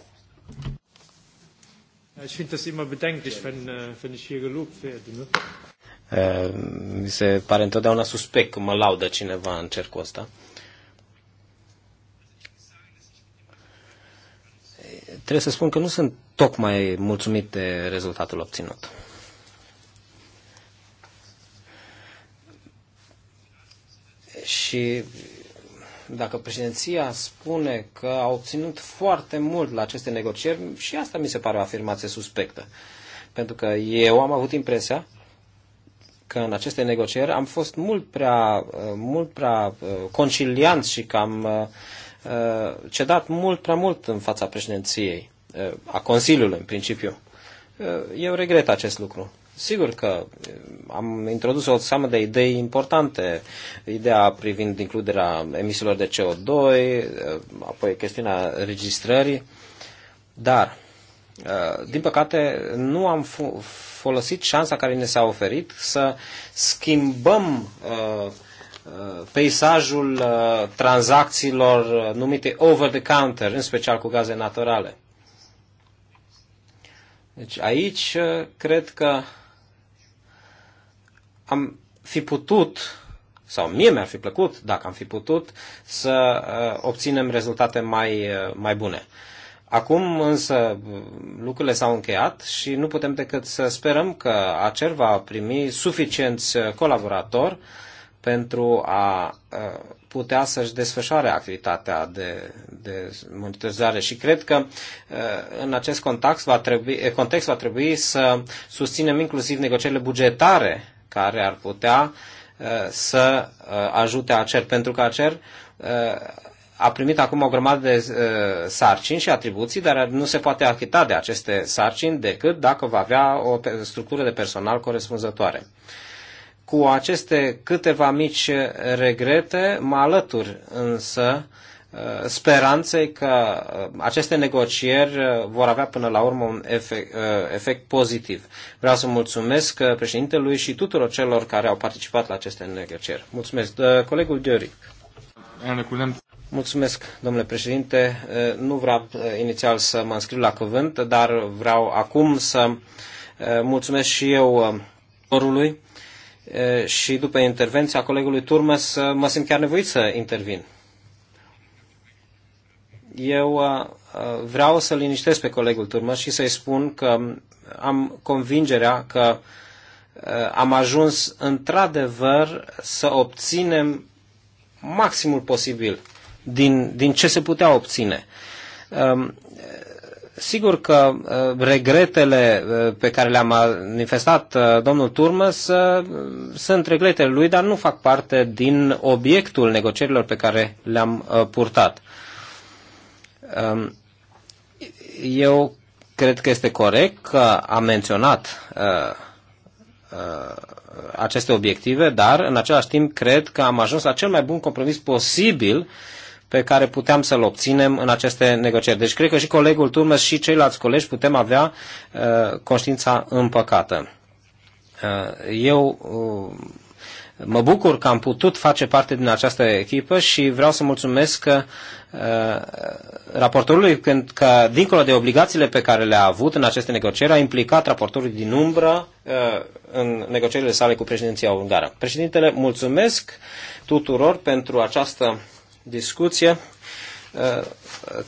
Ich finde das immer bedenklich, wenn, äh, wenn ich hier gelobt werde. Ne? Äh, mi se pare întotdeauna suspect că mă laudă cineva în cercul ăsta. trebuie să spun că nu sunt tocmai mulțumit de rezultatul obținut. Și dacă președinția spune că a obținut foarte mult la aceste negocieri, și asta mi se pare o afirmație suspectă. Pentru că eu am avut impresia că în aceste negocieri am fost mult prea, mult prea uh, conciliant și că am uh, Uh, cedat mult prea mult în fața președinției, uh, a Consiliului în principiu. Uh, eu regret acest lucru. Sigur că am introdus o seamă de idei importante. Ideea privind includerea emisiilor de CO2, apoi chestiunea registrării, dar, din păcate, nu am folosit șansa care ne s-a oferit să schimbăm uh, Uh, peisajul uh, tranzacțiilor uh, numite over the counter, în special cu gaze naturale. Deci aici cred că am fi putut, sau mie mi-ar fi plăcut, dacă am fi putut, să obținem rezultate mai, mai bune. Acum însă lucrurile s-au încheiat și nu putem decât să sperăm că Acer va primi suficienți colaboratori pentru a putea să-și desfășoare activitatea de, de monitorizare și cred că în acest context va, trebui, context va trebui să susținem inclusiv negocierile bugetare care ar putea să ajute ACER, pentru că ACER a primit acum o grămadă de sarcini și atribuții, dar nu se poate achita de aceste sarcini decât dacă va avea o structură de personal corespunzătoare. Cu aceste câteva mici regrete, mă alătur însă uh, speranței că uh, aceste negocieri uh, vor avea până la urmă un efect, efect pozitiv. Vreau să mulțumesc președintelui și tuturor celor care au participat la aceste negocieri. Mulțumesc. Colegul Dioric. Mulțumesc, domnule președinte. Nu vreau inițial să mă înscriu la cuvânt, dar vreau acum să mulțumesc și eu orului și după intervenția colegului Turmes mă simt chiar nevoit să intervin. Eu vreau să liniștesc pe colegul Turmes și să-i spun că am convingerea că am ajuns într-adevăr să obținem maximul posibil din, din ce se putea obține. Sigur că uh, regretele uh, pe care le-a manifestat uh, domnul Turmes sunt regretele lui, dar nu fac parte din obiectul negocierilor pe care le-am purtat. Um, eu cred că este corect că am menționat aceste obiective, dar în același timp cred că am ajuns la cel mai bun compromis posibil uh, pe care puteam să-l obținem în aceste negocieri. Deci cred că și colegul Turmes și ceilalți colegi putem avea uh, conștiința împăcată. Uh, eu uh, mă bucur că am putut face parte din această echipă și vreau să mulțumesc că, uh, raportorului când, că, dincolo de obligațiile pe care le-a avut în aceste negocieri, a implicat raportorul din umbră uh, în negocierile sale cu președinția ungară. Președintele, mulțumesc tuturor pentru această discuție. Uh,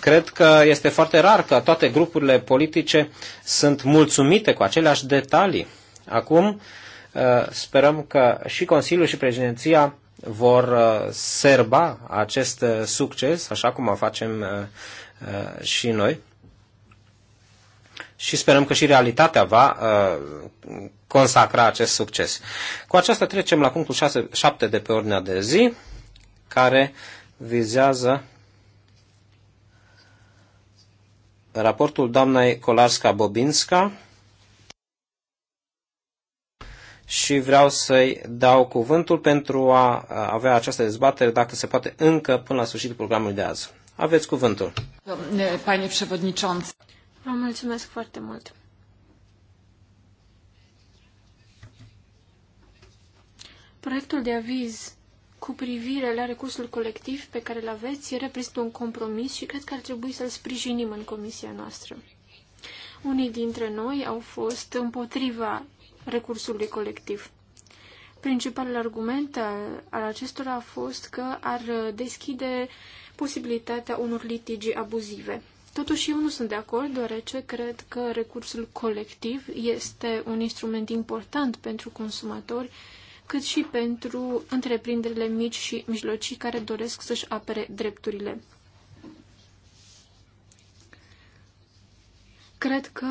cred că este foarte rar că toate grupurile politice sunt mulțumite cu aceleași detalii. Acum uh, sperăm că și Consiliul și președinția vor uh, serba acest succes, așa cum o facem și noi. Și sperăm că și realitatea va consacra acest succes. Cu aceasta trecem la punctul 6, 7 de pe ordinea de zi, care vizează raportul doamnei Kolarska-Bobinska și vreau să-i dau cuvântul pentru a avea această dezbatere, dacă se poate, încă până la sfârșitul programului de azi. Aveți cuvântul. Pani Przewodniczący. Vă mulțumesc foarte mult. Proiectul de aviz cu privire la recursul colectiv pe care îl aveți reprezintă un compromis și cred că ar trebui să-l sprijinim în comisia noastră. Unii dintre noi au fost împotriva recursului colectiv. Principalul argument al acestora a fost că ar deschide posibilitatea unor litigi abuzive. Totuși, eu nu sunt de acord, deoarece cred că recursul colectiv este un instrument important pentru consumatori cât și pentru întreprinderile mici și mijlocii care doresc să-și apere drepturile. Cred că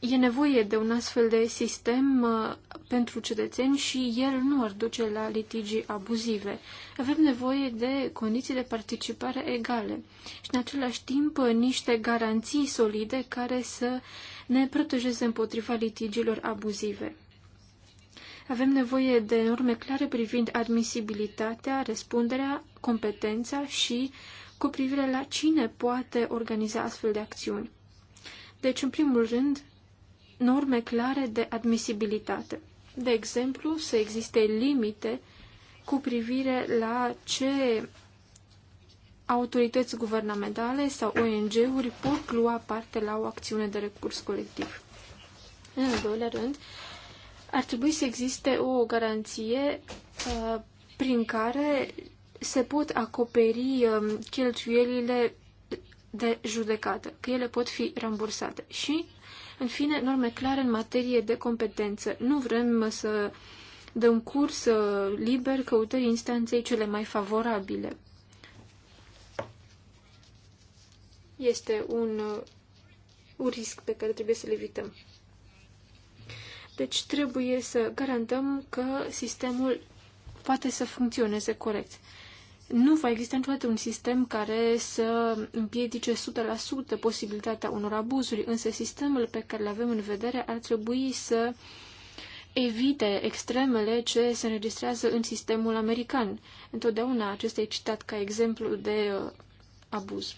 e nevoie de un astfel de sistem uh, pentru cetățeni și el nu ar duce la litigii abuzive. Avem nevoie de condiții de participare egale și în același timp uh, niște garanții solide care să ne protejeze împotriva litigiilor abuzive. Avem nevoie de norme clare privind admisibilitatea, răspunderea, competența și cu privire la cine poate organiza astfel de acțiuni. Deci, în primul rând, norme clare de admisibilitate. De exemplu, să existe limite cu privire la ce autorități guvernamentale sau ONG-uri pot lua parte la o acțiune de recurs colectiv. În al doilea rând, ar trebui să existe o garanție uh, prin care se pot acoperi um, cheltuielile de judecată, că ele pot fi rambursate. Și, în fine, norme clare în materie de competență. Nu vrem să dăm curs uh, liber căutării instanței cele mai favorabile. Este un, uh, un risc pe care trebuie să-l evităm. Deci trebuie să garantăm că sistemul poate să funcționeze corect. Nu va exista niciodată un sistem care să împiedice 100% posibilitatea unor abuzuri, însă sistemul pe care îl avem în vedere ar trebui să evite extremele ce se înregistrează în sistemul american. Întotdeauna acesta e citat ca exemplu de uh, abuz.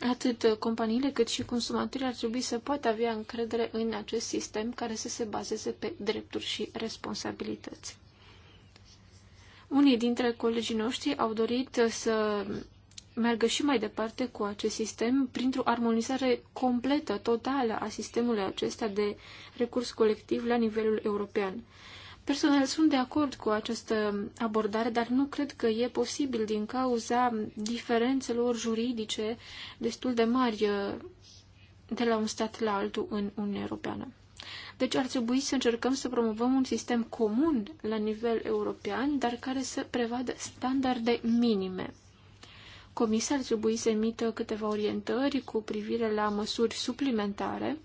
Atât companiile cât și consumatorii ar trebui să poată avea încredere în acest sistem care să se bazeze pe drepturi și responsabilități. Unii dintre colegii noștri au dorit să meargă și mai departe cu acest sistem printr-o armonizare completă, totală a sistemului acesta de recurs colectiv la nivelul european. Personal sunt de acord cu această abordare, dar nu cred că e posibil din cauza diferențelor juridice destul de mari uh, de la un stat la altul în Uniunea Europeană. Deci ar trebui să încercăm să promovăm un sistem comun la nivel european, dar care să prevadă standarde minime. Comisia ar trebui să emită câteva orientări cu privire la măsuri suplimentare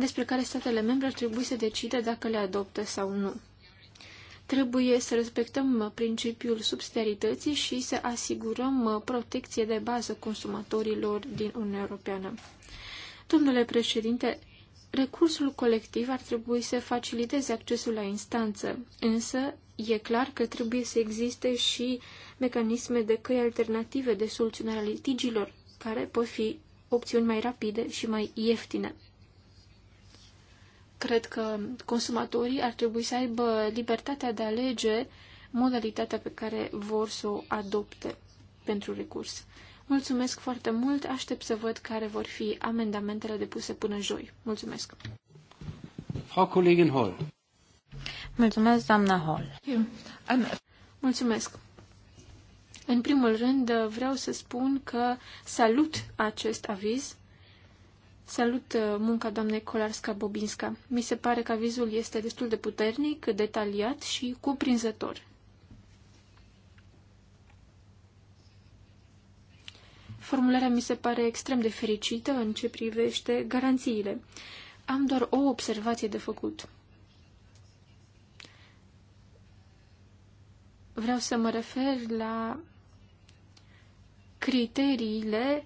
despre care statele membre ar trebui să decide dacă le adoptă sau nu. Trebuie să respectăm uh, principiul subsidiarității și să asigurăm uh, protecție de bază consumatorilor din Uniunea Europeană. Domnule președinte, recursul colectiv ar trebui să faciliteze accesul la instanță, însă e clar că trebuie să existe și mecanisme de căi alternative de soluționare a litigilor, care pot fi opțiuni mai rapide și mai ieftine. Cred că consumatorii ar trebui să aibă libertatea de a alege modalitatea pe care vor să o adopte pentru recurs. Mulțumesc foarte mult, aștept să văd care vor fi amendamentele depuse până joi. Mulțumesc. Frau Kollegin Hall. Mulțumesc, doamna Hall. Mulțumesc. În primul rând, vreau să spun că salut acest aviz Salut uh, munca doamnei Kolarska-Bobinska. Mi se pare că avizul este destul de puternic, detaliat și cuprinzător. Formularea mi se pare extrem de fericită în ce privește garanțiile. Am doar o observație de făcut. Vreau să mă refer la criteriile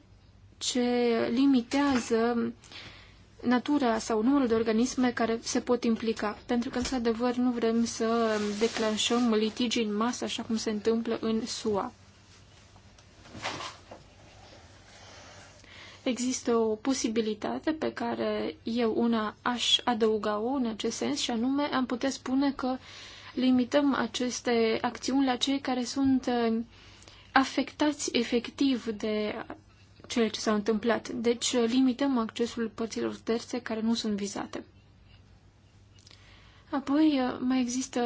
ce limitează natura sau numărul de organisme care se pot implica. Pentru că, într-adevăr, nu vrem să declanșăm litigi în masă, așa cum se întâmplă în SUA. Există o posibilitate pe care eu una aș adăuga-o în acest sens și anume am putea spune că limităm aceste acțiuni la cei care sunt uh, afectați efectiv de cele ce s-au întâmplat. Deci uh, limităm accesul părților terțe care nu sunt vizate. Apoi uh, mai există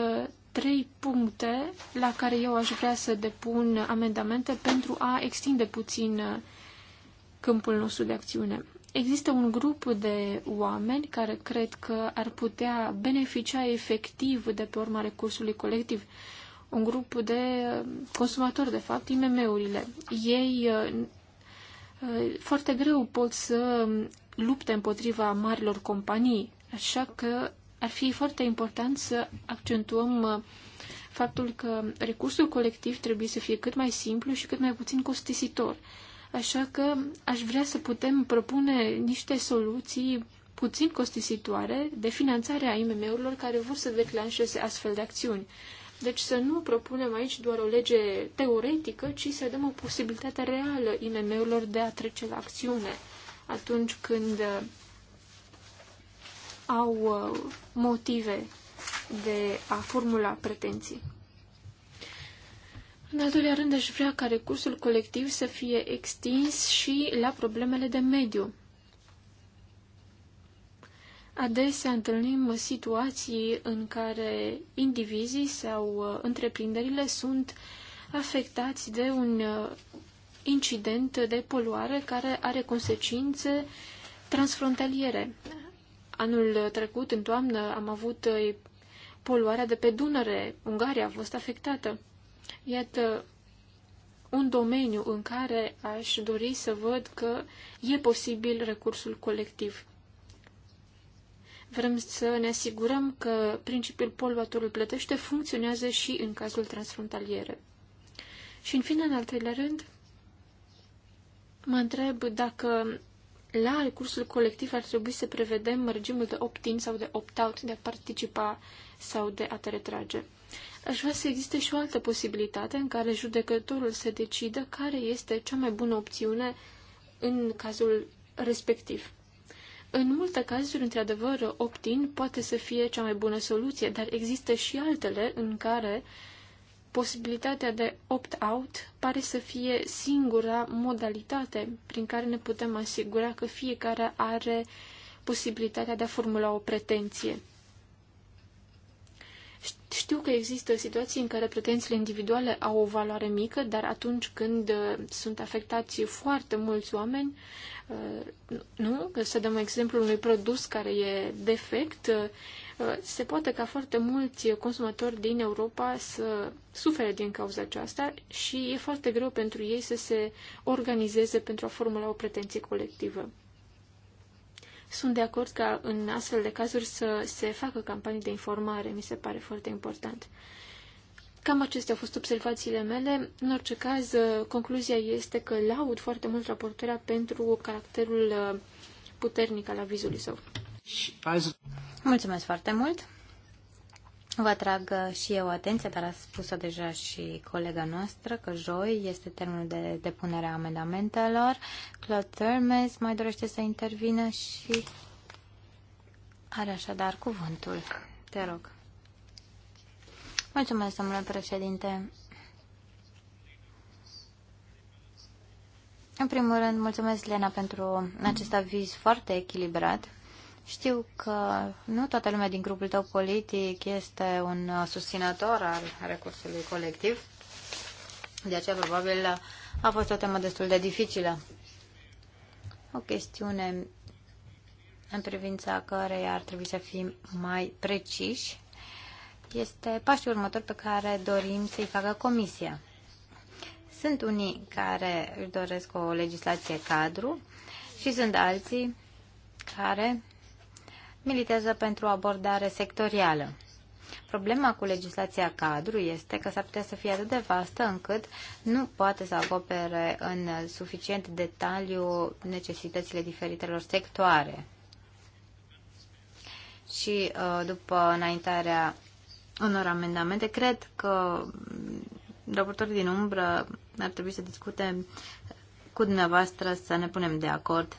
trei puncte la care eu aș vrea să depun amendamente pentru a extinde puțin uh, câmpul nostru de acțiune. Există un grup de oameni care cred că ar putea beneficia efectiv de pe urma recursului colectiv. Un grup de consumatori, de fapt, IMM-urile. Ei Eh, foarte greu pot să lupte împotriva marilor companii, așa că ar fi foarte important să accentuăm eh, faptul că recursul colectiv trebuie să fie cât mai simplu și cât mai puțin costisitor. Așa că aș vrea să putem propune niște soluții puțin costisitoare de finanțare a IMM-urilor care vor să declanșeze astfel de acțiuni. Deci să nu propunem aici doar o lege teoretică, ci să dăm o posibilitate reală IMM-urilor de a trece la acțiune atunci când uh, au uh, motive de a formula pretenții. În al doilea rând, aș vrea ca recursul colectiv să fie extins și la problemele de mediu. Adesea întâlnim situații în care indivizii sau uh, întreprinderile sunt afectați de un uh, incident de poluare care are consecințe transfrontaliere. Anul trecut, în toamnă, am avut uh, poluarea de pe Dunăre. Ungaria a fost afectată. Iată un domeniu în care aș dori să văd că e posibil recursul colectiv. Vrem să ne asigurăm că principiul poluatorul plătește funcționează și în cazul transfrontalier. Și în fine, în al treilea rând, mă întreb dacă la recursul colectiv ar trebui să prevedem regimul de opt-in sau de opt-out de a participa sau de a te retrage. Aș vrea să existe și o altă posibilitate în care judecătorul să decidă care este cea mai bună opțiune în cazul respectiv. În multe cazuri, într-adevăr, opt-in poate să fie cea mai bună soluție, dar există și altele în care posibilitatea de opt-out pare să fie singura modalitate prin care ne putem asigura că fiecare are posibilitatea de a formula o pretenție. Știu că există situații în care pretențiile individuale au o valoare mică, dar atunci când uh, sunt afectați foarte mulți oameni, nu? Să dăm exemplul unui produs care e defect, se poate ca foarte mulți consumatori din Europa să sufere din cauza aceasta și e foarte greu pentru ei să se organizeze pentru a formula o pretenție colectivă. Sunt de acord ca în astfel de cazuri să se facă campanii de informare, mi se pare foarte important. Cam acestea au fost observațiile mele. În orice caz, concluzia este că laud foarte mult raportarea pentru caracterul uh, puternic al avizului său. Mulțumesc foarte mult! Vă atrag uh, și eu atenția, dar a spus-o deja și colega noastră, că joi este termenul de depunere a amendamentelor. Claude Termes mai dorește să intervină și are așadar cuvântul. Te rog. Mulțumesc, domnule președinte. În primul rând, mulțumesc, Lena, pentru acest aviz foarte echilibrat. Știu că nu toată lumea din grupul tău politic este un susținător al recursului colectiv, de aceea probabil a fost o temă destul de dificilă. O chestiune în privința căreia ar trebui să fim mai preciși este pașul următor pe care dorim să-i facă Comisia. Sunt unii care își doresc o legislație cadru și sunt alții care militează pentru o abordare sectorială. Problema cu legislația cadru este că s-ar putea să fie atât de vastă încât nu poate să acopere în suficient detaliu necesitățile diferitelor sectoare. Și uh, după înaintarea unor amendamente. Cred că raportorii din umbră ar trebui să discute cu dumneavoastră să ne punem de acord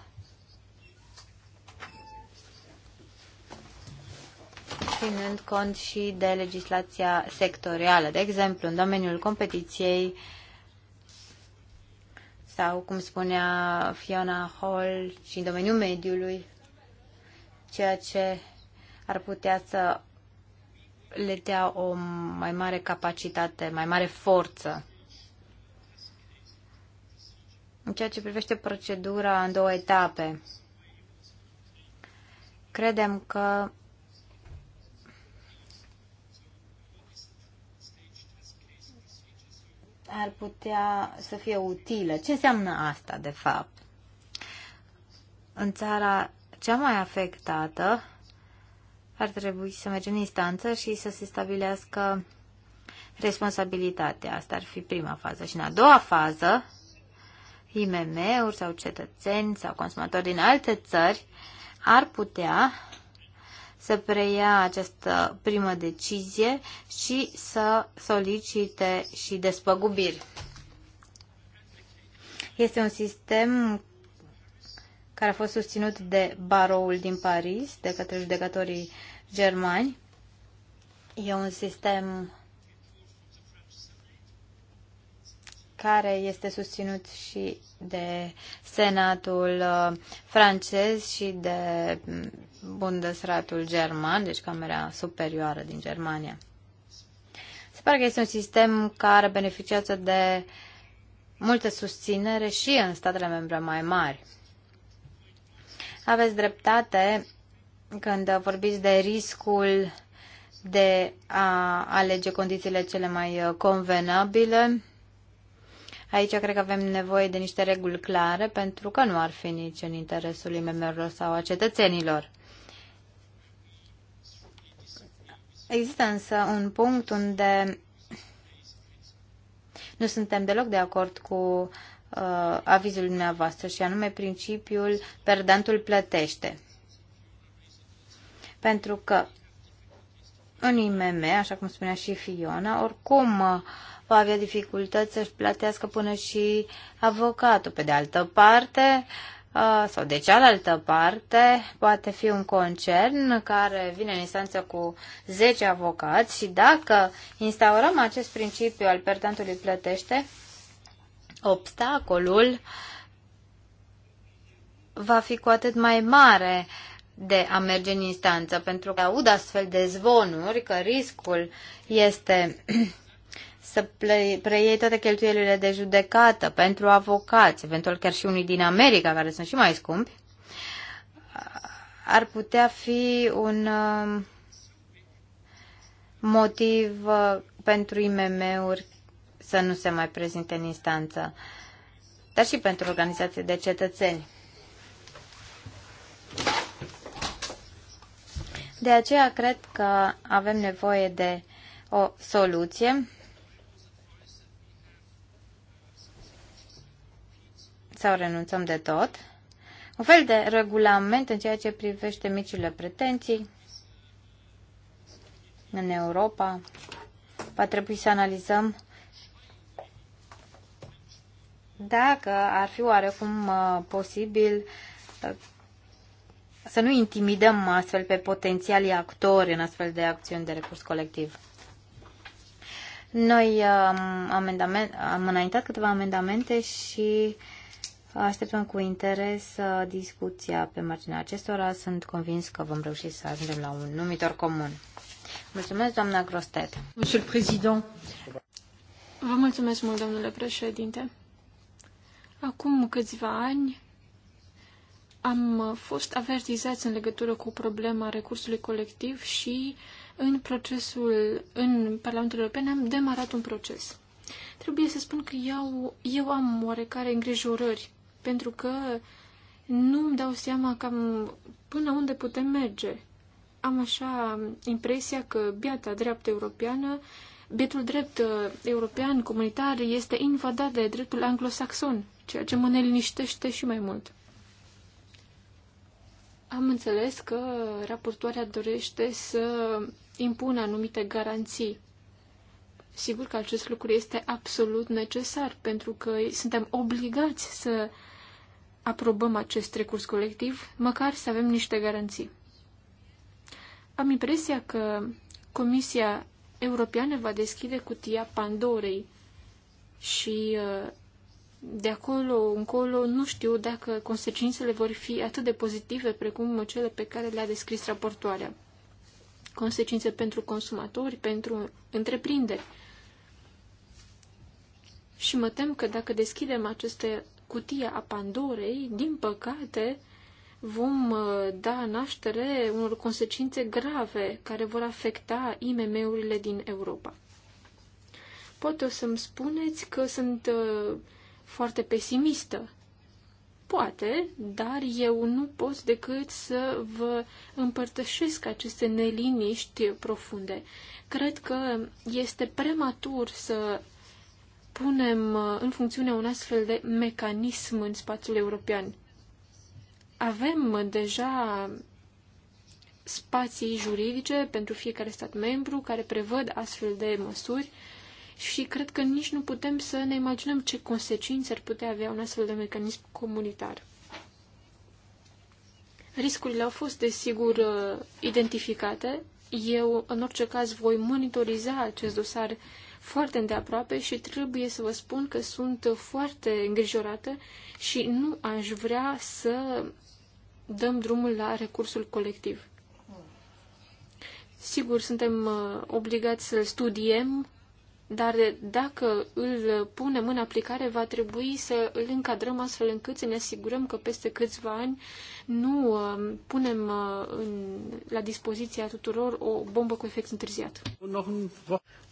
ținând cont și de legislația sectorială, de exemplu, în domeniul competiției sau, cum spunea Fiona Hall, și în domeniul mediului, ceea ce ar putea să le dea o mai mare capacitate, mai mare forță. În ceea ce privește procedura în două etape, credem că ar putea să fie utilă. Ce înseamnă asta, de fapt? În țara cea mai afectată, ar trebui să mergem în instanță și să se stabilească responsabilitatea. Asta ar fi prima fază. Și în a doua fază, IMM-uri sau cetățeni sau consumatori din alte țări ar putea să preia această primă decizie și să solicite și despăgubiri. Este un sistem care a fost susținut de baroul din Paris, de către judecătorii germani. E un sistem care este susținut și de Senatul uh, francez și de mm, Bundesratul german, deci Camera Superioară din Germania. Se pare că este un sistem care beneficiază de multă susținere și în statele membre mai mari. Aveți dreptate când vorbiți de riscul de a alege condițiile cele mai uh, convenabile. Aici cred că avem nevoie de niște reguli clare, pentru că nu ar fi nici în interesul imm sau a cetățenilor. Există însă un punct unde nu suntem deloc de acord cu uh, avizul dumneavoastră și anume principiul perdantul plătește. Pentru că în IMM, așa cum spunea și Fiona, oricum uh, va avea dificultăți să-și plătească până și avocatul. Pe de altă parte, uh, sau de cealaltă parte, poate fi un concern care vine în instanță cu 10 avocați și dacă instaurăm acest principiu al perdantului plătește, obstacolul va fi cu atât mai mare uh, de a merge în instanță, pentru că aud astfel de zvonuri că riscul este *clears throat* să preiei toate cheltuielile de judecată pentru avocați, eventual chiar și unii din America, care sunt și mai scumpi, ar putea fi un um, motiv uh, pentru IMM-uri să nu se mai prezinte în instanță, dar și pentru organizații de cetățeni. De aceea cred că avem nevoie de o soluție sau renunțăm de tot, un fel de regulament în ceea ce privește micile pretenții în Europa. Va trebui să analizăm dacă ar fi oarecum uh, posibil uh, să nu intimidăm astfel pe potențialii actori în astfel de acțiuni de recurs colectiv. Noi um, amendament, am înaintat câteva amendamente și așteptăm cu interes uh, discuția pe marginea acestora. Sunt convins că vom reuși să ajungem la un numitor comun. Mulțumesc, doamna Grostet. Monsieur le Vă mulțumesc mult, domnule președinte. Acum câțiva ani, am uh, fost avertizați în legătură cu problema recursului colectiv și în procesul în Parlamentul European am demarat un proces. Trebuie să spun că eu, eu am oarecare îngrijorări, pentru că nu îmi dau seama cam până unde putem merge. Am așa impresia că biata dreaptă europeană, bietul drept uh, european, comunitar, este invadat de dreptul anglosaxon, ceea ce mă neliniștește și mai mult. Am înțeles că raportoarea dorește să impună anumite garanții. Sigur că acest lucru este absolut necesar, pentru că suntem obligați să aprobăm acest recurs colectiv, măcar să avem niște garanții. Am impresia că Comisia Europeană va deschide cutia Pandorei și uh, de acolo încolo nu știu dacă consecințele vor fi atât de pozitive precum cele pe care le-a descris raportoarea. Consecințe pentru consumatori, pentru întreprinderi. Și mă tem că dacă deschidem aceste cutie a Pandorei, din păcate, vom uh, da naștere unor consecințe grave care vor afecta IMM-urile din Europa. Poate o să-mi spuneți că sunt uh, foarte pesimistă. Poate, dar eu nu pot decât să vă împărtășesc aceste neliniști profunde. Cred că este prematur să punem în funcțiune un astfel de mecanism în spațiul european. Avem deja spații juridice pentru fiecare stat membru care prevăd astfel de măsuri și cred că nici nu putem să ne imaginăm ce consecințe ar putea avea un astfel de mecanism comunitar. Riscurile au fost, desigur, uh, identificate. Eu, în orice caz, voi monitoriza acest dosar foarte îndeaproape și trebuie să vă spun că sunt foarte îngrijorată și nu aș vrea să dăm drumul la recursul colectiv. Sigur, suntem uh, obligați să-l studiem dar dacă îl punem în aplicare, va trebui să îl încadrăm astfel încât să ne asigurăm că peste câțiva ani nu um, punem uh, în, la dispoziția tuturor o bombă cu efect întârziat.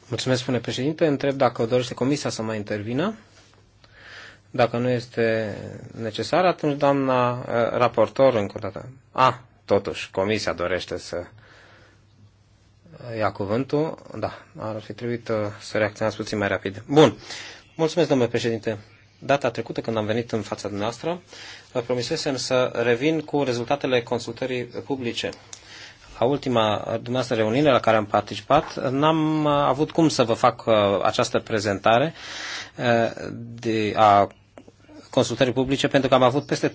Mulțumesc, spune președinte. Întreb dacă dorește comisia să mai intervină. Dacă nu este necesar, atunci doamna uh, raportor încă o dată. A, ah, totuși, comisia dorește să ia cuvântul. Da, ar fi trebuit uh, să reacționați puțin mai rapid. Bun. Mulțumesc, domnule președinte. Data trecută, când am venit în fața dumneavoastră, vă promisesem să revin cu rezultatele consultării publice. La ultima dumneavoastră reuniune la care am participat, n-am uh, avut cum să vă fac uh, această prezentare de, a Consultări publice pentru că am avut peste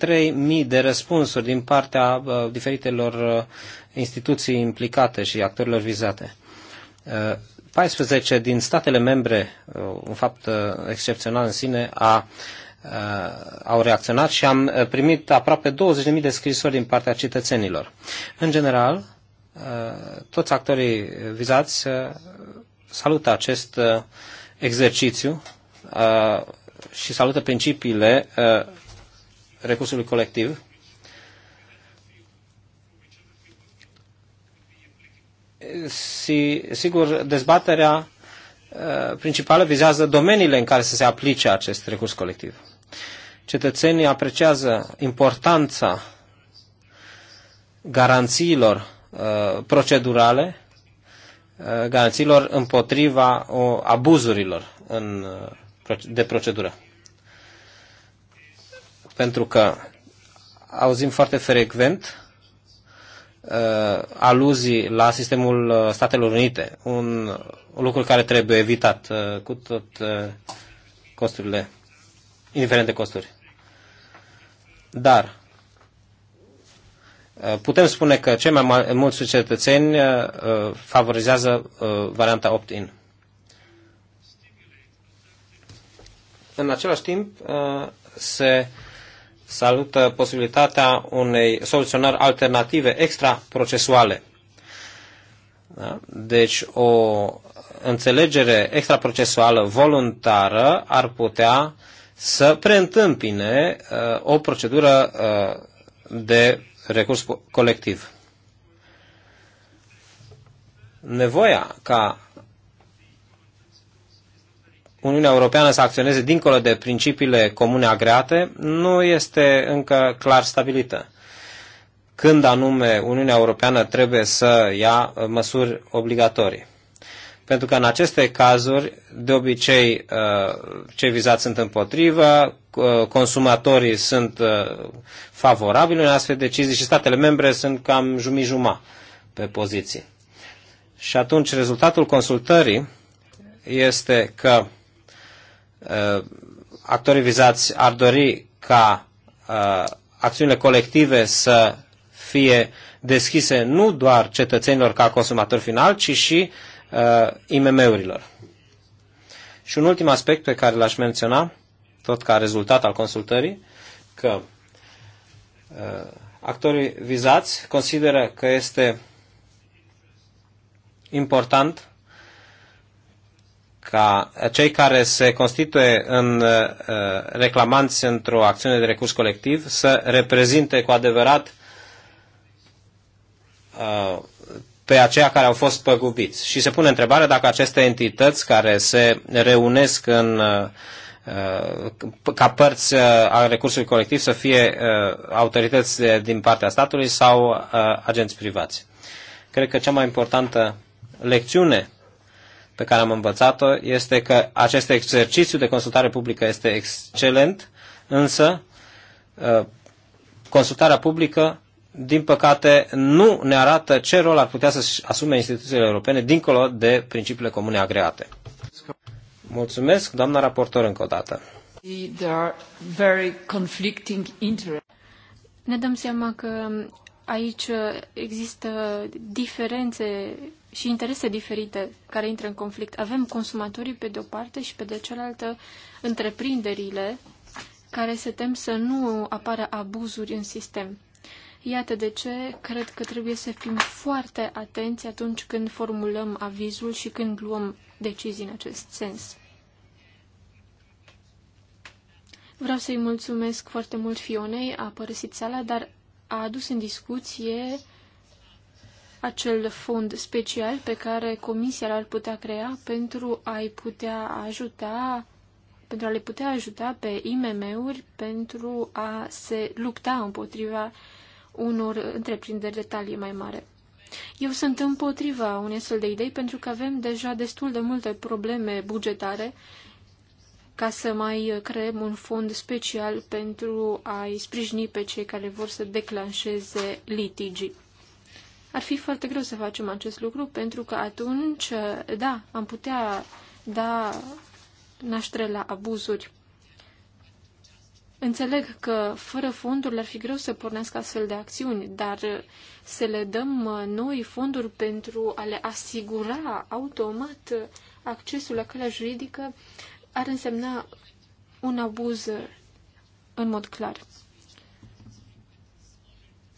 3.000 de răspunsuri din partea uh, diferitelor uh, instituții implicate și actorilor vizate. 14 uh, din statele membre, un fapt excepțional în sine, a, au reacționat și am primit aproape 20.000 de scrisori din partea cetățenilor. În general, toți actorii vizați salută acest exercițiu și salută principiile uh, recursului colectiv. Si, sigur, dezbaterea uh, principală vizează domeniile în care să se aplice acest recurs colectiv. Cetățenii apreciază importanța garanțiilor uh, procedurale, uh, garanțiilor împotriva uh, abuzurilor în uh, de procedură. Pentru că auzim foarte frecvent uh, aluzii la sistemul uh, Statelor Unite, un, un lucru care trebuie evitat uh, cu tot uh, costurile, indiferent de costuri. Dar uh, putem spune că cei mai mulți cetățeni uh, favorizează varianta opt-in. în același timp uh, se salută posibilitatea unei soluționări alternative extraprocesuale. Da? Deci o înțelegere extraprocesuală voluntară ar putea să preîntâmpine uh, o procedură uh, de recurs colectiv. Nevoia ca Uniunea Europeană să acționeze dincolo de principiile comune agreate nu este încă clar stabilită. Când anume Uniunea Europeană trebuie să ia uh, măsuri obligatorii? Pentru că în aceste cazuri, de obicei, uh, cei vizați sunt împotrivă, uh, consumatorii sunt favorabili în astfel de decizii și statele membre sunt cam jumijuma pe poziții. Și atunci rezultatul consultării este că Uh, actorii vizați ar dori ca uh, acțiunile colective să fie deschise nu doar cetățenilor ca consumator final, ci și uh, IMM-urilor. Și un ultim aspect pe care l-aș menționa, tot ca rezultat al consultării, că uh, actorii vizați consideră că este important ca cei care se constituie în uh, reclamanți într-o acțiune de recurs colectiv să reprezinte cu adevărat uh, pe aceia care au fost păgubiți. Și se pune întrebarea dacă aceste entități care se reunesc în, uh, ca părți a recursului colectiv să fie autorități din partea statului sau agenți privați. Cred că cea mai importantă lecțiune pe care am învățat-o este că acest exercițiu de consultare publică este excelent, însă uh, consultarea publică, din păcate, nu ne arată ce rol ar putea să asume instituțiile europene dincolo de principiile comune agreate. Mulțumesc, doamna raportor, încă o dată. Ne dăm seama că aici există diferențe și interese diferite care intră în conflict. Avem consumatorii pe de-o parte și pe de cealaltă întreprinderile care se tem să nu apară abuzuri în sistem. Iată de ce cred că trebuie să fim foarte atenți atunci când formulăm avizul și când luăm decizii în acest sens. Vreau să-i mulțumesc foarte mult Fionei, a părăsit sala, dar a adus în discuție acel fond special pe care Comisia l-ar putea crea pentru a-i putea ajuta, pentru a le putea ajuta pe IMM-uri pentru a se lupta împotriva unor întreprinderi de talie mai mare. Eu sunt împotriva unei astfel de idei pentru că avem deja destul de multe probleme bugetare ca să mai creăm un fond special pentru a-i sprijini pe cei care vor să declanșeze litigii. Ar fi foarte greu să facem acest lucru pentru că atunci, da, am putea da naștere la abuzuri. Înțeleg că fără fonduri ar fi greu să pornească astfel de acțiuni, dar să le dăm uh, noi fonduri pentru a le asigura automat accesul la calea juridică ar însemna un abuz uh, în mod clar.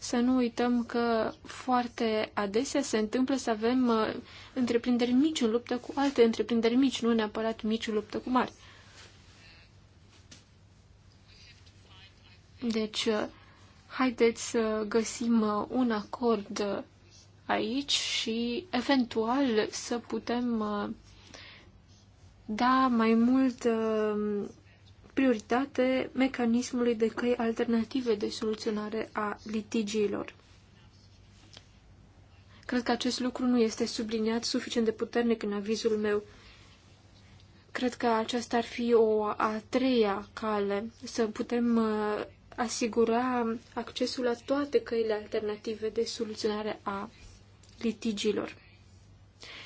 Să nu uităm că foarte adesea se întâmplă să avem uh, întreprinderi mici în luptă cu alte întreprinderi mici, nu neapărat mici în luptă cu mari. Deci, uh, haideți să găsim uh, un acord aici și eventual să putem da mai mult prioritate mecanismului de căi alternative de soluționare a litigiilor. Cred că acest lucru nu este subliniat suficient de puternic în avizul meu. Cred că aceasta ar fi o a treia cale, să putem uh, asigura accesul la toate căile alternative de soluționare a litigiilor.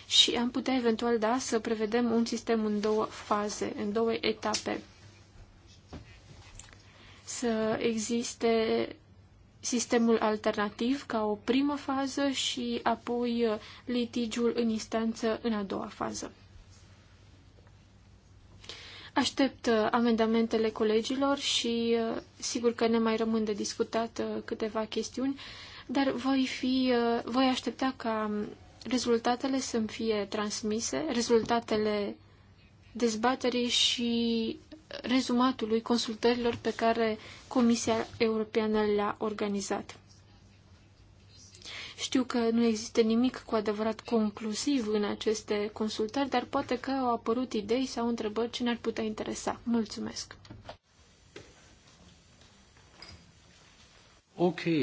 Și am putea eventual da să prevedem un sistem în două faze, în două etape să existe sistemul alternativ ca o primă fază și apoi uh, litigiul în instanță în a doua fază. Aștept uh, amendamentele colegilor și uh, sigur că ne mai rămân de discutat câteva chestiuni, dar voi, fi, voi aștepta ca um, rezultatele să-mi fie transmise, rezultatele dezbaterii și rezumatului consultărilor pe care Comisia Europeană le-a organizat. Știu că nu există nimic cu adevărat conclusiv în aceste consultări, dar poate că au apărut idei sau întrebări ce ne-ar putea interesa. Mulțumesc! Ok,